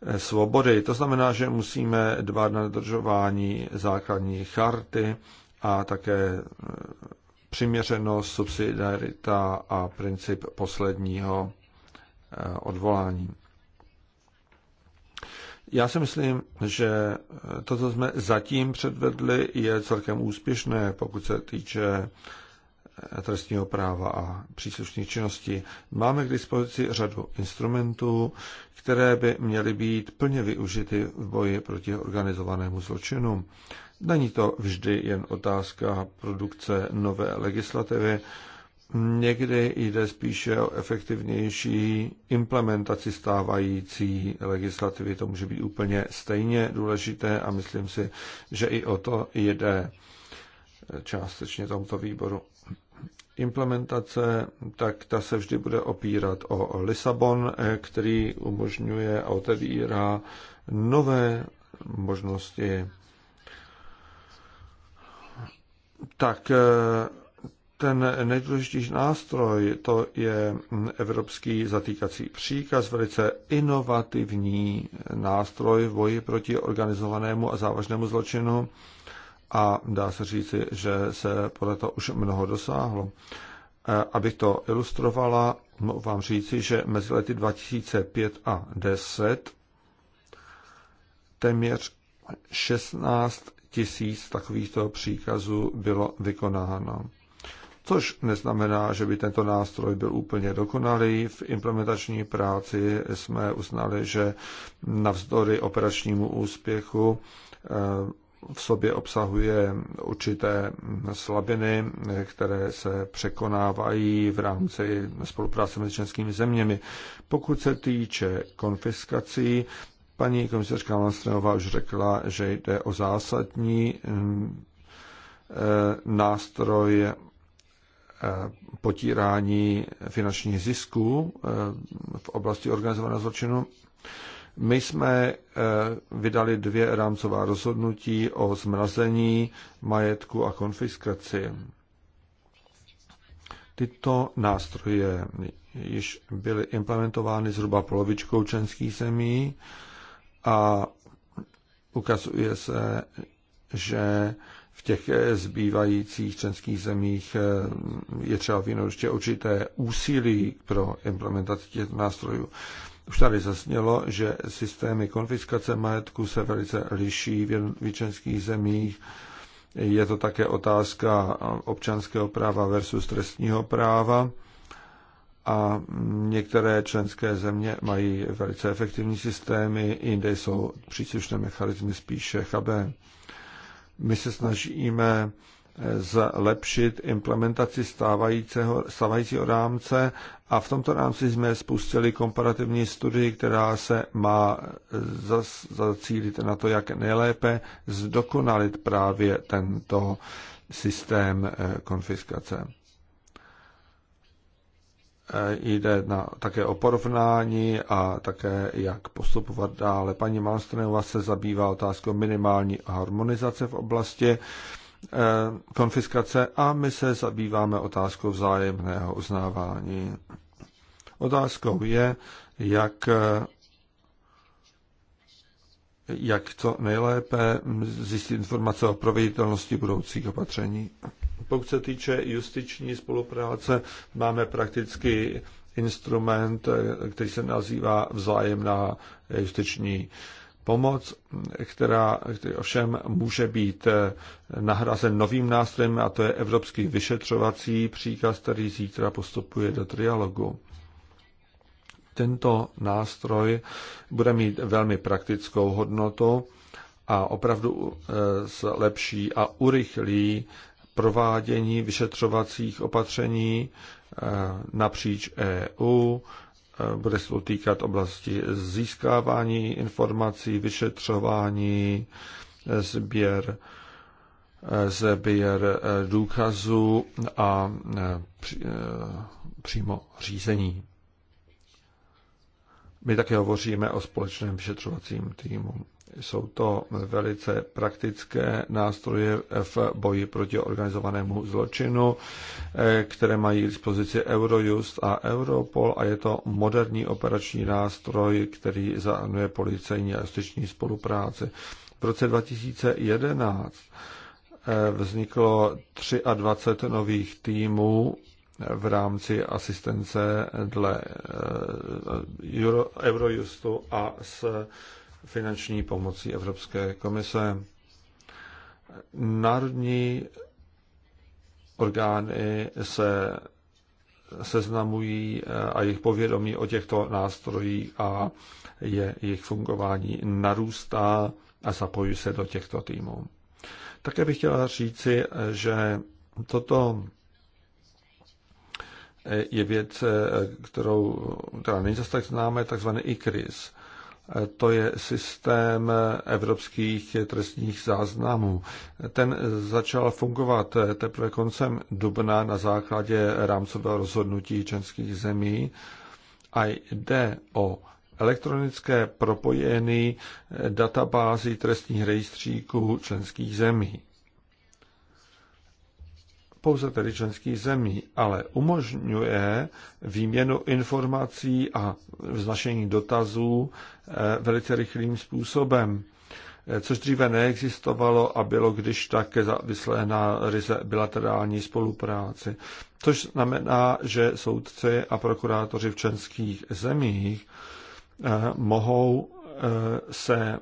e, svobody. To znamená, že musíme dbát na dodržování základní charty a také přiměřenost, subsidiarita a princip posledního eh, odvolání. Já si myslím, že to, co jsme zatím předvedli, je celkem úspěšné, pokud se týče eh, trestního práva a příslušných činností. Máme k dispozici řadu instrumentů, které by měly být plně využity v boji proti organizovanému zločinu. Není to vždy jen otázka produkce nové legislativy, někdy jde spíše o efektivnější implementaci stávající legislativy. To může být úplně stejně důležité a myslím si, že i o to jde částečně tomto výboru. Implementace, tak ta se vždy bude opírat o Lisabon, který umožňuje a otevírá nové možnosti tak eh, ten nejdůležitější nástroj, to je evropský zatýkací příkaz, velice inovativní nástroj v boji proti organizovanému a závažnému zločinu a dá se říci, že se podle toho už mnoho dosáhlo. Eh, abych to ilustrovala, mohu vám říci, že mezi lety 2005 a 10 téměř 16 tisíc takovýchto příkazů bylo vykonáno. Což neznamená, že by tento nástroj byl úplně dokonalý. V implementační práci jsme uznali, že navzdory operačnímu úspěchu eh, v sobě obsahuje určité slabiny, které se překonávají v rámci spolupráce mezi českými zeměmi. Pokud se týče konfiskací, Paní komisařka Malmströmová už řekla, že jde o zásadní mm, eh, nástroj eh, potírání finančních zisků eh, v oblasti organizovaného zločinu. My jsme vydali dvě rámcová rozhodnutí o zmrazení majetku a konfiskaci. Tyto nástroje již byly implementovány zhruba polovičkou členských zemí a ukazuje se, že v těch zbývajících členských zemích eh, je třeba věnovat ještě určité úsilí pro implementaci těch nástrojů. Už tady zasnělo, že systémy konfiskace majetku se velice liší v jednotlivých zemích. Je to také otázka občanského práva versus trestního práva a některé členské země mají velice efektivní systémy, jinde jsou příslušné mechanizmy spíše chabé. My se snažíme eh, zlepšit implementaci stávajícího, stávajícího rámce a v tomto rámci jsme spustili komparativní studii, která se má eh, zacílit na to, jak nejlépe zdokonalit právě tento systém eh, konfiskace jde na, také o porovnání a také jak postupovat dále. Paní Malstrenová se zabývá otázkou minimální harmonizace v oblasti eh, konfiskace a my se zabýváme otázkou vzájemného uznávání. Otázkou je, jak, jak co nejlépe zjistit informace o proveditelnosti budoucích opatření. Pokud se týče justiční spolupráce, máme prakticky instrument, který se nazývá vzájemná justiční pomoc, která který ovšem může být eh, nahrazen novým nástrojem, a to je Evropský vyšetřovací příkaz, který zítra postupuje do trialogu. Tento nástroj bude mít velmi praktickou hodnotu a opravdu zlepší eh, a urychlí provádění vyšetřovacích opatření eh, napříč EU. Eh, bude se to týkat oblasti získávání informací, vyšetřování, eh, sběr, sběr důkazů a přímo řízení. My také hovoříme o společném vyšetřovacím týmu. Jsou to velice praktické nástroje v boji proti organizovanému zločinu, eh, které mají k dispozici Eurojust a Europol a je to moderní operační nástroj, který zahrnuje policejní a justiční spolupráci. V roce 2011 eh, vzniklo 23 nových týmů eh, v rámci asistence dle Eurojustu a s finanční pomocí Evropské komise. Národní orgány se seznamují eh, a jejich povědomí o těchto nástrojích a je jejich fungování narůstá a zapojí se do těchto týmů. Také bych chtěla říci, že toto je věc, eh, kterou která není zase tak známe, takzvaný ICRIS to je systém evropských trestních záznamů. Ten začal fungovat teprve koncem dubna na základě rámcového rozhodnutí členských zemí a jde o elektronické propojení databází trestních rejstříků členských zemí pouze tedy členských zemí, ale umožňuje výměnu informací a vznašení dotazů eh, velice rychlým způsobem, eh, což dříve neexistovalo a bylo když tak závislé na ryze bilaterální spolupráci. Což znamená, že soudci a prokurátoři v členských zemích eh, mohou se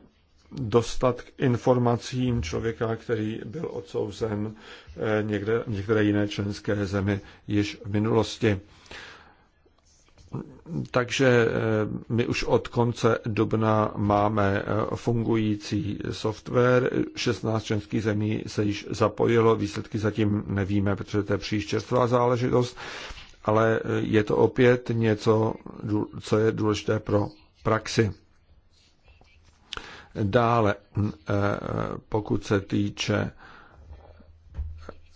dostat k informacím člověka, který byl odsouzen eh, někde, některé jiné členské zemi již v minulosti. Takže eh, my už od konce dubna máme eh, fungující software. 16 členských zemí se již zapojilo, výsledky zatím nevíme, protože to je příštěstvá záležitost, ale je to opět něco, co je důležité pro praxi. Dále, eh, pokud se týče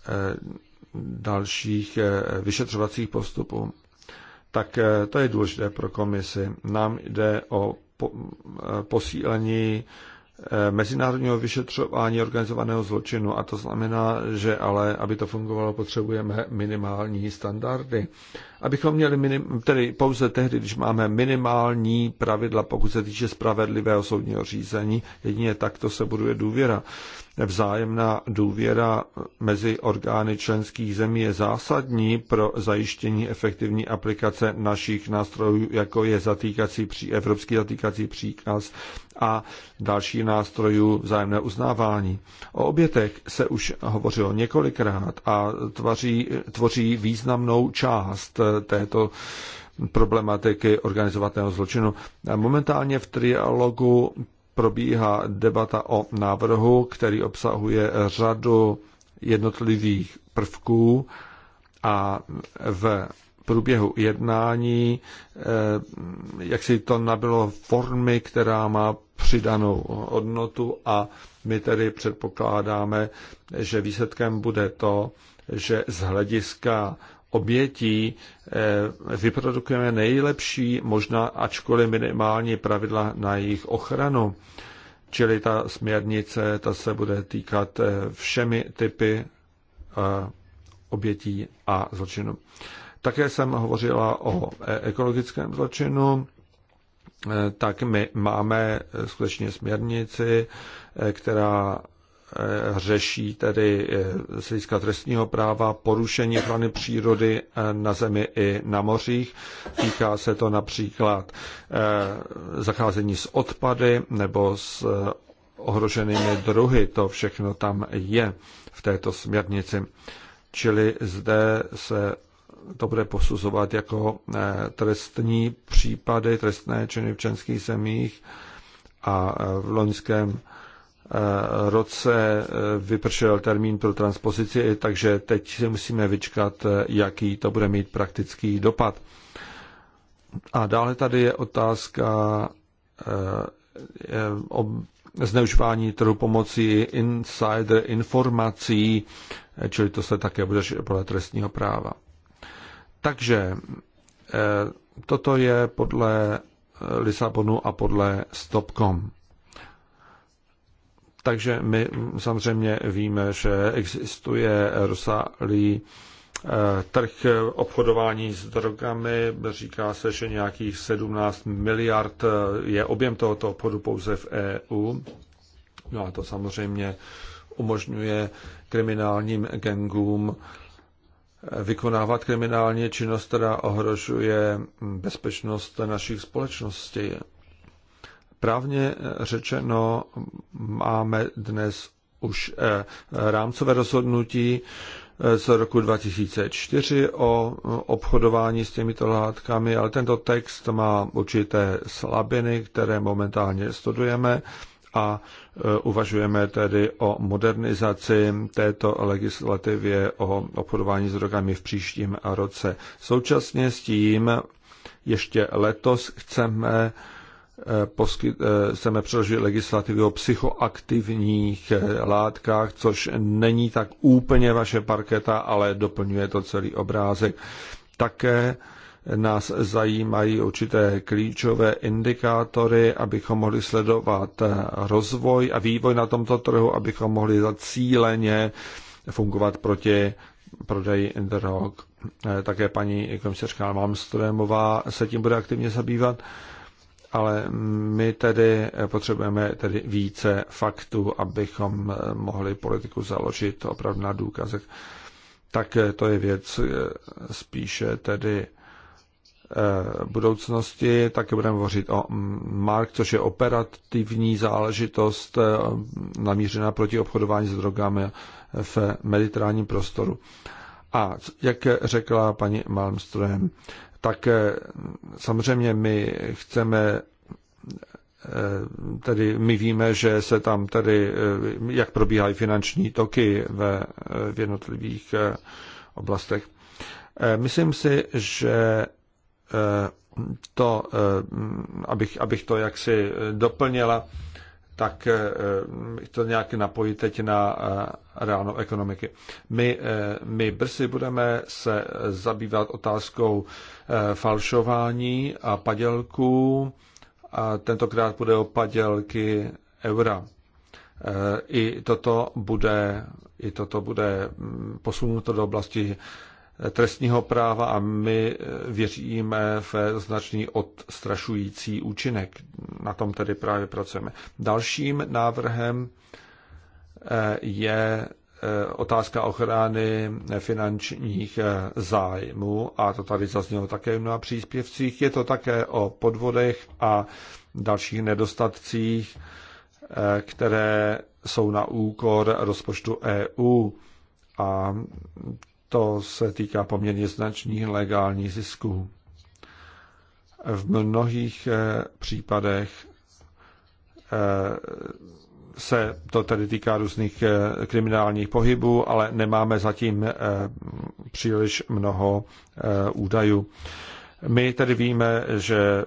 eh, dalších eh, vyšetřovacích postupů, tak to je důležité pro komisi. Nám jde o posílení Eh, mezinárodního vyšetřování organizovaného zločinu a to znamená, že ale, aby to fungovalo, potřebujeme minimální standardy. Abychom měli minim, tedy pouze tehdy, když máme minimální pravidla, pokud se týče spravedlivého soudního řízení, jedině takto se buduje důvěra. Vzájemná důvěra mezi orgány členských zemí je zásadní pro zajištění efektivní aplikace našich nástrojů, jako je zatýkací pří, evropský zatýkací příkaz a další nástrojů vzájemné uznávání. O obětech se už hovořilo několikrát a tvoří, tvoří významnou část této problematiky organizovaného zločinu. Momentálně v trialogu probíhá debata o návrhu, který obsahuje řadu jednotlivých prvků a v průběhu jednání, eh, jak si to nabylo formy, která má přidanou hodnotu a my tedy předpokládáme, že výsledkem bude to, že z hlediska obětí eh, vyprodukujeme nejlepší možná, ačkoliv minimální pravidla na jejich ochranu. Čili ta směrnice, ta se bude týkat eh, všemi typy eh, obětí a zločinu. Také jsem hovořila o ekologickém zločinu, tak my máme skutečně směrnici, která Eh, řeší tedy eh, z hlediska trestního práva porušení ochrany přírody eh, na zemi i na mořích. Týká se to například zacházení s odpady nebo s ohroženými druhy. To všechno tam je v této směrnici. Čili zde se to bude posuzovat jako trestní případy, trestné činy v členských zemích a v loňském Eh, roce eh, vypršel termín pro transpozici, takže teď si musíme vyčkat, eh, jaký to bude mít praktický dopad. A dále tady je otázka o zneužívání trhu pomocí insider informací, čili to se také bude podle trestního práva. Takže toto je podle Lisabonu a podle Stopcom. Takže my samozřejmě víme, že existuje rozsáhlý eh, trh obchodování s drogami. Říká se, že nějakých 17 miliard eh, je objem tohoto obchodu pouze v EU. No a to samozřejmě umožňuje kriminálním gangům eh, vykonávat kriminální činnost, která ohrožuje bezpečnost našich společností. Právně eh, řečeno máme dnes už eh, rámcové rozhodnutí eh, z roku 2004 o obchodování s těmito látkami, ale tento text má určité slabiny, které momentálně studujeme a uvažujeme tedy o modernizaci této legislativě o obchodování s drogami v příštím roce. Současně s tím ještě letos chceme Eh, poskyt, jsme eh, přeložili legislativy o psychoaktivních eh, látkách, což není tak úplně vaše parketa, ale doplňuje to celý obrázek. Také nás zajímají určité klíčové indikátory, abychom mohli sledovat rozvoj a vývoj na tomto trhu, abychom mohli zacíleně fungovat proti prodeji drog. Také paní komisařka Malmströmová se tím bude aktivně zabývat ale my tedy potřebujeme tedy více faktů, abychom eh, mohli politiku založit opravdu na důkazech. Tak eh, to je věc eh, spíše tedy budoucnosti, také budeme hovořit o MARK, což je operativní záležitost namířená proti obchodování s drogami v mediterálním prostoru. A jak řekla paní Malmström, tak eh, samozřejmě my chceme eh, tedy my víme, že se tam tedy, eh, jak probíhají finanční toky ve, v jednotlivých oblastech. Myslím si, že to, abych, abych to jaksi doplnila, tak to nějak napojit teď na reálnou ekonomiky. My, my brzy budeme se zabývat otázkou Eh, falšování a padělků. A tentokrát bude o padělky eura. Eh, I toto bude, i toto bude mm, posunuto do oblasti eh, trestního práva a my věříme v značný odstrašující účinek. Na tom tedy právě pracujeme. Dalším návrhem je Eh, otázka ochrany finančních eh, zájmů, a to tady zaznělo také mnoha příspěvcích, je to také o podvodech a dalších nedostatcích, eh, které jsou na úkor rozpočtu EU. A to se týká poměrně značných legálních zisků. V mnohých případech se to tedy týká různých eh, kriminálních pohybů, ale nemáme zatím eh, příliš mnoho eh, údajů. My tedy víme, že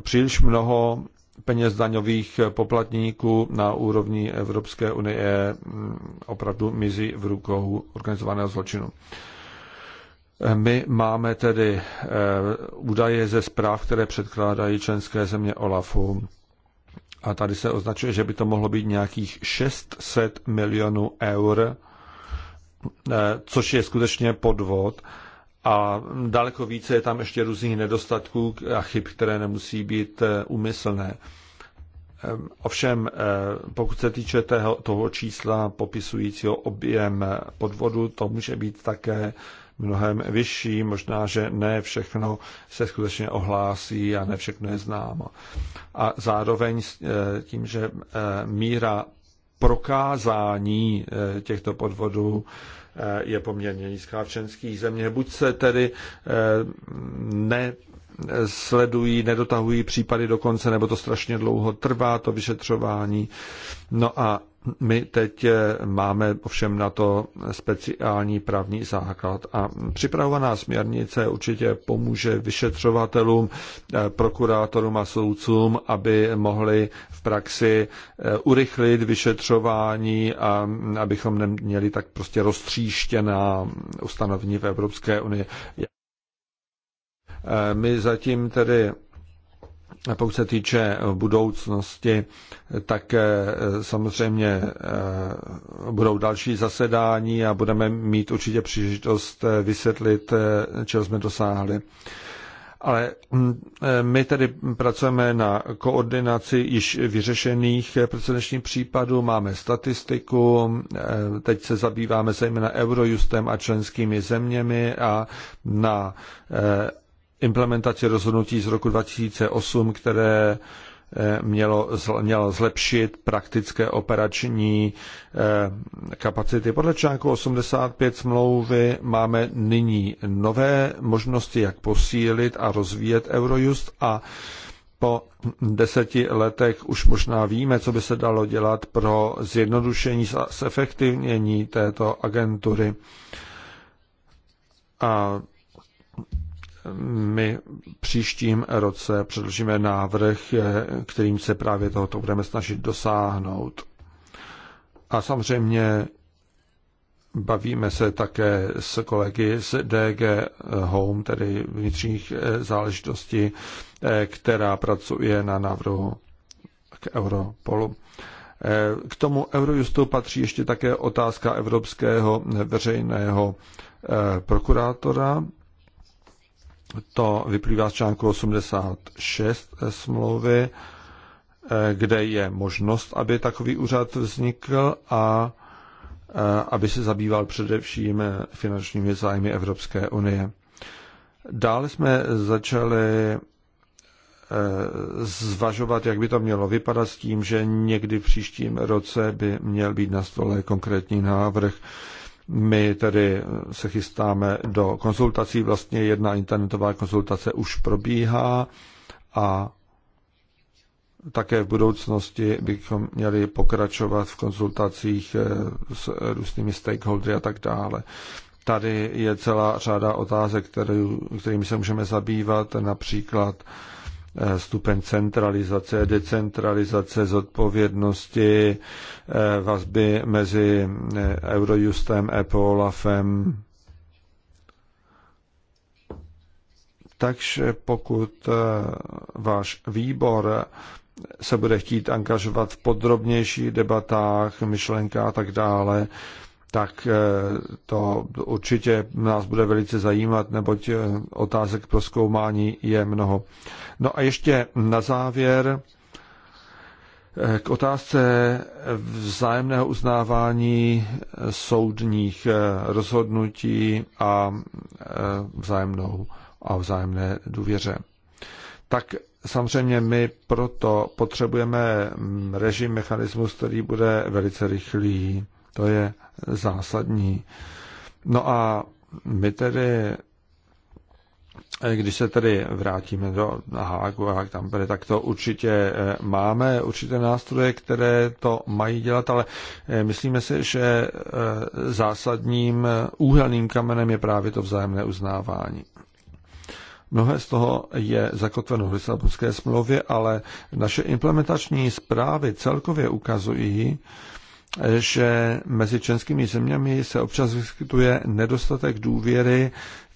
příliš mnoho peněz daňových poplatníků na úrovni Evropské unie mm, opravdu mizí v rukou organizovaného zločinu. My máme tedy údaje ze zpráv, které předkládají členské země OLAFu a tady se označuje, že by to mohlo být nějakých 600 milionů eur, eh, což je skutečně podvod. A daleko více je tam ještě různých nedostatků a chyb, které nemusí být eh, úmyslné. Ehm, ovšem, eh, pokud se týče toho, čísla popisujícího objem podvodu, to může být také mnohem vyšší, možná, že ne všechno se skutečně ohlásí a ne všechno je známo. A zároveň eh, tím, že eh, míra prokázání eh, těchto podvodů je poměrně nízká v českých země. Buď se tedy ne sledují, nedotahují případy do konce, nebo to strašně dlouho trvá, to vyšetřování. No a my teď eh, máme ovšem na to speciální právní základ a připravovaná směrnice určitě pomůže vyšetřovatelům, eh, prokurátorům a soudcům, aby mohli v praxi eh, urychlit vyšetřování a abychom neměli tak prostě roztříštěná ustanovení v Evropské unii. My zatím tedy pokud se týče budoucnosti, tak eh, samozřejmě eh, budou další zasedání a budeme mít určitě příležitost eh, vysvětlit, čeho jsme dosáhli. Ale hm, my tedy pracujeme na koordinaci již vyřešených precedenčních případů, máme statistiku, teď se zabýváme zejména Eurojustem a členskými zeměmi a na implementaci rozhodnutí z roku 2008, které eh, mělo, mělo zlepšit praktické operační eh, kapacity. Podle článku 85 smlouvy máme nyní nové možnosti, jak posílit a rozvíjet Eurojust a po deseti letech už možná víme, co by se dalo dělat pro zjednodušení a zefektivnění této agentury. A my příštím roce předložíme návrh, kterým se právě tohoto budeme snažit dosáhnout. A samozřejmě bavíme se také s kolegy z DG Home, tedy vnitřních eh, záležitostí, eh, která pracuje na návrhu k Europolu. Eh, k tomu Eurojustu patří ještě také otázka evropského veřejného prokurátora to vyplývá z článku 86 smlouvy, eh, kde je možnost, aby takový úřad vznikl a eh, aby se zabýval především finančními zájmy Evropské unie. Dále jsme začali eh, zvažovat, jak by to mělo vypadat s tím, že někdy v příštím roce by měl být na stole konkrétní návrh. My tedy se chystáme do konzultací, vlastně jedna internetová konzultace už probíhá a také v budoucnosti bychom měli pokračovat v konzultacích eh, s různými stakeholdery a tak dále. Tady je celá řada otázek, kterými se můžeme zabývat, například Eh, stupeň centralizace, decentralizace, zodpovědnosti, eh, vazby mezi eh, Eurojustem, EPO, LAFem. Takže pokud váš výbor se bude chtít angažovat v podrobnějších debatách, myšlenkách a tak dále, tak eh, to určitě nás bude velice zajímat, neboť eh, otázek pro zkoumání je mnoho. No a ještě na závěr eh, k otázce vzájemného uznávání soudních rozhodnutí a vzájemnou a vzájemné důvěře. Tak samozřejmě my proto potřebujeme mm, režim, mechanismus, který bude velice rychlý to je zásadní. No a my tedy, když se tedy vrátíme do Háku a tedy, tak to určitě eh, máme, určité nástroje, které to mají dělat, ale eh, myslíme si, že eh, zásadním úhelným kamenem je právě to vzájemné uznávání. Mnohé z toho je zakotveno v Lisabonské smlouvě, ale naše implementační zprávy celkově ukazují, že mezi českými zeměmi se občas vyskytuje nedostatek důvěry,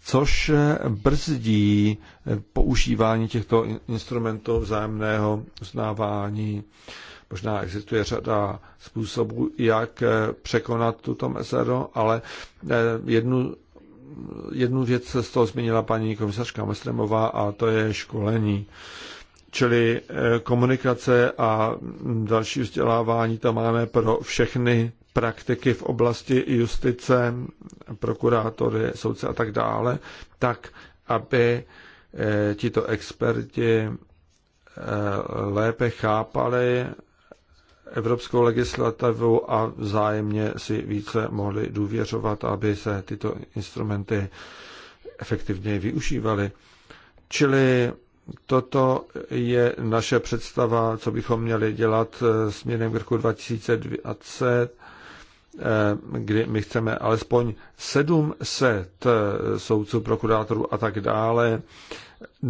což brzdí používání těchto instrumentů vzájemného uznávání. Možná existuje řada způsobů, jak překonat tuto mezeru, ale eh, jednu, jednu věc se z toho zmínila paní komisařka Mestremová a to je školení. Čili eh, komunikace a mm, další vzdělávání tam máme pro všechny praktiky v oblasti justice, prokurátory, soudce a tak dále, tak aby eh, tito experti eh, lépe chápali evropskou legislativu a vzájemně si více mohli důvěřovat, aby se tyto instrumenty efektivněji využívaly. Čili toto je naše představa, co bychom měli dělat eh, směrem k roku 2020, eh, kdy my chceme alespoň 700 eh, soudců, prokurátorů a tak dále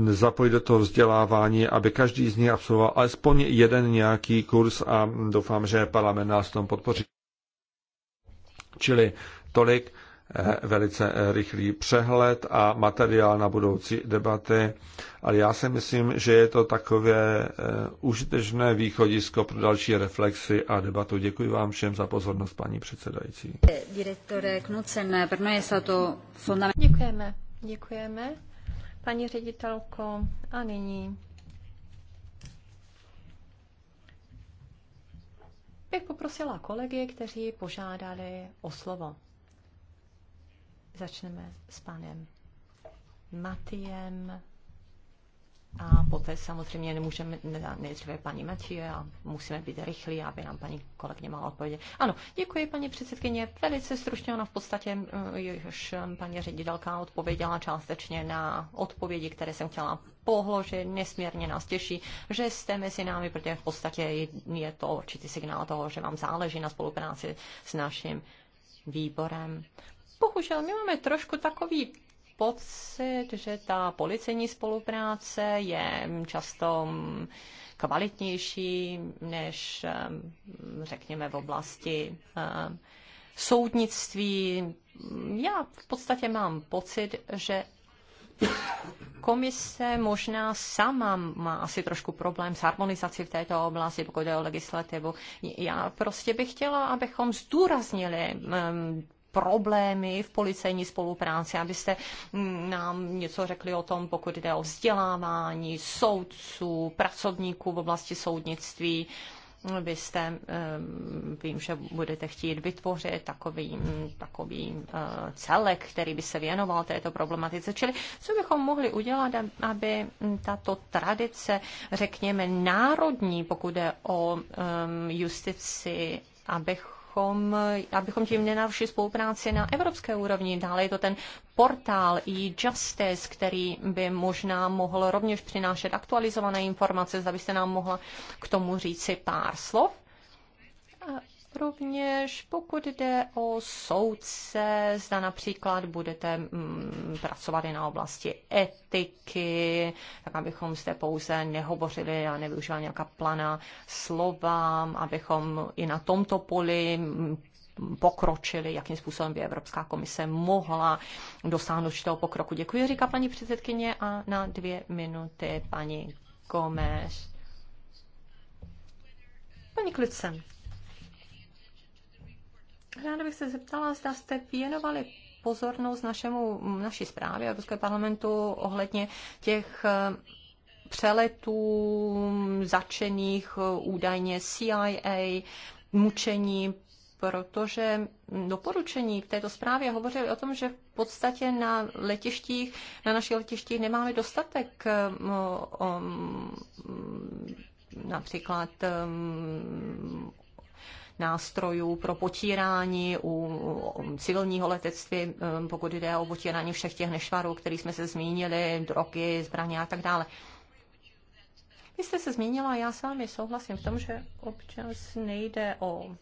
zapojit do toho vzdělávání, aby každý z nich absolvoval alespoň jeden nějaký kurz a doufám, že parlament nás v tom podpoří. Čili tolik Eh, velice eh, rychlý přehled a materiál na budoucí debaty. Ale já si myslím, že je to takové eh, užitečné východisko pro další reflexy a debatu. Děkuji vám všem za pozornost, paní předsedající. Direktore Knudsen, pro mě je to fundamentální. Děkujeme, děkujeme. Paní ředitelko, a nyní bych poprosila kolegy, kteří požádali o slovo. Začneme s panem Matiem a poté samozřejmě nemůžeme, nejdříve paní Matěje a musíme být rychlí, aby nám paní kolegyně mohla odpovědět. Ano, děkuji paní předsedkyně, velice stručně, ona v podstatě eh, již eh, paní ředitelka odpověděla částečně na odpovědi, které jsem chtěla pohložit, nesmírně nás těší, že jste mezi námi, protože v podstatě je to určitý signál toho, že vám záleží na spolupráci s naším výborem. Bohužel my máme trošku takový pocit, že ta policejní spolupráce je často kvalitnější než, řekněme, v oblasti soudnictví. Já v podstatě mám pocit, že komise možná sama má asi trošku problém s harmonizací v této oblasti, pokud jde o legislativu. Já prostě bych chtěla, abychom zdůraznili problémy v policejní spolupráci, abyste mm, nám něco řekli o tom, pokud jde o vzdělávání soudců, pracovníků v oblasti soudnictví. Vy jste, vím, že budete chtít vytvořit takový, mm, takový celek, který by se věnoval této problematice. Čili co bychom mohli udělat, aby tato tradice, řekněme, národní, pokud je o justici, abych abychom, abychom tím nenarušili spolupráci na evropské úrovni. Dále je to ten portál e-justice, který by možná mohl rovněž přinášet aktualizované informace. Zda byste nám mohla k tomu říci pár slov. Rovněž pokud jde o soudce, zda například budete mm, pracovat i na oblasti etiky, tak abychom zde pouze nehovořili a nevyužívali nějaká plana slova, abychom i na tomto poli mm, pokročili, jakým způsobem by Evropská komise mohla dosáhnout určitého pokroku. Děkuji, říká paní předsedkyně a na dvě minuty paní Gomes, Paní Klicen, Ráda bych se zeptala, zda jste věnovali pozornost našemu, naší zprávě Evropského parlamentu ohledně těch eh, přeletů začených eh, údajně CIA, mučení, protože doporučení v této zprávě hovořili o tom, že v podstatě na letištích, na našich letištích nemáme dostatek um, um, například um, nástrojů pro potírání u civilního letectví, um, pokud jde o potírání všech těch nešvarů, který jsme se zmínili, drogy, zbraně a tak dále. Vy jste se zmínila, já s vámi souhlasím v tom, že občas nejde o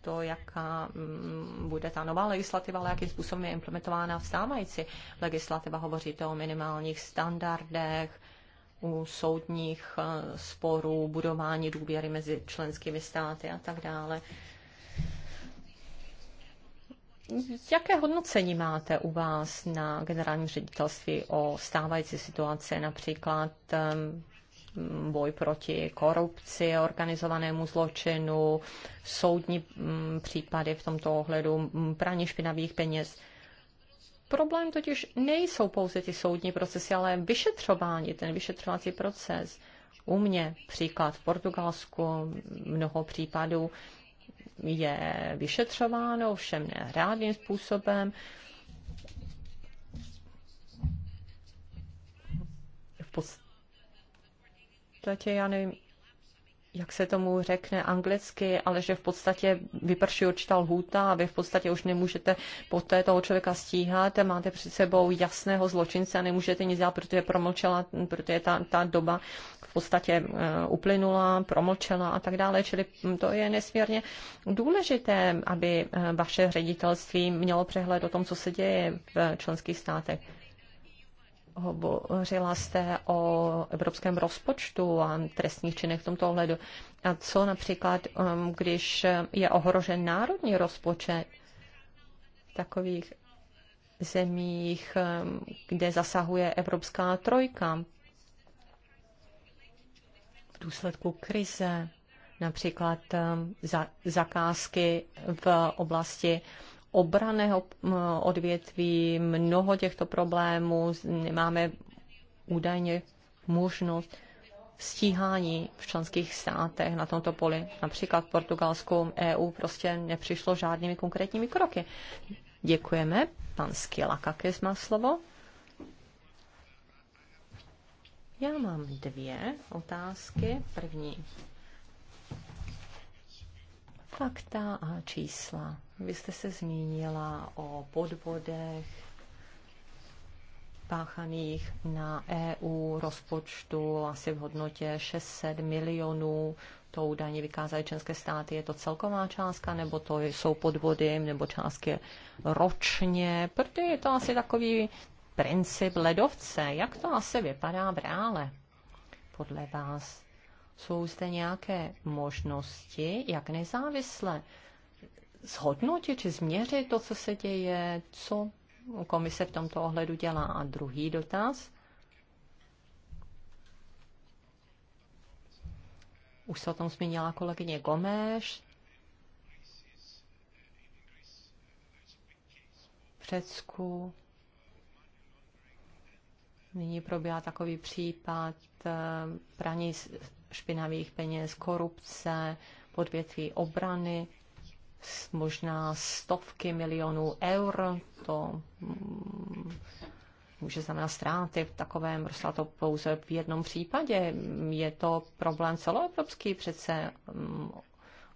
to, jaká mm, bude ta nová legislativa, ale jakým způsobem je implementována v stávající legislativa. Hovoříte o minimálních standardech, u soudních eh, sporů, budování důvěry mezi členskými státy a tak dále. Jaké hodnocení máte u vás na generálním ředitelství o stávající situaci, například ehm, boj proti korupci, organizovanému zločinu, soudní mm, případy v tomto ohledu, praní špinavých peněz? Problém totiž nejsou pouze ty soudní procesy, ale vyšetřování, ten vyšetřovací proces. U mě příklad v Portugalsku mnoho případů je vyšetřováno, všem ne způsobem. V podstatě já nevím, jak se tomu řekne anglicky, ale že v podstatě vyprší určitá lhůta a vy v podstatě už nemůžete poté toho člověka stíhat, máte před sebou jasného zločince a nemůžete nic dělat, protože promlčela, protože ta, ta doba v podstatě eh, uplynula, promlčela a tak dále. Čili hm, to je nesmírně důležité, aby eh, vaše ředitelství mělo přehled o tom, co se děje v členských státech hovořila jste o evropském rozpočtu a trestních činech v tomto ohledu. A co například, um, když je ohrožen národní rozpočet v takových zemích, um, kde zasahuje evropská trojka v důsledku krize, například um, zakázky v oblasti obraného odvětví, mnoho těchto problémů, nemáme údajně možnost stíhání v členských státech na tomto poli. Například v Portugalsku EU prostě nepřišlo žádnými konkrétními kroky. Děkujeme. Pan Skilakakis má slovo. Já mám dvě otázky. První Fakta a čísla. Vy jste se zmínila o podvodech páchaných na EU rozpočtu asi v hodnotě 600 milionů. To údajně vykázaly české státy. Je to celková částka, nebo to jsou podvody, nebo částky ročně? Protože je to asi takový princip ledovce. Jak to asi vypadá v reále? Podle vás jsou zde nějaké možnosti, jak nezávisle zhodnotit či změřit to, co se děje, co komise v tomto ohledu dělá. A druhý dotaz. Už se o tom zmínila kolegyně Gomeš. V Řecku nyní probíhá takový případ eh, praní špinavých peněz, korupce, podvětví obrany, možná stovky milionů eur, to mm, může znamenat ztráty v takovém prostě to pouze v jednom případě. Je to problém celoevropský přece mm,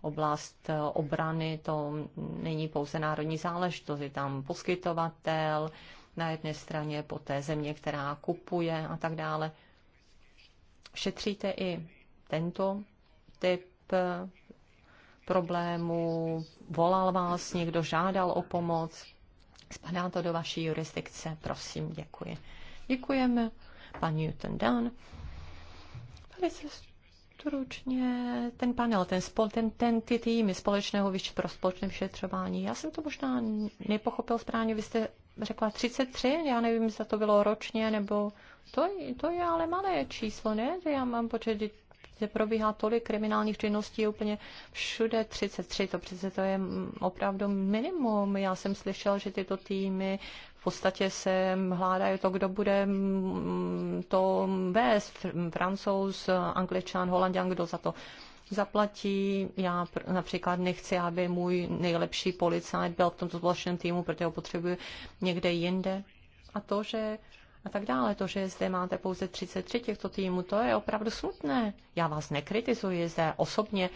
oblast eh, obrany, to není pouze národní záležitost, je tam poskytovatel na jedné straně, poté země, která kupuje a tak dále. Šetříte i tento typ eh, problému volal vás někdo, žádal o pomoc, spadá to do vaší jurisdikce, prosím, děkuji. Děkujeme, pan Newton Dan. Velice stručně ten panel, ten, spol, ten, ten ty týmy společného vyš, pro společné vyšetřování, já jsem to možná nepochopil správně, vy jste řekla 33, já nevím, zda to bylo ročně, nebo to, to je ale malé číslo, ne? Já mám počet, zde vlastně probíhá tolik kriminálních činností úplně všude 33, to přece to je opravdu minimum. Já jsem slyšel, že tyto týmy v podstatě se hládají to, kdo bude mm, to vést. Francouz, Angličan, Holanděn, kdo za to zaplatí. Já například nechci, aby můj nejlepší policajt byl v tomto společném týmu, protože ho potřebuji někde jinde. A to, že a tak dále. To, že zde máte pouze 33 těchto týmů, to je opravdu smutné. Já vás nekritizuji zde osobně,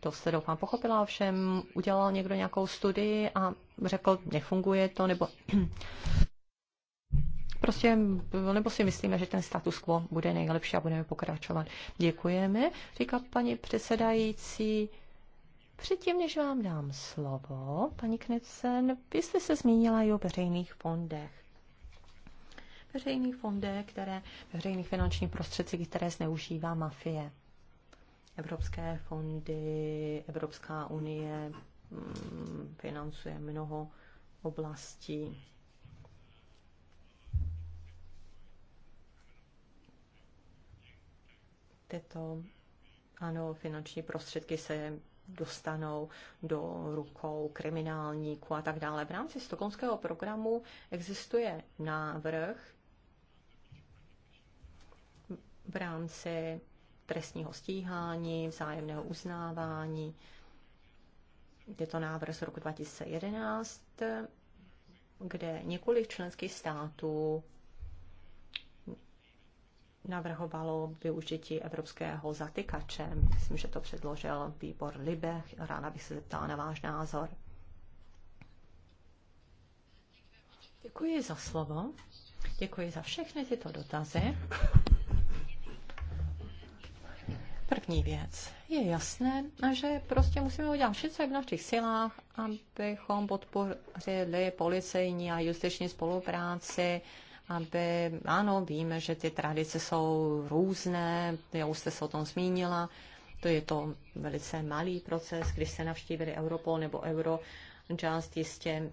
to jste doufám pochopila, ovšem udělal někdo nějakou studii a řekl, nefunguje to, nebo prostě, nebo si myslíme, že ten status quo bude nejlepší a budeme pokračovat. Děkujeme, říká paní předsedající. Předtím, než vám dám slovo, paní Knecen, vy jste se zmínila i o veřejných fondech veřejný fondy, které, veřejný finanční prostředky, které zneužívá mafie. Evropské fondy, Evropská unie mm, financuje mnoho oblastí. Tyto ano, finanční prostředky se dostanou do rukou kriminálníků a tak dále. V rámci stokonského programu existuje návrh v rámci trestního stíhání, vzájemného uznávání. Je to návrh z roku 2011, kde několik členských států navrhovalo využití evropského zatykače. Myslím, že to předložil výbor Libe. Ráda bych se zeptala na váš názor. Děkuji za slovo. Děkuji za všechny tyto dotazy. První věc. Je jasné, že prostě musíme udělat vše, co je v našich silách, abychom podpořili policejní a justiční spolupráci, aby, ano, víme, že ty tradice jsou různé, já už jste se o tom zmínila, to je to velice malý proces, když se navštívili Europol nebo Eurojust, jistě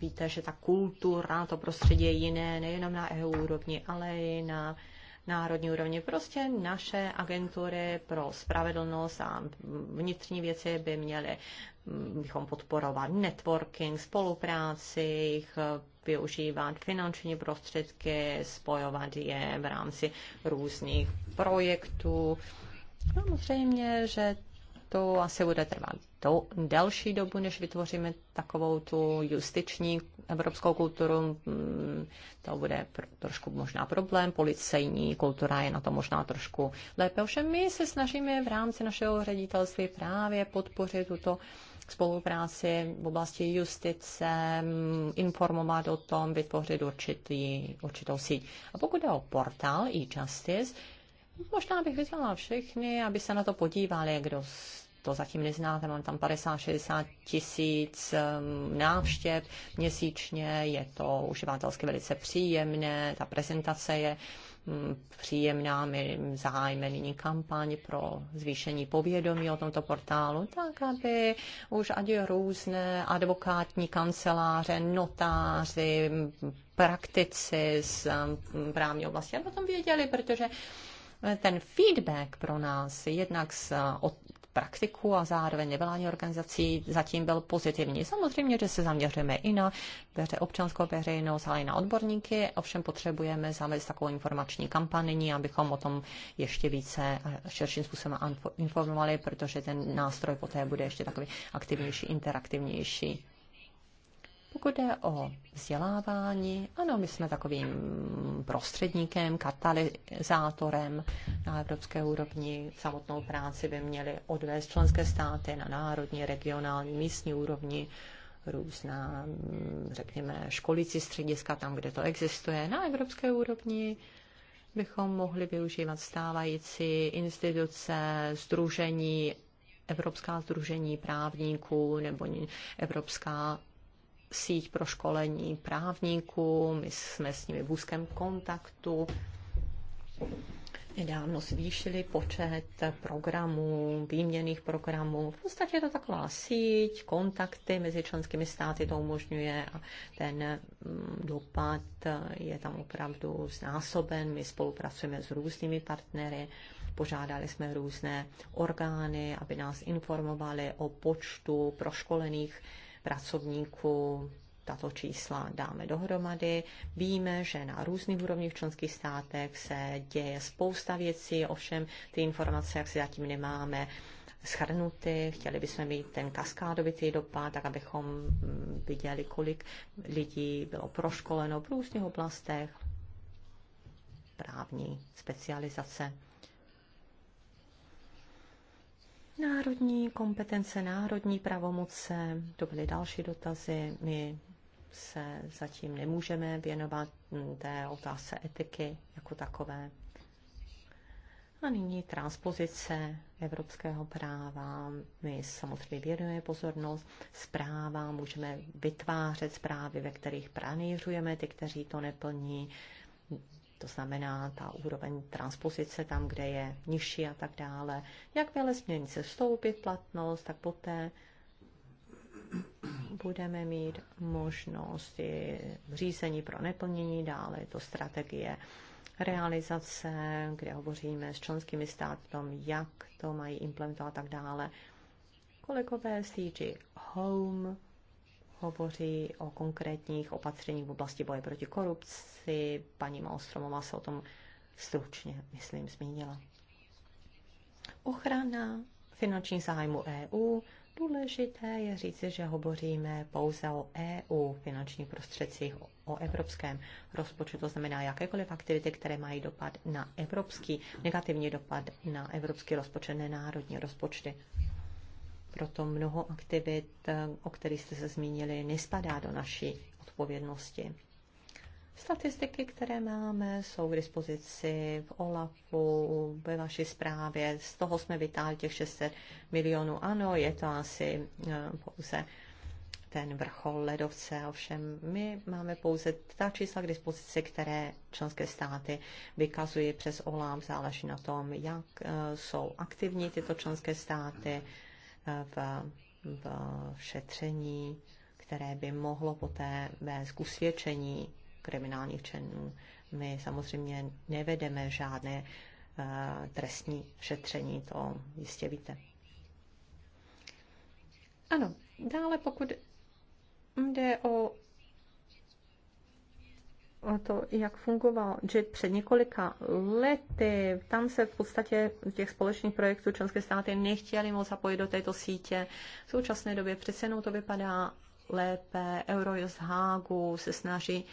víte, že ta kultura, to prostředí je jiné, nejenom na EU úrovni, ale i na národní úrovni. Prostě naše agentury pro spravedlnost a vnitřní věci by měly mm, bychom podporovat networking, spolupráci, jejich eh, využívat finanční prostředky, spojovat je v rámci různých projektů. Samozřejmě, že to asi bude trvat do, delší dobu, než vytvoříme takovou tu justiční evropskou kulturu, mm, to bude trošku možná problém, policejní kultura je na to možná trošku lépe. Ovšem my se snažíme v rámci našeho ředitelství právě podpořit tuto spolupráci v oblasti justice, mm, informovat o tom, vytvořit určitý, určitou síť. A pokud je o portál e-justice, možná bych vyzvala všechny, aby se na to podívali, kdo to zatím neznáte, mám tam 50-60 tisíc ehm, návštěv měsíčně, je to uživatelsky velice příjemné, ta prezentace je hm, příjemná, my zájme nyní kampaň pro zvýšení povědomí o tomto portálu, tak aby už ať různé advokátní kanceláře, notáři, praktici z ehm, právní oblasti, aby o tom věděli, protože ten feedback pro nás jednak z, eh, od praktiku a zároveň nevládní organizací zatím byl pozitivní. Samozřejmě, že se zaměřujeme i na veře, občanskou veřejnost, ale i na odborníky, ovšem potřebujeme zavést takovou informační kampaní, abychom o tom ještě více širším způsobem informovali, protože ten nástroj poté bude ještě takový aktivnější, interaktivnější. Pokud jde o vzdělávání, ano, my jsme takovým prostředníkem, katalyzátorem na evropské úrovni. Samotnou práci by měly odvést členské státy na národní, regionální, místní úrovni různá, řekněme, školící střediska tam, kde to existuje. Na evropské úrovni bychom mohli využívat stávající instituce, združení, Evropská združení právníků nebo Evropská síť pro školení právníků, my jsme s nimi v úzkém kontaktu. Nedávno zvýšili počet programů, výměných programů. V podstatě je to taková síť, kontakty mezi členskými státy to umožňuje a ten mm, dopad je tam opravdu znásoben. My spolupracujeme s různými partnery, požádali jsme různé orgány, aby nás informovali o počtu proškolených pracovníků. Tato čísla dáme dohromady. Víme, že na různých úrovních v členských státech se děje spousta věcí, ovšem ty informace, jak si zatím nemáme, schrnuty, chtěli bychom mít ten kaskádovitý dopad, tak abychom viděli, kolik lidí bylo proškoleno v různých oblastech právní specializace. Národní kompetence, národní pravomoce, to byly další dotazy. My se zatím nemůžeme věnovat té otázce etiky jako takové. A nyní transpozice evropského práva. My samozřejmě věnujeme pozornost zpráva, můžeme vytvářet zprávy, ve kterých pranýřujeme ty, kteří to neplní to znamená ta úroveň transpozice tam, kde je nižší a tak dále. Jakmile směrnice vstoupí v platnost, tak poté budeme mít možnost i řízení pro neplnění, dále je to strategie realizace, kde hovoříme s členskými státy tom, jak to mají implementovat a tak dále. Kolegové CG Home hovoří o konkrétních opatřeních v oblasti boje proti korupci. Paní Malstromová se o tom stručně, myslím, zmínila. Ochrana finančních zájmů EU. Důležité je říci, že hovoříme pouze o EU finančních prostředcích, o evropském rozpočtu, to znamená jakékoliv aktivity, které mají dopad na evropský, negativní dopad na evropský rozpočet, národní rozpočty. Proto mnoho aktivit, eh, o kterých jste se zmínili, nespadá do naší odpovědnosti. Statistiky, které máme, jsou k dispozici v OLAFu, ve vaší zprávě. Z toho jsme vytáhli těch 600 milionů. Ano, je to asi eh, pouze ten vrchol ledovce. Ovšem my máme pouze ta čísla k dispozici, které členské státy vykazují přes OLAF. Záleží na tom, jak eh, jsou aktivní tyto členské státy, v, v šetření, které by mohlo poté vést k usvědčení kriminálních činů. My samozřejmě nevedeme žádné uh, trestní šetření, to jistě víte. Ano, dále pokud jde o o to, jak fungoval JET před několika lety. Tam se v podstatě těch společných projektů členské státy nechtěli moc zapojit do této sítě. V současné době přece jenom to vypadá lépe. Eurojust Hágu se snaží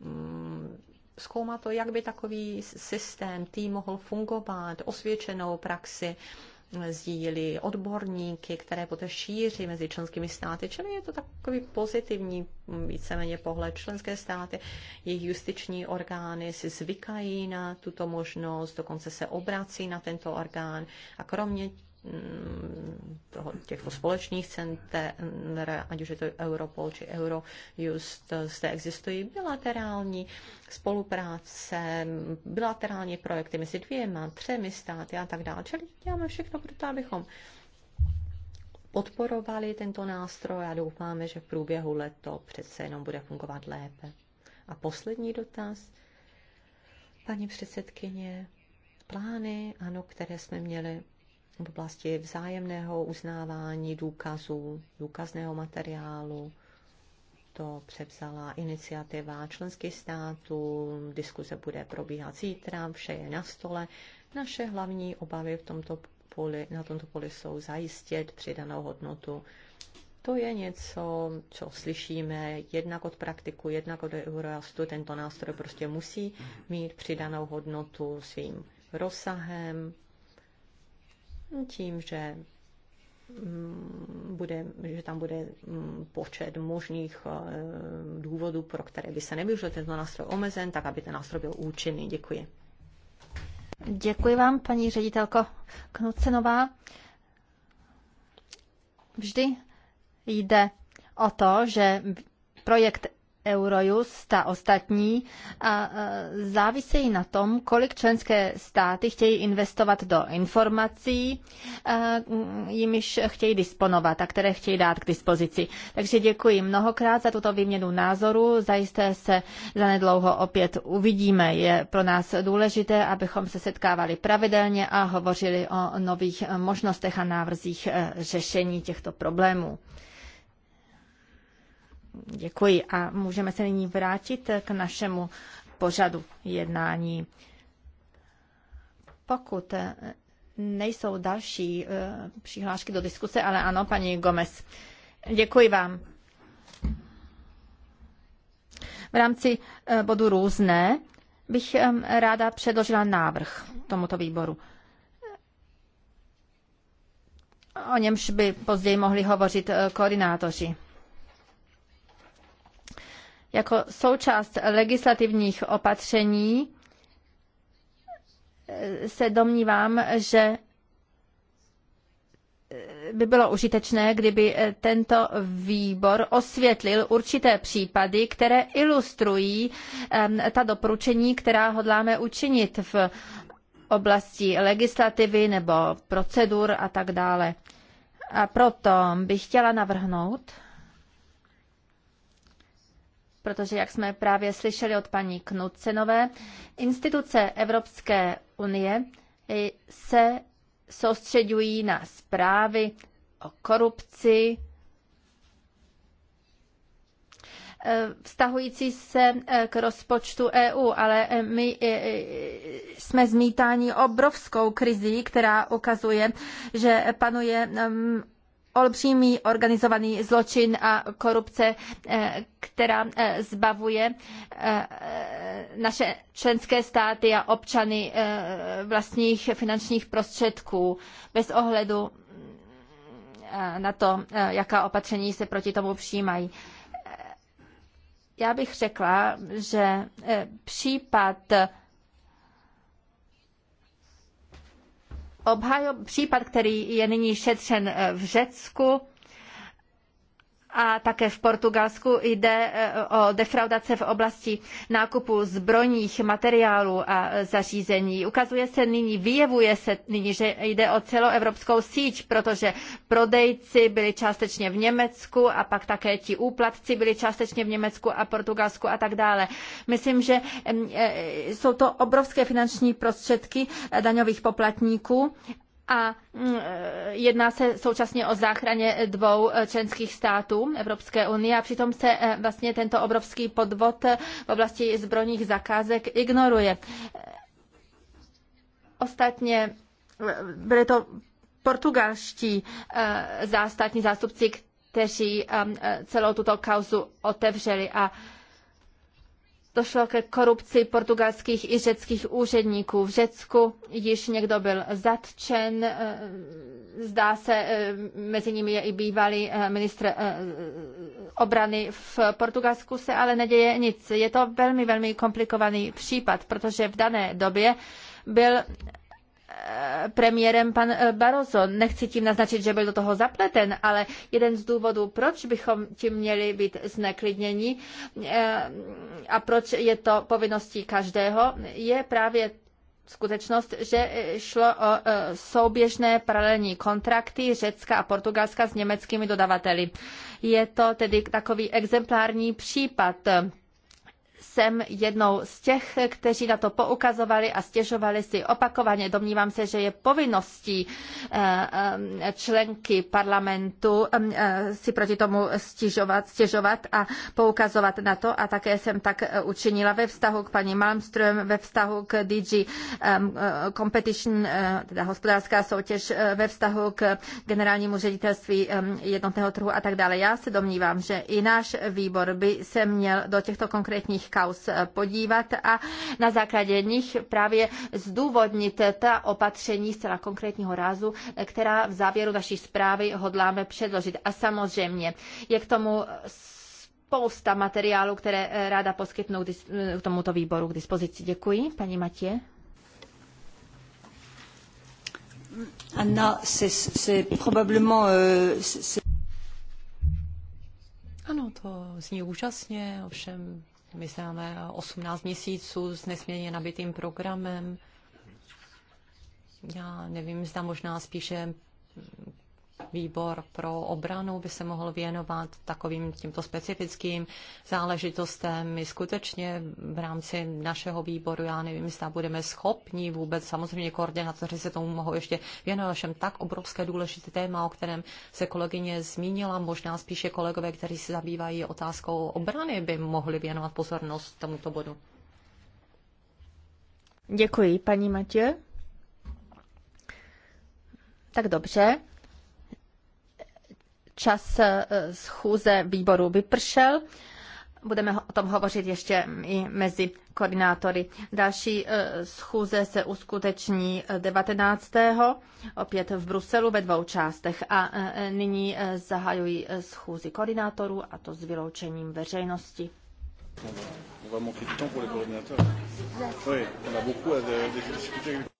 mm, zkoumat to, jak by takový systém, tým mohl fungovat, osvědčenou praxi, sdílí odborníky, které poté šíří mezi členskými státy, čili je to takový pozitivní víceméně pohled. Členské státy, jejich justiční orgány si zvykají na tuto možnost, dokonce se obrací na tento orgán a kromě Mm, toho, těchto společných center, ať už je to Europol či Eurojust, zde existují bilaterální spolupráce, bilaterální projekty mezi dvěma, třemi státy a tak dále. Čili děláme všechno pro to, abychom podporovali tento nástroj a doufáme, že v průběhu let to přece jenom bude fungovat lépe. A poslední dotaz, paní předsedkyně, plány, ano, které jsme měli v oblasti vzájemného uznávání důkazů, důkazného materiálu. To převzala iniciativa členských států, diskuze bude probíhat zítra, vše je na stole. Naše hlavní obavy v tomto poli, na tomto poli jsou zajistit přidanou hodnotu. To je něco, co slyšíme jednak od praktiku, jednak od Eurojastu. Tento nástroj prostě musí mít přidanou hodnotu svým rozsahem, tím, že mm, bude, že tam bude mm, počet možných eh, důvodů, pro které by se nevyužil tento nástroj omezen, tak aby ten nástroj byl účinný. Děkuji. Děkuji vám, paní ředitelko Knucenová. Vždy jde o to, že projekt Eurojust a ostatní a závisejí na tom, kolik členské státy chtějí investovat do informací, jimiž chtějí disponovat a které chtějí dát k dispozici. Takže děkuji mnohokrát za tuto výměnu názoru. Zajisté se zanedlouho opět uvidíme. Je pro nás důležité, abychom se setkávali pravidelně a hovořili o nových možnostech a návrzích e, řešení těchto problémů. Děkuji a můžeme se nyní vrátit k našemu pořadu jednání. Pokud nejsou další eh, přihlášky do diskuse, ale ano, paní Gomez. Děkuji vám. V rámci eh, bodu různé bych eh, ráda předložila návrh tomuto výboru. O němž by později mohli hovořit koordinátoři. Jako součást legislativních opatření eh, se domnívám, že eh, by bylo užitečné, kdyby eh, tento výbor osvětlil určité případy, které ilustrují ehm, ta doporučení, která hodláme učinit v oblasti legislativy nebo procedur a tak dále. A proto bych chtěla navrhnout, protože, jak jsme právě slyšeli od paní Knudsenové, instituce Evropské unie eh, se soustředují na zprávy o korupci, eh, vztahující se eh, k rozpočtu EU, ale my jsme zmítáni obrovskou krizí, která ukazuje, že panuje mm, olbřímý organizovaný zločin a korupce, eh, která eh, zbavuje eh, naše členské státy a občany vlastních finančních prostředků bez ohledu na to, jaká opatření se proti tomu přijímají. Já bych řekla, že případ Obhajob, případ, který je nyní šetřen eh, v Řecku, a také v Portugalsku jde e, o defraudace v oblasti nákupu zbrojních materiálů a zařízení. Ukazuje se nyní, vyjevuje se nyní, že jde o celoevropskou síť, protože prodejci byli částečně v Německu a pak také ti úplatci byli částečně v Německu a Portugalsku a tak dále. Myslím, že e, jsou to obrovské finanční prostředky e, daňových poplatníků a mm, e, jedná se současně o záchraně dvou e, členských států Evropské unie a přitom se e, vlastně tento obrovský podvod v oblasti zbrojních zakázek ignoruje. Ostatně byly to portugalští zástatní zástupci, kteří celou tuto kauzu otevřeli a došlo ke korupci portugalských i řeckých úředníků. V Řecku již někdo byl zatčen, eh, zdá se, eh, mezi nimi je i bývalý eh, ministr obrany. V Portugalsku se ale neděje nic. Je to velmi, velmi komplikovaný případ, protože v dané době byl Eh, premiérem pan eh, Barroso. Nechci tím naznačit, že byl do toho zapleten, ale jeden z důvodů, proč bychom tím měli být zneklidněni eh, a proč je to povinností každého, je právě skutečnost, že šlo o souběžné paralelní kontrakty Řecka a Portugalska s německými dodavateli. Je to tedy takový exemplární případ jsem jednou z těch, kteří na to poukazovali a stěžovali si opakovaně. Domnívám se, že je povinností eh, eh, členky parlamentu eh, si proti tomu stěžovat, stěžovat a poukazovat na to. A také jsem tak učinila ve vztahu k paní Malmström, ve vztahu k DG Competition, teda hospodářská soutěž, ve vztahu k generálnímu ředitelství jednotného trhu a tak dále. Já se domnívám, že i náš výbor by se měl do těchto konkrétních kal Strauss podívat a na základě nich právě zdůvodnit ta opatření zcela konkrétního rázu, která v závěru naší zprávy hodláme předložit. A samozřejmě je k tomu spousta materiálu, které ráda poskytnou k tomuto výboru k dispozici. Děkuji, paní Matě. Anna, c'est probablement... Euh, ano, to zní úžasně, ovšem my známe 18 měsíců s nesmírně nabitým programem. Já nevím, zda možná spíše výbor pro obranu by se mohl věnovat takovým tímto specifickým záležitostem. My skutečně v rámci našeho výboru, já nevím, zda budeme schopni vůbec, samozřejmě koordinátoři se tomu mohou ještě věnovat, všem tak obrovské důležité téma, o kterém se kolegyně zmínila, možná spíše kolegové, kteří se zabývají otázkou obrany, by mohli věnovat pozornost tomuto bodu. Děkuji, paní Matě. Tak dobře, čas eh, schůze výboru vypršel. Budeme o tom hovořit ještě mm, i mezi koordinátory. Další eh, schůze se uskuteční 19. Eh, opět v Bruselu ve dvou částech. A nyní zahajují schůzi koordinátorů a to s vyloučením veřejnosti. On va manquer temps pour les coordinateurs. Oui, on a beaucoup à discuter.